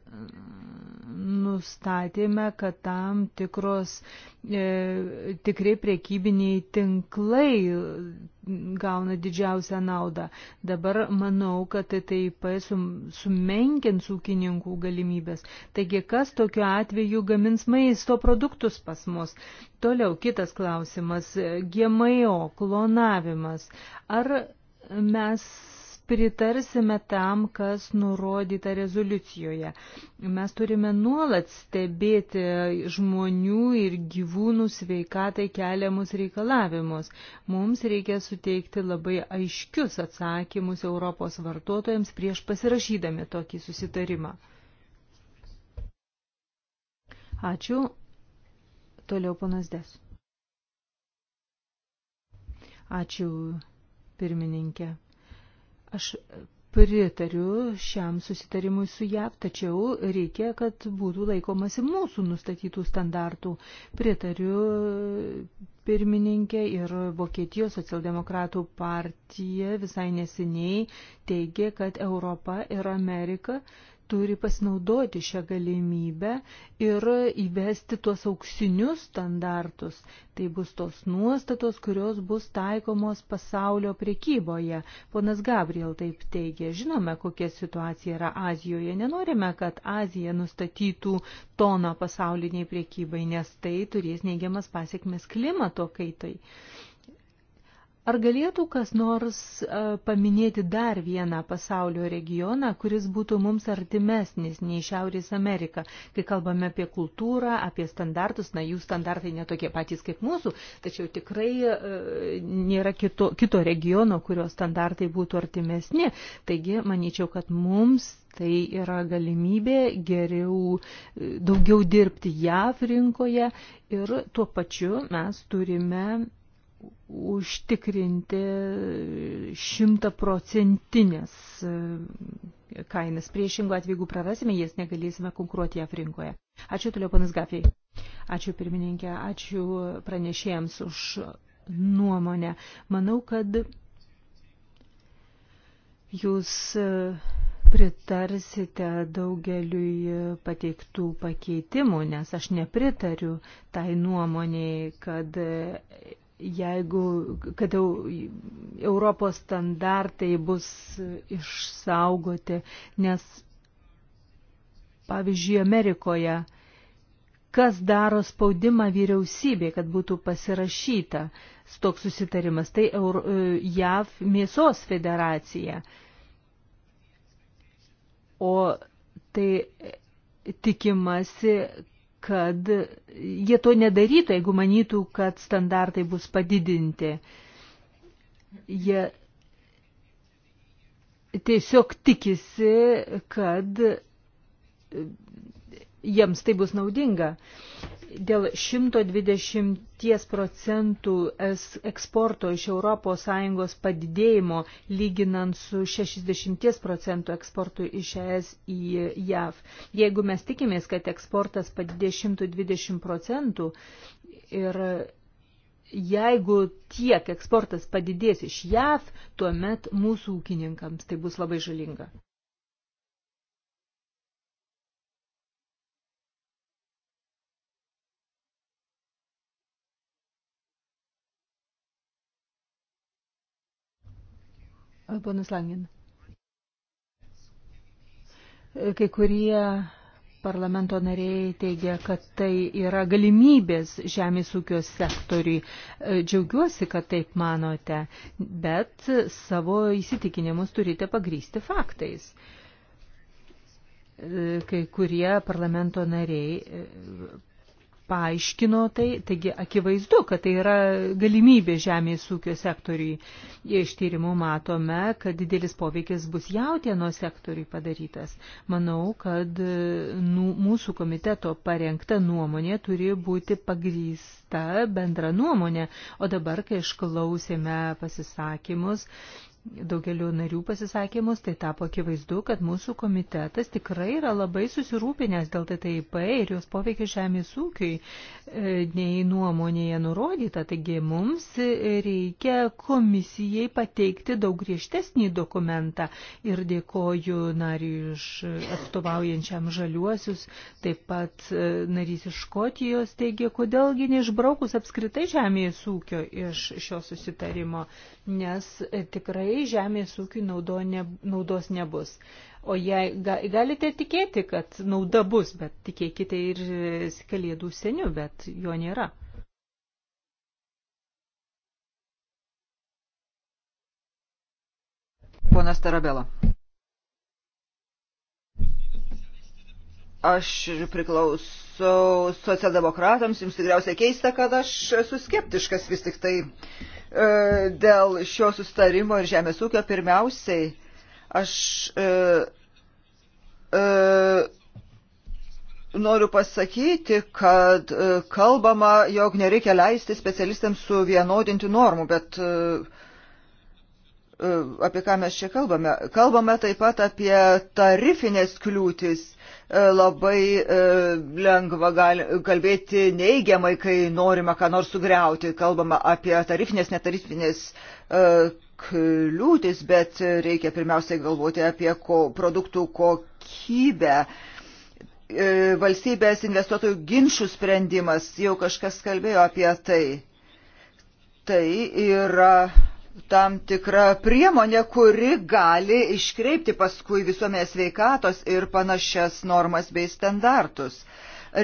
D: nustatėme, kad tam tikros e, tikrai priekybiniai tinklai gauna didžiausią naudą. Dabar manau, kad tai taip sum, sumenkins ūkininkų galimybės. Taigi, kas tokiu atveju gamins maisto produktus pas mus? Toliau kitas klausimas - GMO klonavimas. Ar mes pritarsime tam, kas nurodyta rezoliucijoje. Mes turime nuolat stebėti žmonių ir gyvūnų sveikatai keliamus reikalavimus. Mums reikia suteikti labai aiškius atsakymus Europos vartotojams prieš pasirašydami tokį susitarimą. Ačiū. Toliau panas Des. Ačiū pirmininkė. Aš pritariu šiam susitarimui su JAV, tačiau reikia, kad būtų laikomasi mūsų nustatytų standartų. Pritariu pirmininkė ir Vokietijos socialdemokratų partija visai nesiniai teigė, kad Europa ir Amerika turi pasinaudoti šią galimybę ir įvesti tuos auksinius standartus. Tai bus tos nuostatos, kurios bus taikomos pasaulio priekyboje. Ponas Gabriel taip teigia, žinome, kokia situacija yra Azijoje. Nenorime, kad Azija nustatytų toną pasauliniai priekybai, nes tai turės neigiamas pasiekmes klimato kaitai. Tai Ar galėtų kas nors e, paminėti dar vieną pasaulio regioną, kuris būtų mums artimesnis nei Šiaurės Amerika, kai kalbame apie kultūrą, apie standartus, na jų standartai netokie patys kaip mūsų, tačiau tikrai e, nėra kito, kito regiono, kurio standartai būtų artimesni. Taigi, manyčiau, kad mums tai yra galimybė geriau, e, daugiau dirbti JAV rinkoje ir tuo pačiu mes turime užtikrinti šimtaprocentinės e, kainas. Priešingų atveju, jeigu prarasime, jas negalėsime konkuruoti JAF rinkoje. Ačiū toliau, panas Gafiai. Ačiū pirmininkė, ačiū pranešėjams už nuomonę. Manau, kad jūs e, pritarsite daugeliui pateiktų pakeitimų, nes aš nepritariu tai nuomoniai, kad jeigu, kad jau Europos standartai bus išsaugoti, nes, pavyzdžiui, Amerikoje, kas daro spaudimą vyriausybė, kad būtų pasirašyta toks susitarimas, tai Euro, e, JAV mėsos federacija. O tai tikimasi, kad jie to nedarytų, jeigu manytų, kad standartai bus padidinti. Jie tiesiog tikisi, kad jiems tai bus naudinga dėl 120 procentų eksporto iš ES padidėjimo lyginant su 60 procentų eksportu iš ES į JAV. Jeigu mes tikimės, kad eksportas padidės 120 procentų ir jeigu tiek eksportas padidės iš JAV, tuomet mūsų ūkininkams tai bus labai žalinga. Ponas Langin. Kai kurie parlamento nariai teigia, kad tai yra galimybės žemės ūkio sektoriui. Džiaugiuosi, kad taip manote, bet savo įsitikinimus turite pagrysti faktais. Kai kurie parlamento nariai paaiškino tai, taigi akivaizdu, kad tai yra galimybė žemės ūkio sektoriui. Iš tyrimų matome, kad didelis poveikis bus jautieno sektoriui padarytas. Manau, kad nu, mūsų komiteto parengta nuomonė turi būti pagrįsta bendra nuomonė. O dabar, kai išklausėme pasisakymus, daugeliu narių pasisakymus, tai tapo akivaizdu, kad mūsų komitetas tikrai yra labai susirūpinęs dėl TTIP ir jos poveikio žemės ūkiui, e, nei nuomonėje nurodyta. Taigi mums reikia komisijai pateikti daug griežtesnį dokumentą ir dėkoju nariui iš atstovaujančiam žaliuosius, taip pat e, narys iš Škotijos teigia, kodėlgi neišbraukus apskritai žemės ūkio iš šio susitarimo, nes e, tikrai tikrai žemės ūkiui naudo ne, naudos nebus. O jei galite tikėti, kad nauda bus, bet tikėkite ir kalėdų seniu, bet
B: jo nėra. Ponas Tarabela. Aš priklausau socialdemokratams, jums tikriausiai keista, kad aš esu skeptiškas vis tik tai. Uh, E, dėl šio sustarimo ir žemės ūkio pirmiausiai aš e, e, noriu pasakyti, kad kalbama, jog nereikia leisti specialistams suvienodinti normų, bet uh, E, apie ką mes čia kalbame. Kalbame taip pat apie tarifinės kliūtis. E, labai e, lengva kalbėti neigiamai, kai norime ką nors sugriauti. Kalbame apie tarifinės, netarifinės kliūtis, bet reikia pirmiausiai galvoti apie ko, produktų kokybę. Valstybės investuotojų ginčių sprendimas, jau kažkas kalbėjo apie tai. Tai yra tam tikra priemonė, kuri gali iškreipti paskui visuomės veikatos ir panašias normas bei standartus.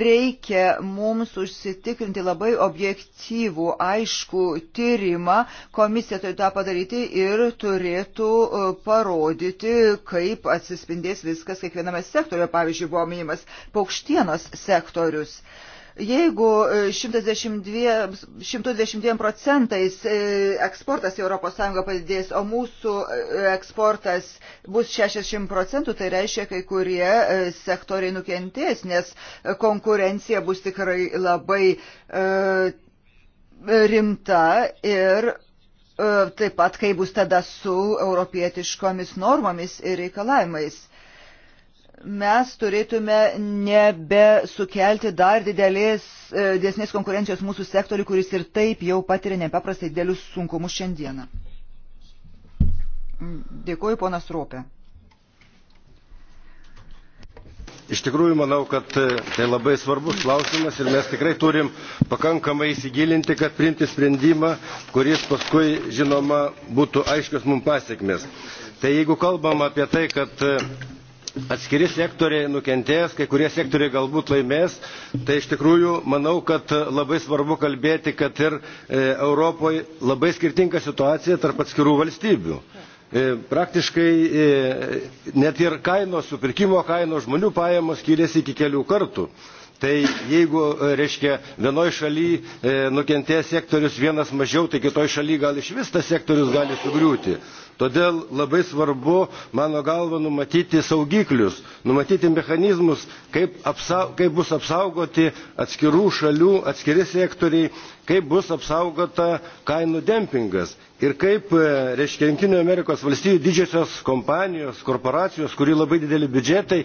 B: Reikia mums užsitikrinti labai objektyvų, aišku tyrimą, komisija turi tą padaryti ir turėtų e, parodyti, kaip atsispindės viskas kiekviename sektoriuje. Pavyzdžiui, buvo minimas paukštienos sektorius. Uh, Jeigu 112, e, 112 procentais e, eksportas į ES padidės, o mūsų e, eksportas bus 60 procentų, tai reiškia, kai kurie sektoriai nukentės, nes konkurencija bus tikrai labai rimta ir taip pat, kai bus tada su europietiškomis normomis ir reikalavimais mes turėtume nebesukelti dar didelės, e, dėsnės konkurencijos mūsų sektoriui, kuris ir taip jau patiria nepaprastai didelius sunkumus šiandieną. Dėkuoju, ponas Ropė.
C: Iš tikrųjų, manau, kad e, tai labai svarbus klausimas ir mes tikrai turim pakankamai įsigilinti, kad priimti sprendimą, kuris paskui, žinoma, būtų aiškios mums pasiekmes. Tai jeigu kalbam apie tai, kad e, atskiri sektoriai nukentės kai kurie sektoriai galbūt laimės tai iš tikrųjų manau kad labai svarbu kalbėti kad ir e, europoje labai skirtinga situacija tarp atskirų valstybių e, praktiškai e, net ir kainos supirkimo kainos žmonių pajamos skiriasi iki kelių kartų tai jeigu reiškia vienoj šaly nukentės sektorius vienas mažiau tai kitoj šaly gal išvis tas sektorius gali sugriūti todėl labai svarbu mano galva numatyti saugiklius numatyti mechanizmus kaip, apsa, kaip bus apsaugoti atskirų šalių atskiri sektoriai kaip bus apsaugota kainų dempingas ir kaip e, reiškia jungtinių amerikos valstijų didžiosios kompanijos korporacijos kurių labai dideli biudžetai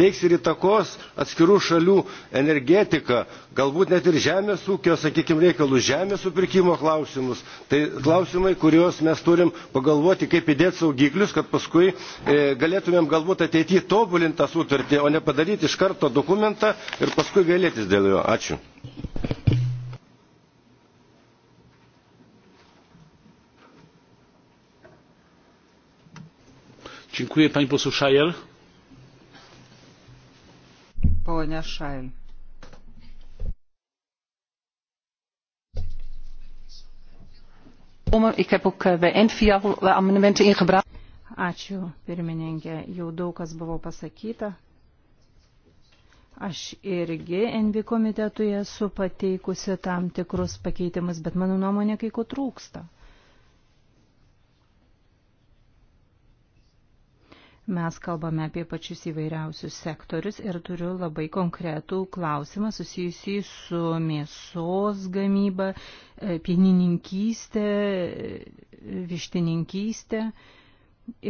C: veiks ir įtakos atskirų šalių energetiką galbūt net ir žemės ūkio sakykime reikalus žemės supirkimo klausimus tai klausimai kuriuos mes turime pagalvoti kaip įdėti saugiklius kad paskui e, galėtumėm galbūt ateityje tobulinti tą sutartį o ne padaryti iš karto dokumentą ir paskui gailėtis dėl jo. ačiū.
A: Dziękuję pani poseł Szajer.
B: Ponia Szajer.
D: Ik heb ook eh, bij NVIA amendementen ingebracht. Ačiū, pirmininkė. Jau daug kas buvo pasakyta. Aš irgi NV komitetui esu pateikusi tam tikrus pakeitimus, bet mano nuomonė kai ko trūksta. Mes kalbame apie pačius įvairiausius sektorius ir turiu labai konkretų klausimą susijusį su mėsos gamyba, e, pienininkystė, e, vištininkystė.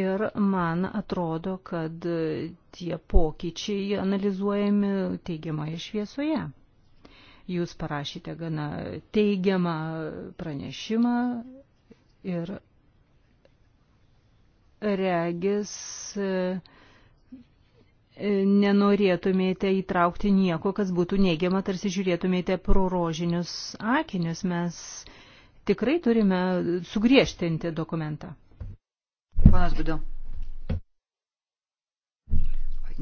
D: Ir man atrodo, kad e, tie pokyčiai analizuojami teigiamoje šviesoje. Jūs parašyte gana teigiamą pranešimą ir regis e, nenorėtumėte įtraukti nieko, kas būtų neigiama, tarsi žiūrėtumėte prorožinius akinius. Mes tikrai turime sugriežtinti dokumentą.
B: Panas Budėl.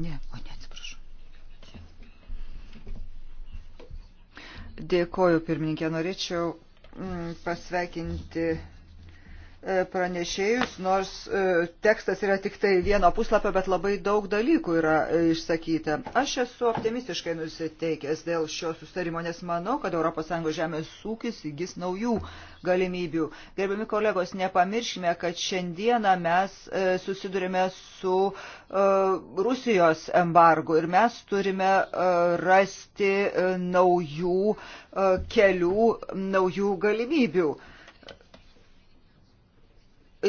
B: Ne, o ne, atsiprašau. Dėkoju, pirmininkė. Norėčiau mm, pasveikinti E, pranešėjus, nors e, tekstas yra tik tai vieno puslapio, bet labai daug dalykų yra e, išsakyta. Aš esu optimistiškai nusiteikęs dėl šio sustarimo, nes manau, kad ES žemės ūkis įgis naujų galimybių. Gerbiami kolegos, nepamirškime, kad šiandieną mes susidurime su Rusijos embargu ir mes turime rasti naujų kelių, naujų galimybių.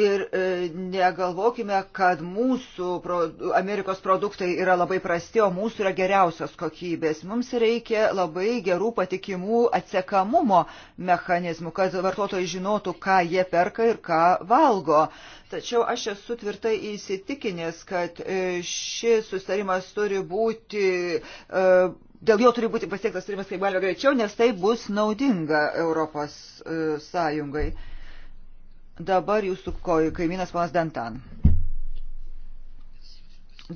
B: Ir e, negalvokime, kad mūsų pro, Amerikos produktai yra labai prasti, o mūsų yra geriausios kokybės. Mums reikia labai gerų patikimų atsekamumo mechanizmų, kad vartotojai žinotų, ką jie perka ir ką valgo. Tačiau aš esu tvirtai įsitikinęs, kad e, šis sustarimas turi būti. E, dėl jo turi būti pasiektas turimas kaip galima greičiau, nes tai bus naudinga Europos Sąjungai. Dabar jūsų kaimynas ponas Dantan.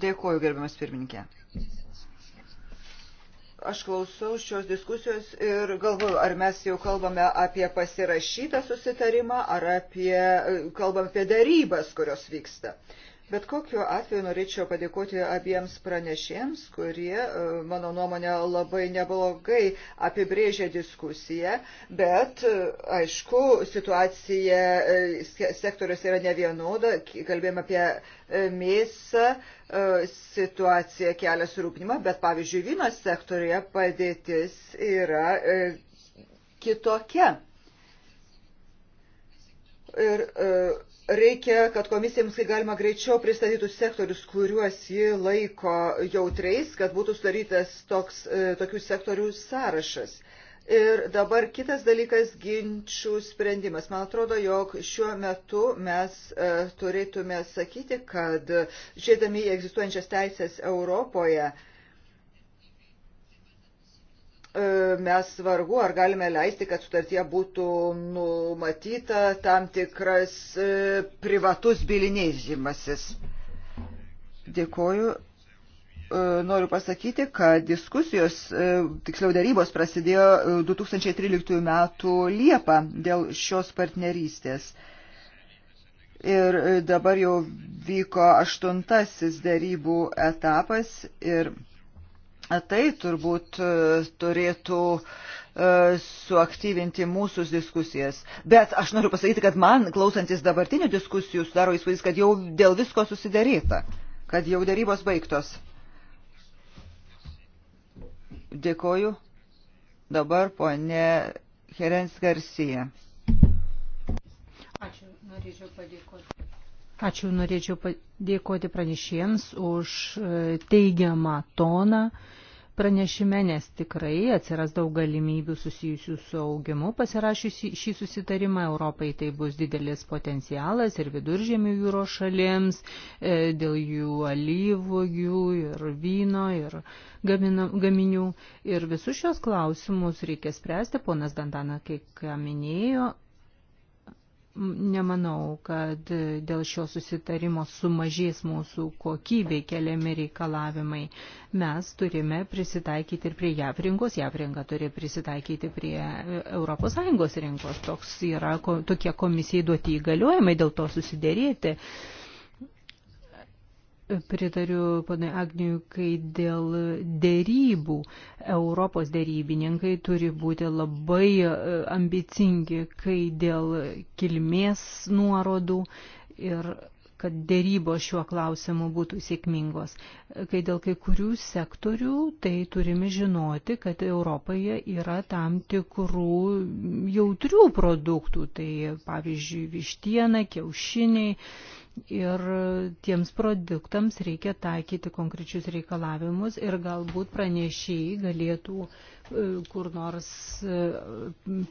B: Dėkuoju, gerbiamas pirmininkė. Aš klausau šios diskusijos ir galvoju, ar mes jau kalbame apie pasirašytą susitarimą, ar apie, kalbam apie darybas, kurios vyksta. Bet kokiu atveju norėčiau padėkoti abiems pranešėms, kurie, e, mano nuomonė, labai neblogai apibrėžė diskusiją, bet, e, aišku, situacija e, sektorius yra nevienoda, kalbėjom apie mėsą, situacija kelia surūpnimą, bet, pavyzdžiui, vyno sektorija padėtis yra kitokia. Ir, Reikia, kad komisijams kai galima greičiau pristatytų sektorius, kuriuos ji laiko jautriais, kad būtų sudarytas toks, e, tokių sektorių sąrašas. Ir dabar kitas dalykas - ginčių sprendimas. Man atrodo, jog šiuo metu mes e, turėtume sakyti, kad žiūrėdami į egzistuojančias teisės Europoje, e, E, mes vargu ar galime leisti, kad sutartie būtų numatyta tam tikras e, privatus bilinėžymasis. Dėkoju. E, noriu pasakyti, kad diskusijos, tiksliau darybos prasidėjo 2013 metų Liepą dėl šios partnerystės. Ir dabar jau vyko aštuntasis darybų etapas ir Tai turbūt e, turėtų e, suaktyvinti mūsų diskusijas. Bet aš noriu pasakyti, kad man, klausantis dabartinių diskusijų, sudaro įspūdis, kad jau dėl visko susidaryta, kad jau darybos baigtos. Dėkoju. Dabar ponė Herens Garcija.
D: Ačiū, norėčiau
B: padėkoti.
D: Ačiū, norėčiau padėkoti pranešėjams už e, teigiamą toną. Uh, pranešime, nes tikrai atsiras daug galimybių susijusių su augimu. Pasirašiusi šį susitarimą Europai tai bus didelis potencialas ir viduržėmių jūros šalims, e, dėl jų alyvogių ir vyno ir gamino, gaminių. Ir visus šios klausimus reikia spręsti, ponas Dantana, kai ką minėjo, nemanau, kad dėl šio susitarimo sumažės mūsų kokybei keliami reikalavimai. Mes turime prisitaikyti ir prie JAV rinkos, JAV rinka turi prisitaikyti prie ES rinkos. Toks yra, tokie komisijai duoti įgaliojimai dėl to susidėrėti. Uh, Pritariu panai Agniui, kai dėl dėrybų Europos dėrybininkai turi būti labai e, ambicingi, kai dėl kilmės nuorodų ir kad dėrybos šiuo klausimu būtų sėkmingos. Kai dėl kai kurių sektorių, tai turime žinoti, kad Europoje yra tam tikrų jautrių produktų, tai pavyzdžiui vištiena, kiaušiniai ir tiems produktams reikia taikyti konkrečius reikalavimus ir galbūt pranešėjai galėtų e, kur nors e,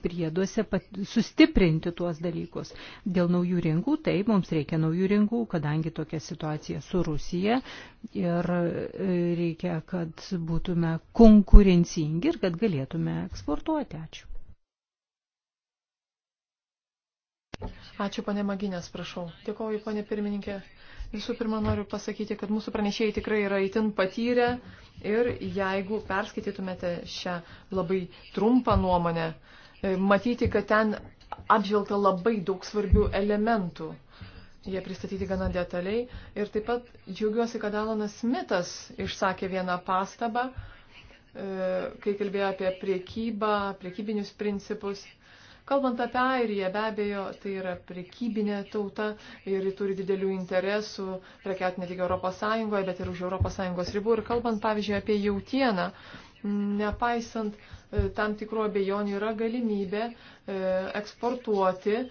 D: prieduose sustiprinti tuos dalykus. Dėl naujų rinkų, taip, mums reikia naujų rinkų, kadangi tokia situacija su Rusija ir e, reikia, kad būtume konkurencingi ir kad galėtume eksportuoti. Ačiū.
E: Ačiū, ponė Maginės, prašau. Dėkoju, ponė pirmininkė. Visų pirma, noriu pasakyti, kad mūsų pranešėjai tikrai yra itin patyrę ir jeigu perskaitytumėte šią labai trumpą nuomonę, e, matyti, kad ten apžvelgta labai daug svarbių elementų. Jie pristatyti gana detaliai. Ir taip pat džiaugiuosi, kad Alanas Smithas išsakė vieną pastabą, e, kai kalbėjo apie priekybą, priekybinius principus. Kalbant apie Airiją, be abejo, tai yra prekybinė tauta ir turi didelių interesų prekiauti ne tik ES, bet ir už ES ribų. Ir kalbant, pavyzdžiui, apie jautieną, nepaisant e, tam tikrų abejonių yra galimybė e, eksportuoti e,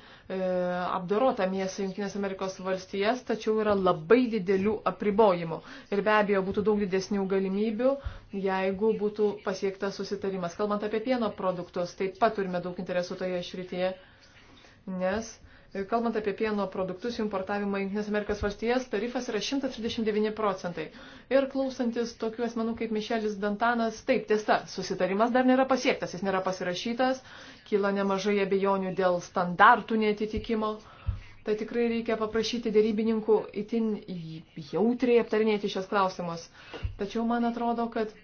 E: apdorotą mėsą Junktinės Amerikos valstijas, tačiau yra labai didelių apribojimų. Ir be abejo būtų daug didesnių galimybių, jeigu būtų pasiektas susitarimas. Kalbant apie pieno produktus, taip pat turime daug interesų toje šrityje, nes kalbant apie pieno produktus, jų importavimą į Junktinės Amerikos valstijas, tarifas yra 139 procentai. Ir klausantis tokių asmenų kaip Mišelis Dantanas, taip, tiesa, susitarimas dar nėra pasiektas, jis nėra pasirašytas, kyla nemažai abejonių dėl standartų netitikimo. Tai tikrai reikia paprašyti dėrybininkų itin jautriai aptarinėti šios klausimus. Tačiau man atrodo, kad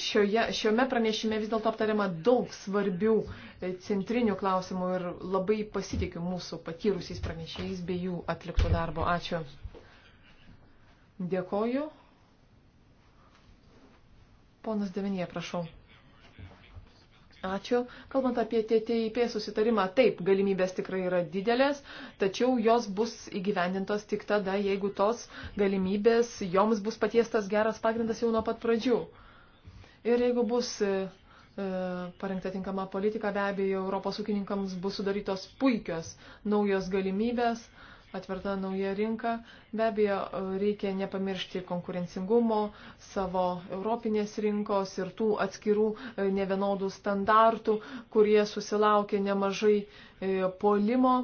E: šioje, šiame pranešime vis dėlto aptariama daug svarbių e, centrinių klausimų ir labai pasitikiu mūsų patyrusiais pranešėjais bei jų atlikto darbo. Ačiū. Dėkoju. Ponas Devinė, prašau. Ačiū. Kalbant apie TTIP susitarimą, taip, galimybės tikrai yra didelės, tačiau jos bus įgyvendintos tik tada, jeigu tos galimybės, joms bus patiestas geras pagrindas jau nuo pat pradžių. Ir jeigu bus e, e, parengta tinkama politika, be abejo, Europos ūkininkams bus sudarytos puikios naujos galimybės, atverta nauja rinka. Be abejo, e, reikia nepamiršti konkurencingumo, savo europinės rinkos ir tų atskirų nevienodų standartų, kurie susilaukė nemažai polimo.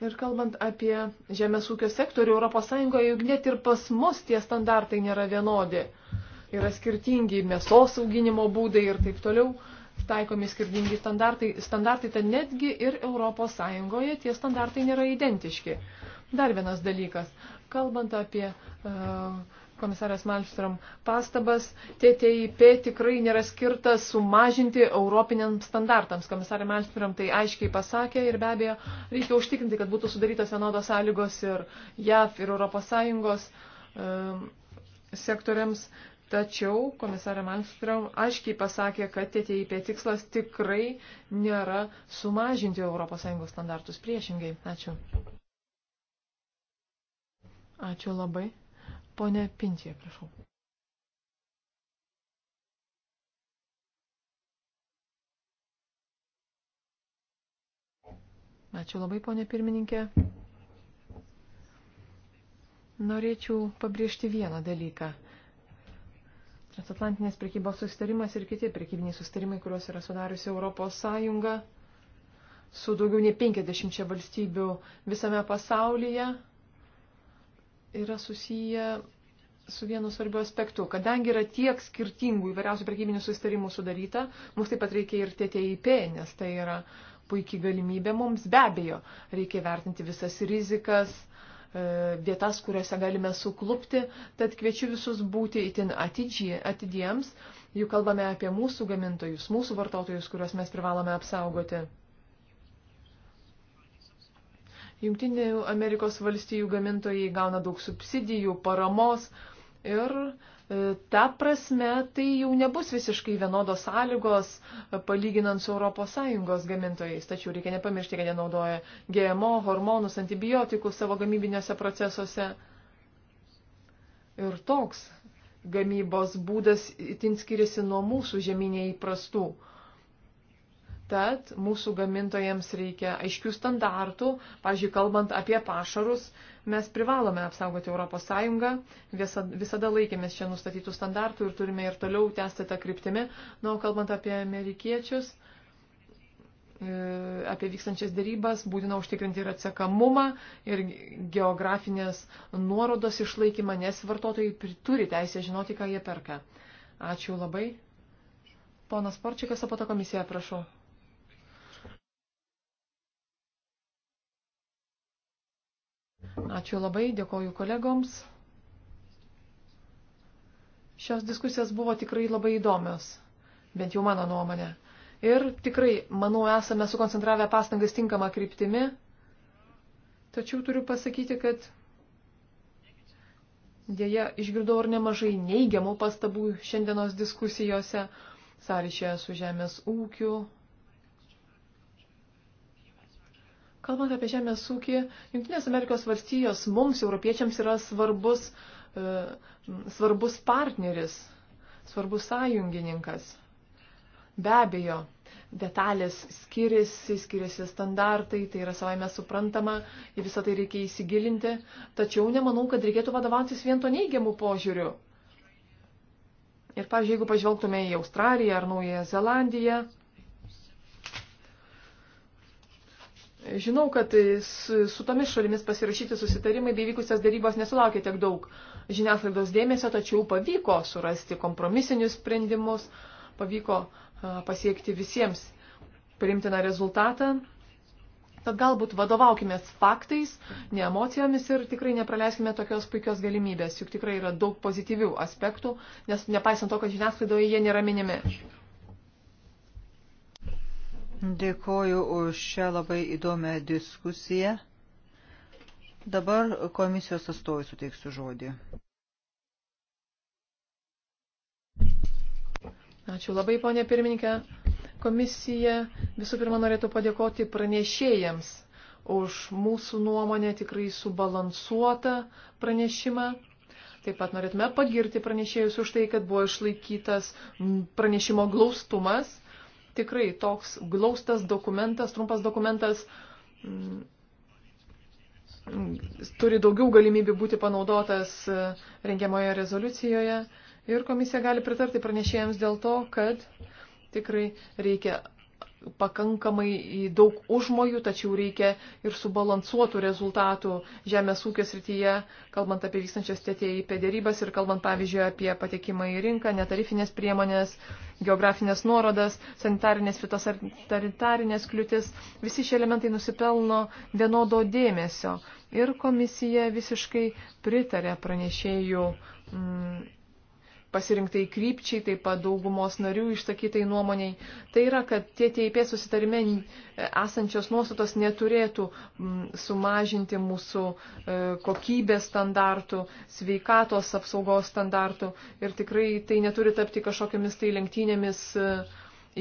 E: Ir kalbant apie žemės ūkio sektorių ES, juk net ir pas mus tie standartai nėra vienodi yra skirtingi mėsos auginimo būdai ir taip toliau, taikomi skirtingi standartai, standartai ten netgi ir Europos Sąjungoje tie standartai nėra identiški. Dar vienas dalykas, kalbant apie uh, e, komisarės Malmström pastabas, TTIP tikrai nėra skirtas sumažinti europiniams standartams. Komisarė Malmström tai aiškiai pasakė ir be abejo reikia užtikrinti, kad būtų sudarytos vienodos sąlygos ir JAV, ir ES e, sektoriams. Tačiau komisarė Malmström aiškiai pasakė, kad TTIP tikslas tikrai nėra sumažinti ES standartus priešingai. Ačiū. Ačiū labai. Pone Pintė, prašau. Ačiū labai, ponė pirmininkė. Norėčiau pabrėžti vieną dalyką – Transatlantinės prekybos sustarimas ir kiti prekybiniai sustarimai, kuriuos yra sudariusi Europos Sąjunga su daugiau nei 50 valstybių visame pasaulyje, yra susiję su vienu svarbiu aspektu. Kadangi yra tiek skirtingų įvairiausių prekybinių sustarimų sudaryta, mums taip pat reikia ir TTIP, nes tai yra puikiai galimybė mums be abejo. Reikia vertinti visas rizikas, uh, E, vietas, kuriuose galime suklupti, tad kviečiu visus būti itin atidžiai, atidiems, juk kalbame apie mūsų gamintojus, mūsų vartotojus, kuriuos mes privalome apsaugoti. Junktinių Amerikos valstijų gamintojai gauna daug subsidijų, paramos, uh, Ir e, ta prasme tai jau nebus visiškai vienodos sąlygos e, palyginant su ES gamintojais. Tačiau reikia nepamiršti, kad jie naudoja GMO, hormonus, antibiotikus savo gamybinėse procesuose. Ir toks gamybos būdas itin skiriasi nuo mūsų žemynėje įprastų. Tad mūsų gamintojams reikia aiškių standartų, pažiūrėjau, kalbant apie pašarus, Mes privalome apsaugoti ES, visada, visada laikėmės čia nustatytų standartų ir turime ir toliau tęsti tą kryptimį. Na, o kalbant apie amerikiečius, e, apie vykstančias dėrybas, būtina užtikrinti ir atsekamumą, ir geografinės nuorodos išlaikymą, nes vartotojai turi teisę žinoti, ką jie perka. Ačiū labai. Ponas Porčikas, apato komisija, prašau. Ačiū labai, dėkoju kolegoms. Šios diskusijos buvo tikrai labai įdomios, bent jau mano nuomonė. Ir tikrai, manau, esame sukoncentravę pastangas tinkamą kryptimi. Tačiau turiu pasakyti, kad dėja išgirdau ir nemažai neigiamų pastabų šiandienos diskusijose, sąryšėje su žemės ūkiu, Kalbant apie žemės ūkį, Junktinės Amerikos valstijos mums, europiečiams, yra svarbus, e, svarbus partneris, svarbus sąjungininkas. Be abejo, detalės skiriasi, skiriasi standartai, tai yra savaime suprantama, į visą tai reikia įsigilinti, tačiau nemanau, kad reikėtų vadovautis vien to neigiamų požiūrių. Ir, pavyzdžiui, jeigu pažvelgtume į Australiją ar Naująją Zelandiją, Žinau, kad su, su tomis šalimis pasirašyti susitarimai bei vykusios darybos nesulaukė tiek daug žiniasklaidos dėmesio, tačiau pavyko surasti kompromisinius sprendimus, pavyko pasiekti visiems priimtiną rezultatą. Tad galbūt vadovaukime faktais, ne emocijomis ir tikrai nepraleiskime tokios puikios galimybės, juk tikrai yra daug pozityvių aspektų, nes nepaisant to, kad žiniasklaidoje jie nėra minimi.
B: Dėkoju už šią labai įdomią diskusiją. Dabar komisijos atstovui suteiksiu žodį.
E: Ačiū labai, ponė pirmininkė. Komisija visų pirma norėtų padėkoti pranešėjams už mūsų nuomonę tikrai subalansuotą pranešimą. Taip pat norėtume pagirti pranešėjus už tai, kad buvo išlaikytas pranešimo glaustumas tikrai toks glaustas dokumentas, trumpas dokumentas m, mm, turi daugiau galimybių būti panaudotas e, rengiamoje rezoliucijoje ir komisija gali pritarti pranešėjams dėl to, kad tikrai reikia pakankamai daug užmojų, tačiau reikia ir subalansuotų rezultatų žemės ūkio srityje, kalbant apie vykstančias TTIP dėrybas ir kalbant, pavyzdžiui, apie patekimą į rinką, netarifinės priemonės, geografinės nuorodas, sanitarinės, fitosanitarinės kliūtis. Visi šie elementai nusipelno vienodo dėmesio ir komisija visiškai pritarė pranešėjų. Mm, pasirinktai krypčiai, taip pat daugumos narių išsakytai nuomoniai. Tai yra, kad tie TIP susitarime esančios nuostatos neturėtų sumažinti mūsų e, kokybės standartų, sveikatos apsaugos standartų ir tikrai tai neturi tapti kažkokiamis tai lenktynėmis e,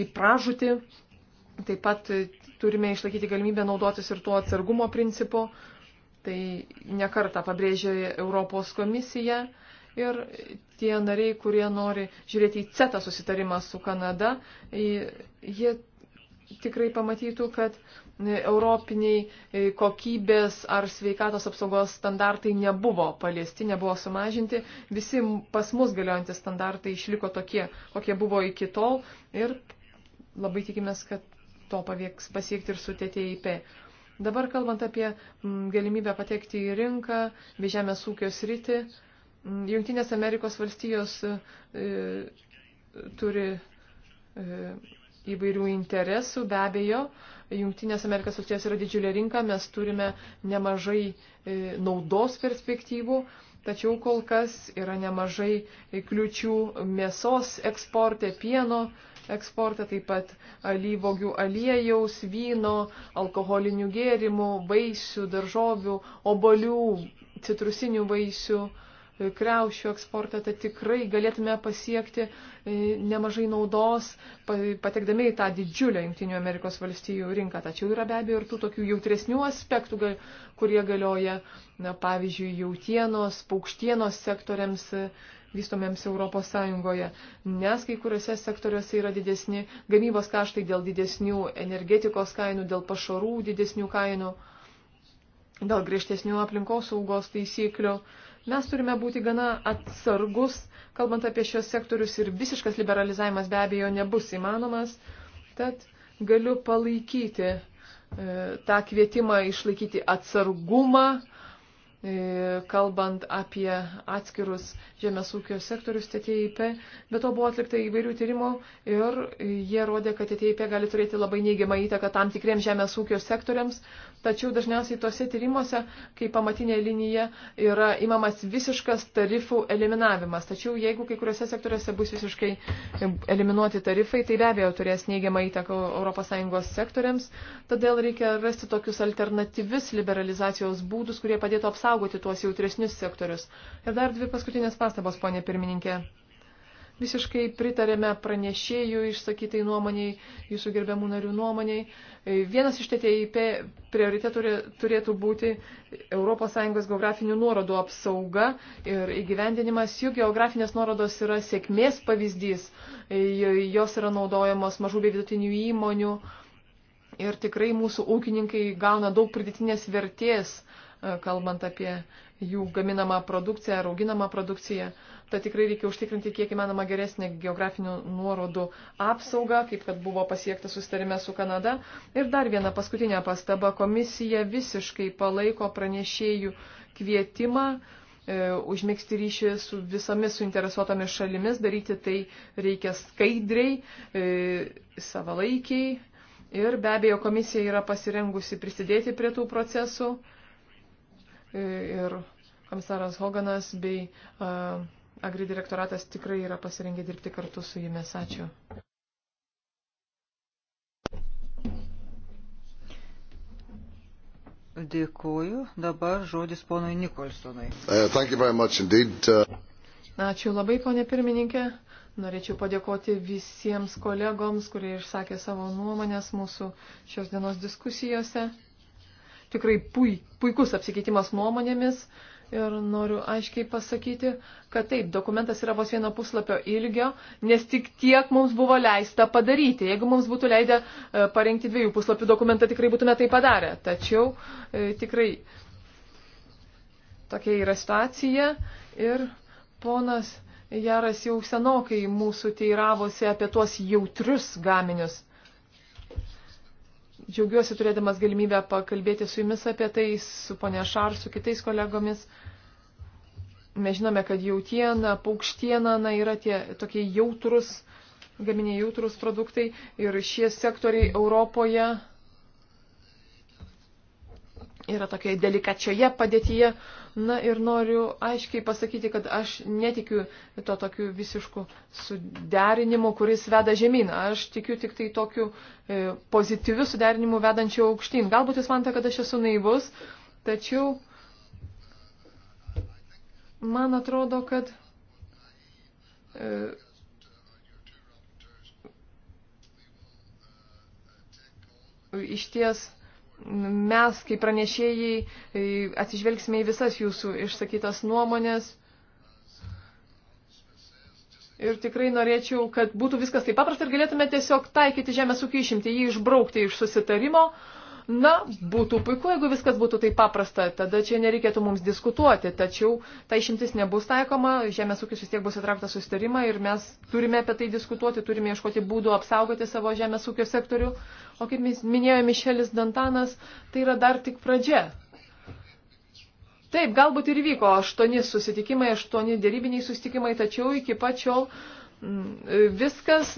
E: į pražutį. Taip pat turime išlaikyti galimybę naudotis ir tuo atsargumo principu. Tai nekarta pabrėžė Europos komisija ir tie nariai, kurie nori žiūrėti į CETA susitarimą su Kanada, jie tikrai pamatytų, kad europiniai e, kokybės ar sveikatos apsaugos standartai nebuvo paliesti, nebuvo sumažinti. Visi pas mus galiojantys standartai išliko tokie, kokie buvo iki tol ir labai tikimės, kad to pavyks pasiekti ir su TTIP. Dabar kalbant apie galimybę patekti į rinką, bei žemės ūkio sritį, Junktinės Amerikos valstijos e, turi e, įvairių interesų, be abejo. Junktinės Amerikos valstijos yra didžiulė rinka, mes turime nemažai e, naudos perspektyvų, tačiau kol kas yra nemažai kliučių mėsos eksporte, pieno eksporte, taip pat alyvogių aliejaus, vyno, alkoholinių gėrimų, vaisių, daržovių, obolių, citrusinių vaisių kreušių eksportą, tai tikrai galėtume pasiekti e, nemažai naudos, patekdami į tą didžiulę Junktinių Amerikos valstijų rinką. Tačiau yra be abejo ir tų tokių jautresnių aspektų, kurie galioja, na, pavyzdžiui, jautienos, paukštienos sektoriams e, vystomiems Europos Sąjungoje, nes kai kuriuose sektoriuose yra didesni gamybos kaštai dėl didesnių energetikos kainų, dėl pašarų didesnių kainų, dėl griežtesnių aplinkosaugos taisyklių. Mes turime būti gana atsargus, kalbant apie šios sektorius ir visiškas liberalizavimas be abejo nebus įmanomas. Tad galiu palaikyti e, tą kvietimą išlaikyti atsargumą, e, kalbant apie atskirus žemės ūkio sektorius TTIP. Bet to buvo atlikta įvairių tyrimų ir jie rodė, kad TTIP gali turėti labai neigiamą įtaką tam tikriems žemės ūkio sektoriams, tačiau dažniausiai tose tyrimuose, kai pamatinė linija yra imamas visiškas tarifų eliminavimas. Tačiau jeigu kai kuriuose sektoriuose bus visiškai eliminuoti tarifai, tai be abejo turės neigiamą įtaką ES sektoriams. Todėl reikia rasti tokius alternatyvius liberalizacijos būdus, kurie padėtų apsaugoti tuos jautresnius sektorius. Ir dar dvi paskutinės pastabos, ponė pirmininkė. Visiškai pritarėme pranešėjų išsakytai nuomoniai, jūsų gerbiamų narių nuomoniai. Vienas iš TTIP prioritetų turėtų būti ES geografinių nuorodų apsauga ir įgyvendinimas. Jų geografinės nuorodos yra sėkmės pavyzdys, jos yra naudojamos mažų bei vidutinių įmonių ir tikrai mūsų ūkininkai gauna daug pridėtinės vertės kalbant apie jų gaminamą produkciją ar auginamą produkciją tad tikrai reikia užtikrinti kiek įmanoma geresnę geografinių nuorodų apsaugą, kaip kad buvo pasiekta sustarime su Kanada. Ir dar viena paskutinė pastaba. Komisija visiškai palaiko pranešėjų kvietimą e, užmėgsti ryšį su visomis suinteresuotomis šalimis, daryti tai reikia skaidriai, e, savalaikiai ir be abejo komisija yra pasirengusi prisidėti prie tų procesų e, ir komisaras Hoganas bei uh, Agri direktoratas tikrai yra pasirengę dirbti kartu su jumis. Ačiū.
B: Dėkuoju. Dabar žodis ponui Nikolsonui.
C: Uh, uh,
E: Ačiū labai, ponė pirmininkė. Norėčiau padėkoti visiems kolegoms, kurie išsakė savo nuomonės mūsų šios dienos diskusijose. Tikrai puikus apsikeitimas nuomonėmis. Uh, ir noriu aiškiai pasakyti, kad taip, dokumentas yra vos vieno puslapio ilgio, nes tik tiek mums buvo leista padaryti. Jeigu mums būtų leidę e, parengti dviejų puslapių dokumentą, tikrai būtume tai padarę. Tačiau e, tikrai tokia yra situacija ir ponas Jaras jau senokai mūsų teiravosi apie tuos jautrius gaminius. Džiaugiuosi turėdamas galimybę pakalbėti su jumis apie tai, su ponia Šar, su kitais kolegomis. Mes žinome, kad jautiena, paukštiena na, yra tie tokie jautrus, gaminiai jautrus produktai ir šie sektoriai Europoje yra tokioje delikačioje padėtyje, Na ir noriu aiškiai pasakyti, kad aš netikiu to tokiu visišku suderinimu, kuris veda žemyną. Aš tikiu tik tai tokiu e, pozityviu suderinimu vedančiu aukštyn. Galbūt jūs manote, kad aš esu naivus, tačiau man atrodo, kad. E, iš ties mes, kaip pranešėjai, e, atsižvelgsime į visas jūsų išsakytas nuomonės. Ir tikrai norėčiau, kad būtų viskas taip paprasta ir galėtume tiesiog taikyti žemės ūkį išimti, jį išbraukti iš susitarimo, Na, būtų puiku, jeigu viskas būtų taip paprasta, tada čia nereikėtų mums diskutuoti, tačiau ta išimtis nebus taikoma, žemės ūkis vis tiek bus atrauktas sustarimą ir mes turime apie tai diskutuoti, turime ieškoti būdų apsaugoti savo žemės ūkio sektorių. O kaip minėjo Mišelis Dantanas, tai yra dar tik pradžia. Taip, galbūt ir vyko aštuoni susitikimai, aštuoni dėrybiniai susitikimai, tačiau iki pačiol mm, viskas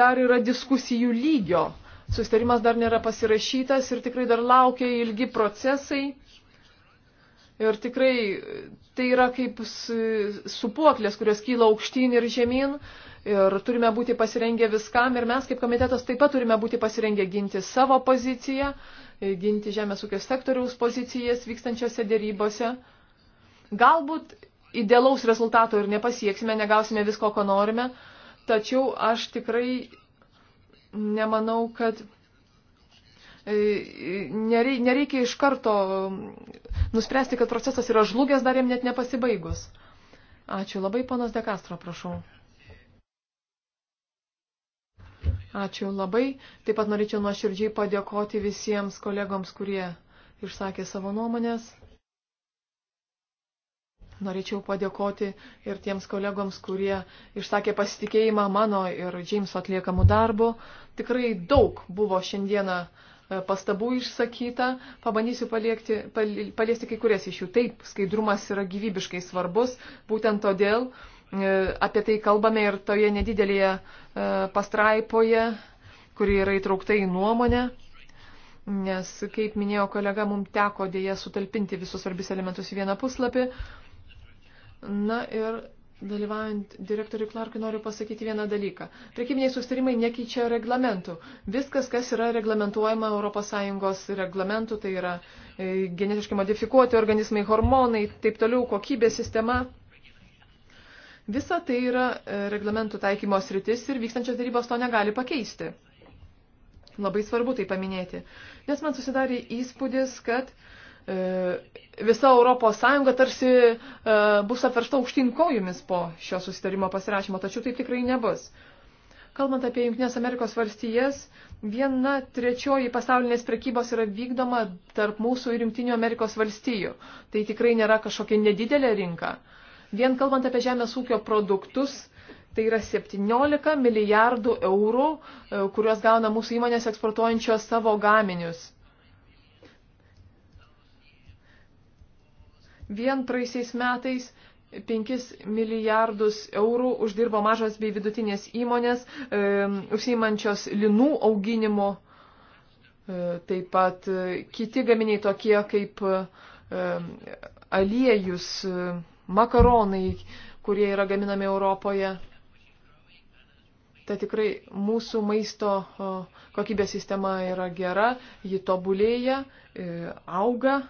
E: dar yra diskusijų lygio. Sustarimas dar nėra pasirašytas ir tikrai dar laukia ilgi procesai. Ir tikrai tai yra kaip supuoklės, kurios kyla aukštyn ir žemyn. Ir turime būti pasirengę viskam. Ir mes kaip komitetas taip pat turime būti pasirengę ginti savo poziciją, ginti žemės ūkio sektoriaus pozicijas vykstančiose dėrybose. Galbūt idealaus rezultato ir nepasieksime, negausime visko, ko norime. Tačiau aš tikrai nemanau, kad e, nereikia iš karto nuspręsti, kad procesas yra žlugęs dar jam net nepasibaigus. Ačiū labai, ponas Dekastro, prašau. Ačiū labai. Taip pat norėčiau nuoširdžiai padėkoti visiems kolegoms, kurie išsakė savo nuomonės. Norėčiau padėkoti ir tiems kolegoms, kurie išsakė pasitikėjimą mano ir Džeimso atliekamų darbų. Tikrai daug buvo šiandieną e, pastabų išsakyta. Pabandysiu paliekti, paliesti kai kurias iš jų. Taip, skaidrumas yra gyvybiškai svarbus. Būtent todėl e, apie tai kalbame ir toje nedidelėje e, pastraipoje, kuri yra įtraukta į nuomonę. Nes, kaip minėjo kolega, mums teko dėje sutalpinti visus svarbius elementus į vieną puslapį. Uh, Na ir Dalyvaujant direktoriui Klarkui noriu pasakyti vieną dalyką. Prekybiniai sustarimai nekeičia reglamentų. Viskas, kas yra reglamentuojama ES reglamentų, tai yra e, genetiškai modifikuoti organizmai, hormonai, taip toliau, kokybės sistema. Visa tai yra e, reglamentų taikymo sritis ir vykstančios darybos to negali pakeisti. Labai svarbu tai paminėti. Nes man susidarė įspūdis, kad e, E, visa Europos Sąjunga tarsi e, bus apveršta aukštyn kojomis po šio susitarimo pasirašymo, tačiau taip tikrai nebus. Kalbant apie Junktinės Amerikos valstijas, viena trečioji pasaulinės prekybos yra vykdoma tarp mūsų ir Junktinių Amerikos valstijų. Tai tikrai nėra kažkokia nedidelė rinka. Vien kalbant apie žemės ūkio produktus, tai yra 17 milijardų eurų, e, kuriuos gauna mūsų įmonės eksportuojančios savo gaminius. Vien praeisiais metais 5 milijardus eurų uždirbo mažos bei vidutinės įmonės, e, užsiimančios linų auginimo, e, taip pat e, kiti gaminiai tokie kaip e, aliejus, e, makaronai, kurie yra gaminami Europoje. Tai tikrai mūsų maisto e, kokybės sistema yra gera, ji tobulėja, e, auga.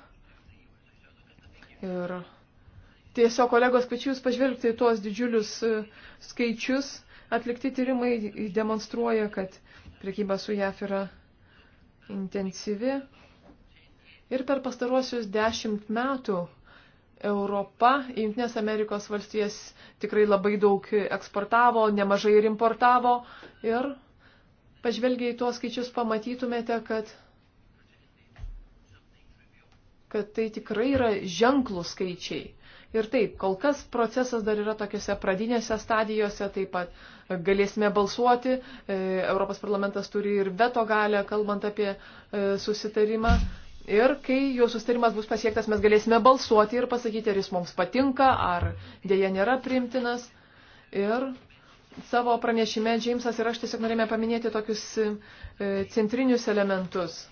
E: Ir tiesiog kolegos kviečiu jūs pažvelgti į tuos didžiulius e, skaičius. Atlikti tyrimai demonstruoja, kad priekyba su JAF yra intensyvi. Ir per pastaruosius dešimt metų Europa, Junktinės Amerikos valstijas tikrai labai daug eksportavo, nemažai ir importavo. Ir pažvelgiai į tuos skaičius pamatytumėte, kad kad tai tikrai yra ženklų skaičiai. Ir taip, kol kas procesas dar yra tokiuose pradinėse stadijose, taip pat galėsime balsuoti, e, Europos parlamentas turi ir veto galę, kalbant apie e, susitarimą. Ir kai jau susitarimas bus pasiektas, mes galėsime balsuoti ir pasakyti, ar jis mums patinka, ar dėja nėra primtinas. Ir savo pranešime Džeimsas ir aš tiesiog norėjome paminėti tokius e, centrinius elementus.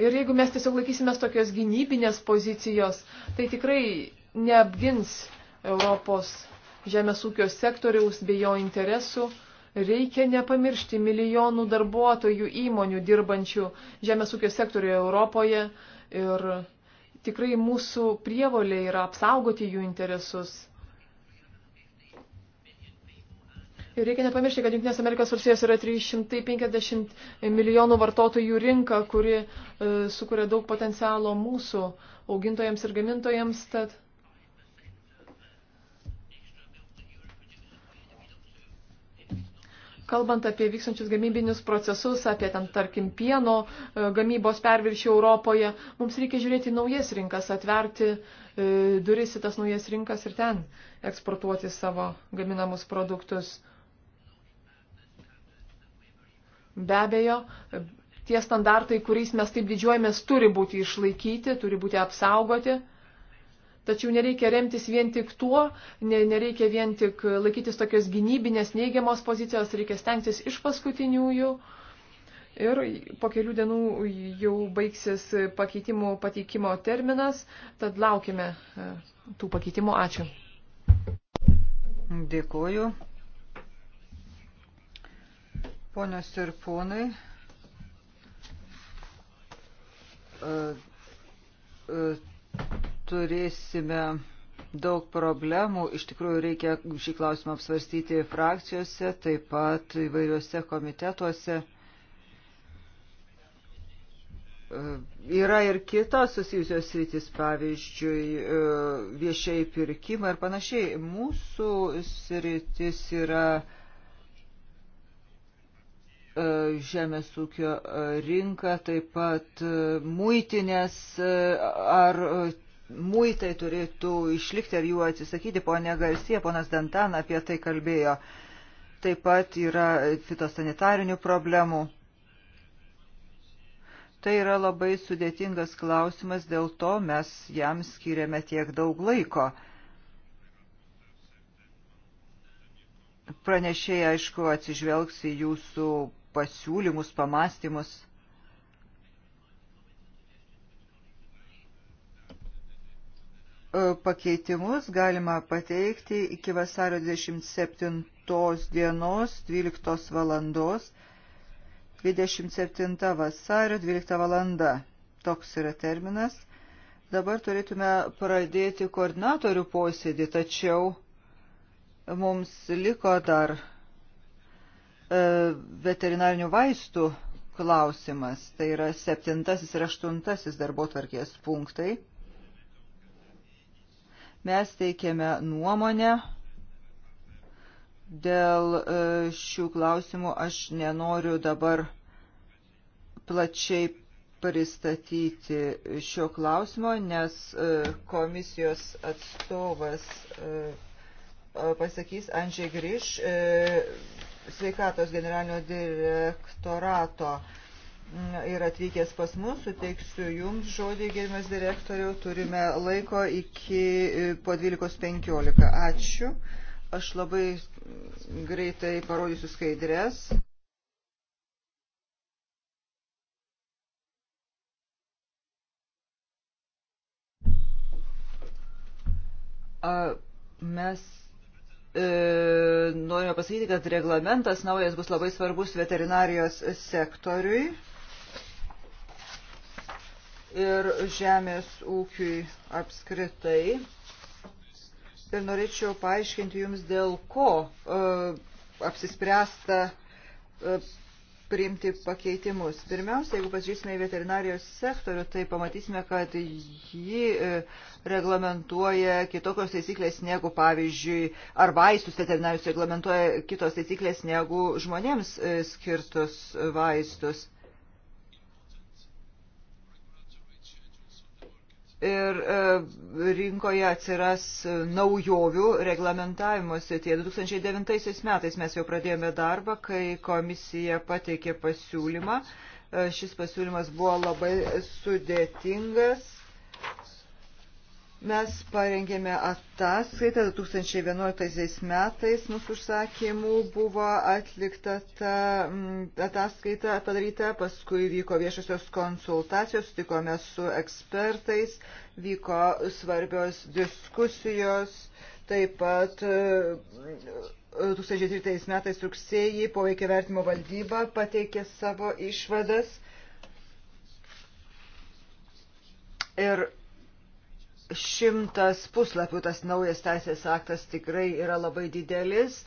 E: Ir jeigu mes tiesiog laikysimės tokios gynybinės pozicijos, tai tikrai neapgins Europos žemės ūkio sektoriaus bei jo interesų. Reikia nepamiršti milijonų darbuotojų įmonių dirbančių žemės ūkio sektoriuje Europoje ir tikrai mūsų prievolė yra apsaugoti jų interesus Ir reikia nepamiršti, kad Junktinės Amerikos valstijos yra 350 milijonų vartotojų rinka, kuri e, sukuria daug potencialo mūsų augintojams ir gamintojams. Tad... kalbant apie vykstančius gamybinius procesus, apie ten, tarkim, pieno e, gamybos perviršį Europoje, mums reikia žiūrėti naujas rinkas, atverti e, duris į tas naujas rinkas ir ten eksportuoti savo gaminamus produktus. Be abejo, tie standartai, kuriais mes taip didžiuojamės, turi būti išlaikyti, turi būti apsaugoti. Tačiau nereikia remtis vien tik tuo, nereikia vien tik laikytis tokios gynybinės neigiamos pozicijos, reikia stengtis iš paskutiniųjų. Ir po kelių dienų jau baigsis pakeitimų pateikimo terminas, tad laukime e, tų pakeitimų. Ačiū.
B: Dėkuoju. Ponios ir ponai, e, e, turėsime daug problemų. Iš tikrųjų reikia šį klausimą apsvarstyti frakcijose, taip pat įvairiuose komitetuose. E, yra ir kitos susijusios sritis, pavyzdžiui, viešai pirkimai ir panašiai. Mūsų sritis yra E, žemės ūkio e, rinką, taip pat e, muitinės ar muitai turėtų išlikti ar jų atsisakyti, ponė Garsija, ponas Dantan apie tai kalbėjo. Taip pat yra fitosanitarinių problemų. Tai yra labai sudėtingas klausimas, dėl to mes jam skiriame tiek daug laiko. Pranešėjai, aišku, atsižvelgs į jūsų pasiūlymus, pamastymus. E, pakeitimus galima pateikti iki vasario 27 dienos 12 valandos. 27 vasario 12 valanda. Toks yra terminas. Dabar turėtume pradėti koordinatorių posėdį, tačiau mums liko dar E, veterinarinių vaistų klausimas. Tai yra septintasis ir aštuntasis darbo tvarkės punktai. Mes teikėme nuomonę dėl e, šių klausimų. Aš nenoriu dabar plačiai pristatyti šio klausimo, nes e, komisijos atstovas pasakys Andžiai Griš sveikatos generalinio direktorato ir atvykęs pas mus, suteiksiu Jums žodį, gerimas direktoriau, turime laiko iki e, po 12.15. Ačiū. Aš labai greitai parodysiu skaidrės. Mes E, norime pasakyti, kad reglamentas naujas bus labai svarbus veterinarijos sektoriui ir žemės ūkiui apskritai. Ir norėčiau paaiškinti jums, dėl ko e, apsispręsta e, priimti pakeitimus. Pirmiausia, jeigu pasižiūrėsime į veterinarijos sektorių, tai pamatysime, kad jį e, reglamentuoja kitokios taisyklės negu, pavyzdžiui, ar vaistus veterinarius reglamentuoja kitos taisyklės negu žmonėms e, skirtus vaistus. ir e, rinkoje atsiras naujovių reglamentavimuose. Tie 2009 metais mes jau pradėjome darbą, kai komisija pateikė pasiūlymą. E, šis pasiūlymas buvo labai sudėtingas Mes parengėme ataskaitą 2011 metais, mūsų užsakymų buvo atlikta ta ataskaita padaryta, paskui vyko viešosios konsultacijos, sutikome su ekspertais, vyko svarbios diskusijos, taip pat 2013 e, metais rugsėjį poveikia vertimo valdyba pateikė savo išvadas. Ir Šimtas puslapių tas naujas teisės aktas tikrai yra labai didelis.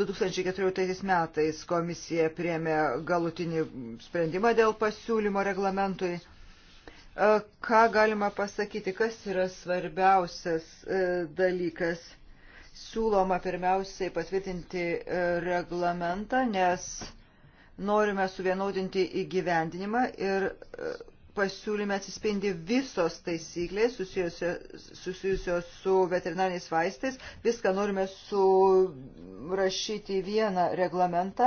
B: 2014 metais komisija priemė galutinį sprendimą dėl pasiūlymo reglamentui. E, ką galima pasakyti, kas yra svarbiausias e, dalykas? Siūloma pirmiausiai patvirtinti e, reglamentą, nes norime suvienodinti įgyvendinimą ir pasiūlyme atsispindi visos taisyklės susijusios su veterinariniais vaistais. Viską norime surašyti į vieną reglamentą.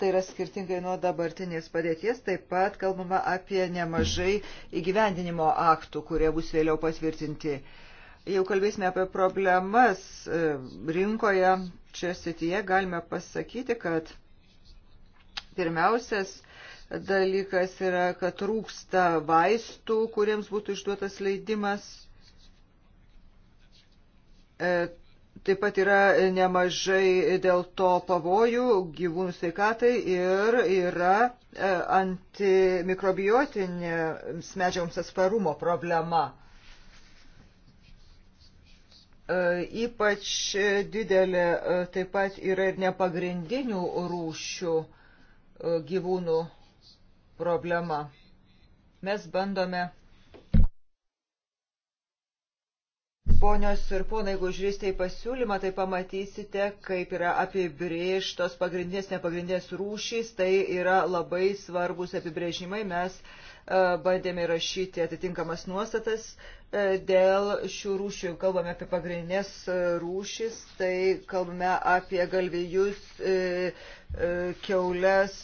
B: Tai yra skirtingai nuo dabartinės padėties. Taip pat kalbama apie nemažai įgyvendinimo aktų, kurie bus vėliau patvirtinti. Jau kalbėsime apie problemas e, rinkoje. Čia sityje galime pasakyti, kad pirmiausias dalykas yra, kad trūksta vaistų, kuriems būtų išduotas leidimas. E, taip pat yra nemažai dėl to pavojų gyvūnų sveikatai ir yra e, antimikrobiotiniams medžiams atsparumo problema e, ypač didelė taip pat yra ir nepagrindinių rūšių gyvūnų problema. Mes bandome. Ponios ir ponai, jeigu žiūrėsite į pasiūlymą, tai pamatysite, kaip yra apibrėžtos pagrindinės, nepagrindinės rūšys. Tai yra labai svarbus apibrėžimai. Mes e, bandėme rašyti atitinkamas nuostatas e, dėl šių rūšių. Kalbame apie pagrindinės e, rūšis, tai kalbame apie galvijus, keules,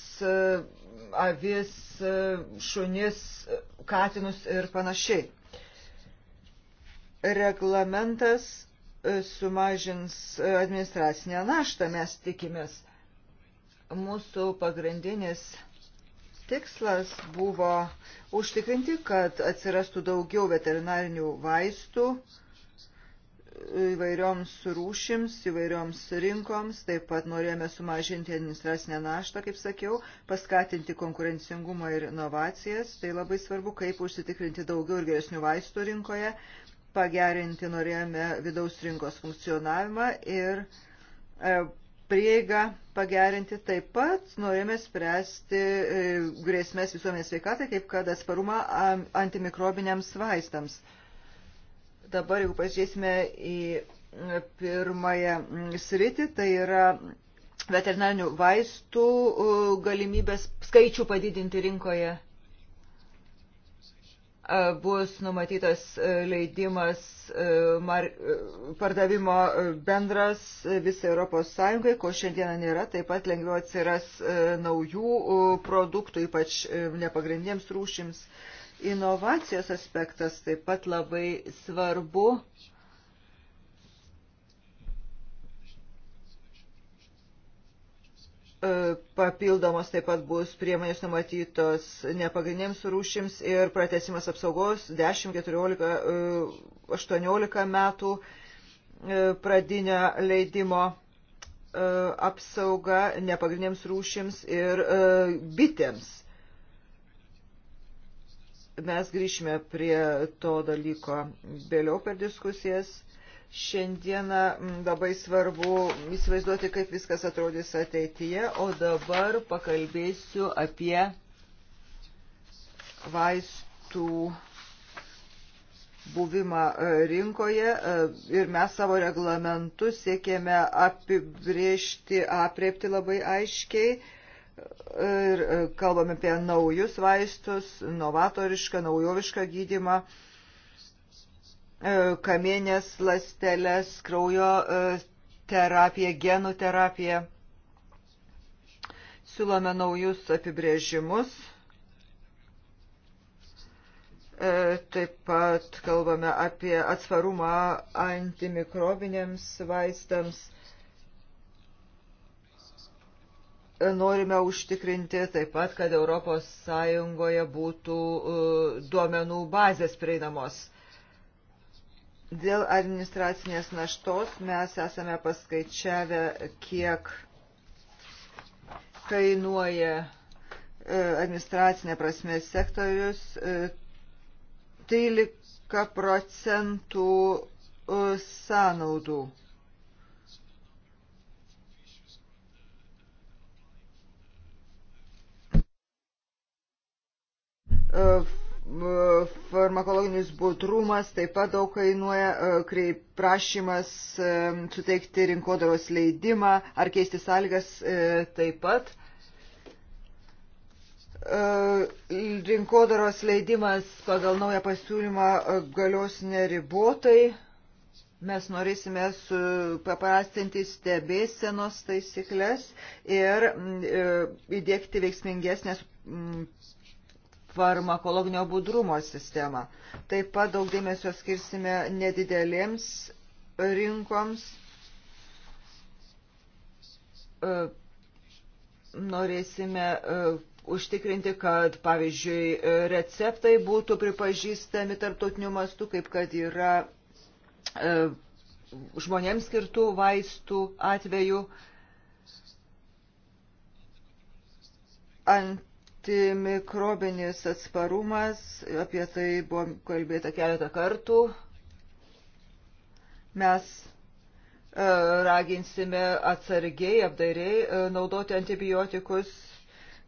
B: avis, e, šunis, katinus ir panašiai. Reglamentas e, sumažins e, administracinę naštą, mes tikimės. Mūsų pagrindinis tikslas buvo užtikrinti, kad atsirastų daugiau veterinarinių vaistų, įvairioms rūšims, įvairioms rinkoms, taip pat norėjome sumažinti administracinę naštą, kaip sakiau, paskatinti konkurencingumą ir inovacijas, tai labai svarbu, kaip užsitikrinti daugiau ir geresnių vaistų rinkoje, pagerinti norėjome vidaus rinkos funkcionavimą ir e, prieigą pagerinti. Taip pat norėjome spręsti e, grėsmės visuomenės sveikatai, kaip kad atsparumą antimikrobiniams vaistams. Dabar, jeigu pažiūrėsime į e, pirmąją sritį, tai yra veterinarinių vaistų e, galimybės skaičių padidinti rinkoje. E, bus numatytas leidimas mar, pardavimo bendras visai Europos Sąjungai, ko šiandieną nėra. Taip pat lengviau atsiras naujų produktų, ypač nepagrindiems rūšims. Inovacijos aspektas taip pat labai svarbu. E, papildomos taip pat bus priemonės numatytos nepagrindiniams rūšims ir pratesimas apsaugos 10, 14, 18 metų e, pradinio leidimo e, apsauga nepagrindiniams rūšims ir bitėms Mes grįšime prie to dalyko vėliau per diskusijas. Šiandieną labai svarbu įsivaizduoti, kaip viskas atrodys ateityje, o dabar pakalbėsiu apie vaistų buvimą e, rinkoje e, ir mes savo reglamentu siekėme apibriežti, apriepti labai aiškiai ir e, kalbame apie naujus vaistus, novatorišką, naujovišką gydimą, e, kamienės lastelės, kraujo e, terapiją, genų terapiją. Siūlome naujus apibrėžimus. Taip pat kalbame apie atsparumą antimikrobinėms vaistams norime užtikrinti taip pat, kad ES būtų e, duomenų bazės prieinamos. Dėl administracinės naštos mes esame paskaičiavę, kiek kainuoja e, administracinė prasme sektorius 13 e, procentų sąnaudų. E, e, farmakologinis budrumas taip pat daug kainuoja, e, kreip prašymas suteikti rinkodaros leidimą ar keisti sąlygas taip pat. Rinkodaros leidimas pagal naują pasiūlymą galios neribotai. Mes norėsime paprastinti stebėsenos taisyklės ir įdėkti veiksmingesnės farmakologinio budrumo sistemą. Taip pat daug dėmesio skirsime nedidelėms rinkoms. E, norėsime e, užtikrinti, kad, pavyzdžiui, receptai būtų pripažįstami tarptautiniu mastu, kaip kad yra e, žmonėms skirtų vaistų atveju. Ant antimikrobinis atsparumas, apie tai buvo kalbėta keletą kartų. Mes e, raginsime atsargiai, apdairiai e, naudoti antibiotikus,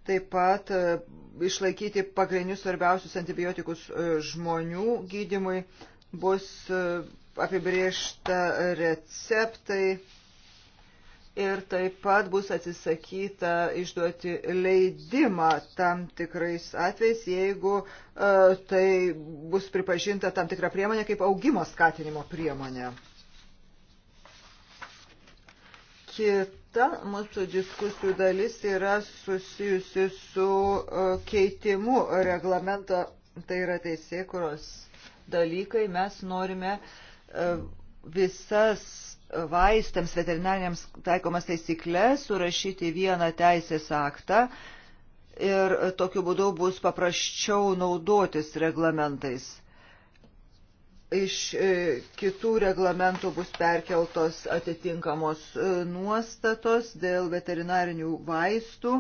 B: taip pat e, išlaikyti pagrindinius svarbiausius antibiotikus žmonių gydimui, bus apibriešta receptai ir taip pat bus atsisakyta išduoti leidimą tam tikrais atvejais, jeigu e, tai bus pripažinta tam tikra priemonė kaip augimo skatinimo priemonė. Kita mūsų diskusijų dalis yra susijusi su e, keitimu reglamento, tai yra teisėkuros dalykai. Mes norime e, visas vaistams veterinariams taikomas taisyklės surašyti vieną teisės aktą ir tokiu būdu bus paprasčiau naudotis reglamentais. Iš e, kitų reglamentų bus perkeltos atitinkamos e, nuostatos dėl veterinarinių vaistų.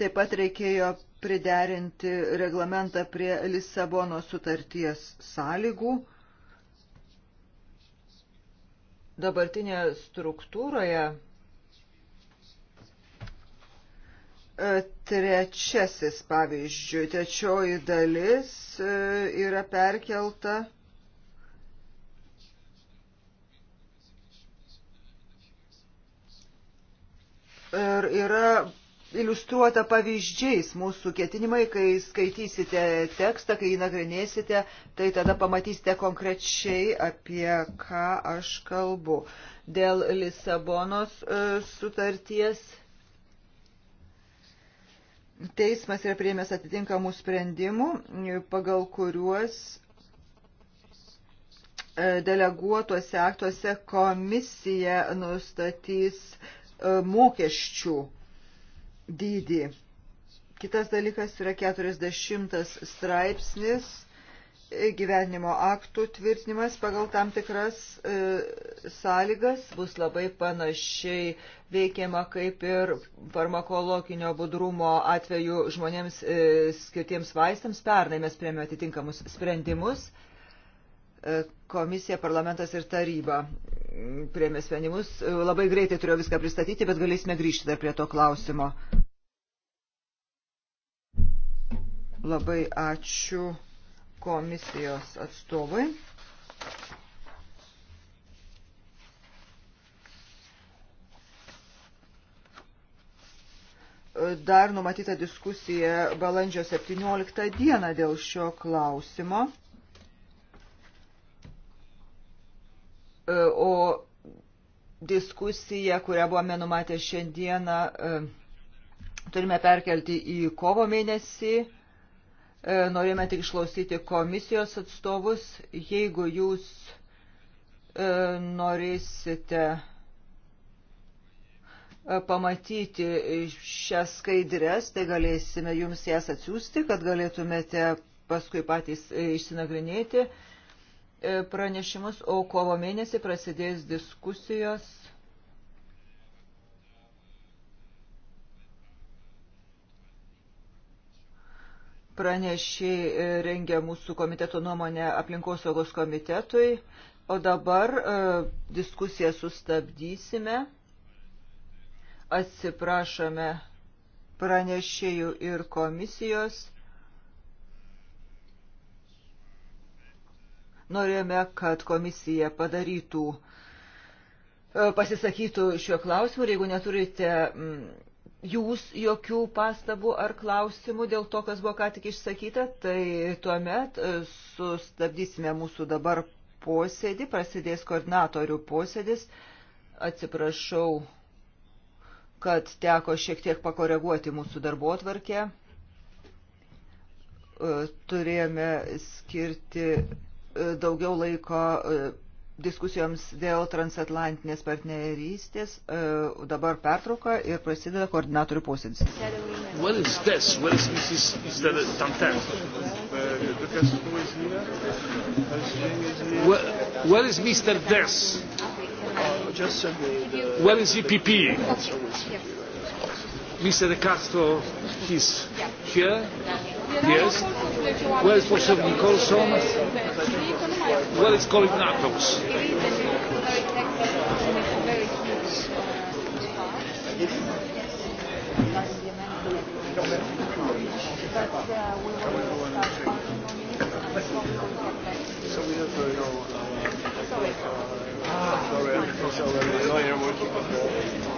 B: Taip pat reikėjo priderinti reglamentą prie Lisabono sutarties sąlygų dabartinėje struktūroje e, trečiasis pavyzdžiui, trečioji dalis e, yra perkelta ir yra iliustruota pavyzdžiais mūsų ketinimai, kai skaitysite tekstą, kai jį nagrinėsite, tai tada pamatysite konkrečiai, apie ką aš kalbu. Dėl Lisabonos e, sutarties teismas yra prieimęs atitinkamų sprendimų, pagal kuriuos e, deleguotuose aktuose komisija nustatys e, mokesčių dydį. Kitas dalykas yra 40 straipsnis e, gyvenimo aktų tvirtinimas pagal tam tikras e, sąlygas bus labai panašiai veikiama kaip ir farmakologinio budrumo atveju žmonėms e, skirtiems vaistams. Pernai mes priemė atitinkamus sprendimus E, komisija, parlamentas ir taryba priemė sprendimus. E, labai greitai turėjau viską pristatyti, bet galėsime grįžti dar prie to klausimo. Labai ačiū komisijos atstovui. E, dar numatyta diskusija balandžio 17 dieną dėl šio klausimo. E, o diskusiją, kurią buvome numatę šiandieną, e, turime perkelti į kovo mėnesį. E, norime tik išklausyti komisijos atstovus. Jeigu jūs norėsite pamatyti šias skaidrės, tai galėsime jums jas atsiųsti, kad galėtumėte paskui patys išsinagrinėti. E, pranešimus, o kovo mėnesį prasidės diskusijos. Pranešiai e, rengia mūsų komiteto nuomonę aplinkosaugos komitetui, o dabar e, diskusiją sustabdysime. Atsiprašome pranešėjų ir komisijos. Norėjome, kad komisija padarytų, e, pasisakytų šiuo klausimu ir jeigu neturite mm, jūs jokių pastabų ar klausimų dėl to, kas buvo ką tik išsakyta, tai tuomet e, sustabdysime mūsų dabar posėdį, prasidės koordinatorių posėdis. Atsiprašau, kad teko šiek tiek pakoreguoti mūsų darbo atvarkę. E, turėjome skirti E, daugiau laiko e, diskusijoms dėl transatlantinės partnerystės. E, dabar pertrauka ir prasideda koordinatorių posėdis.
A: Where is this? Where is Mrs. Is that Tantan? Where, where is Mr. Des? Where is EPP? Mr. De Castro, he's here.
C: Yes. Where is possible to call someone? Well, it's called Natos. It is, and it's very technical, and it's a very huge uh, But uh, we will start on So we have to know. Sorry. Ah, sorry. Sorry, I'm working on that.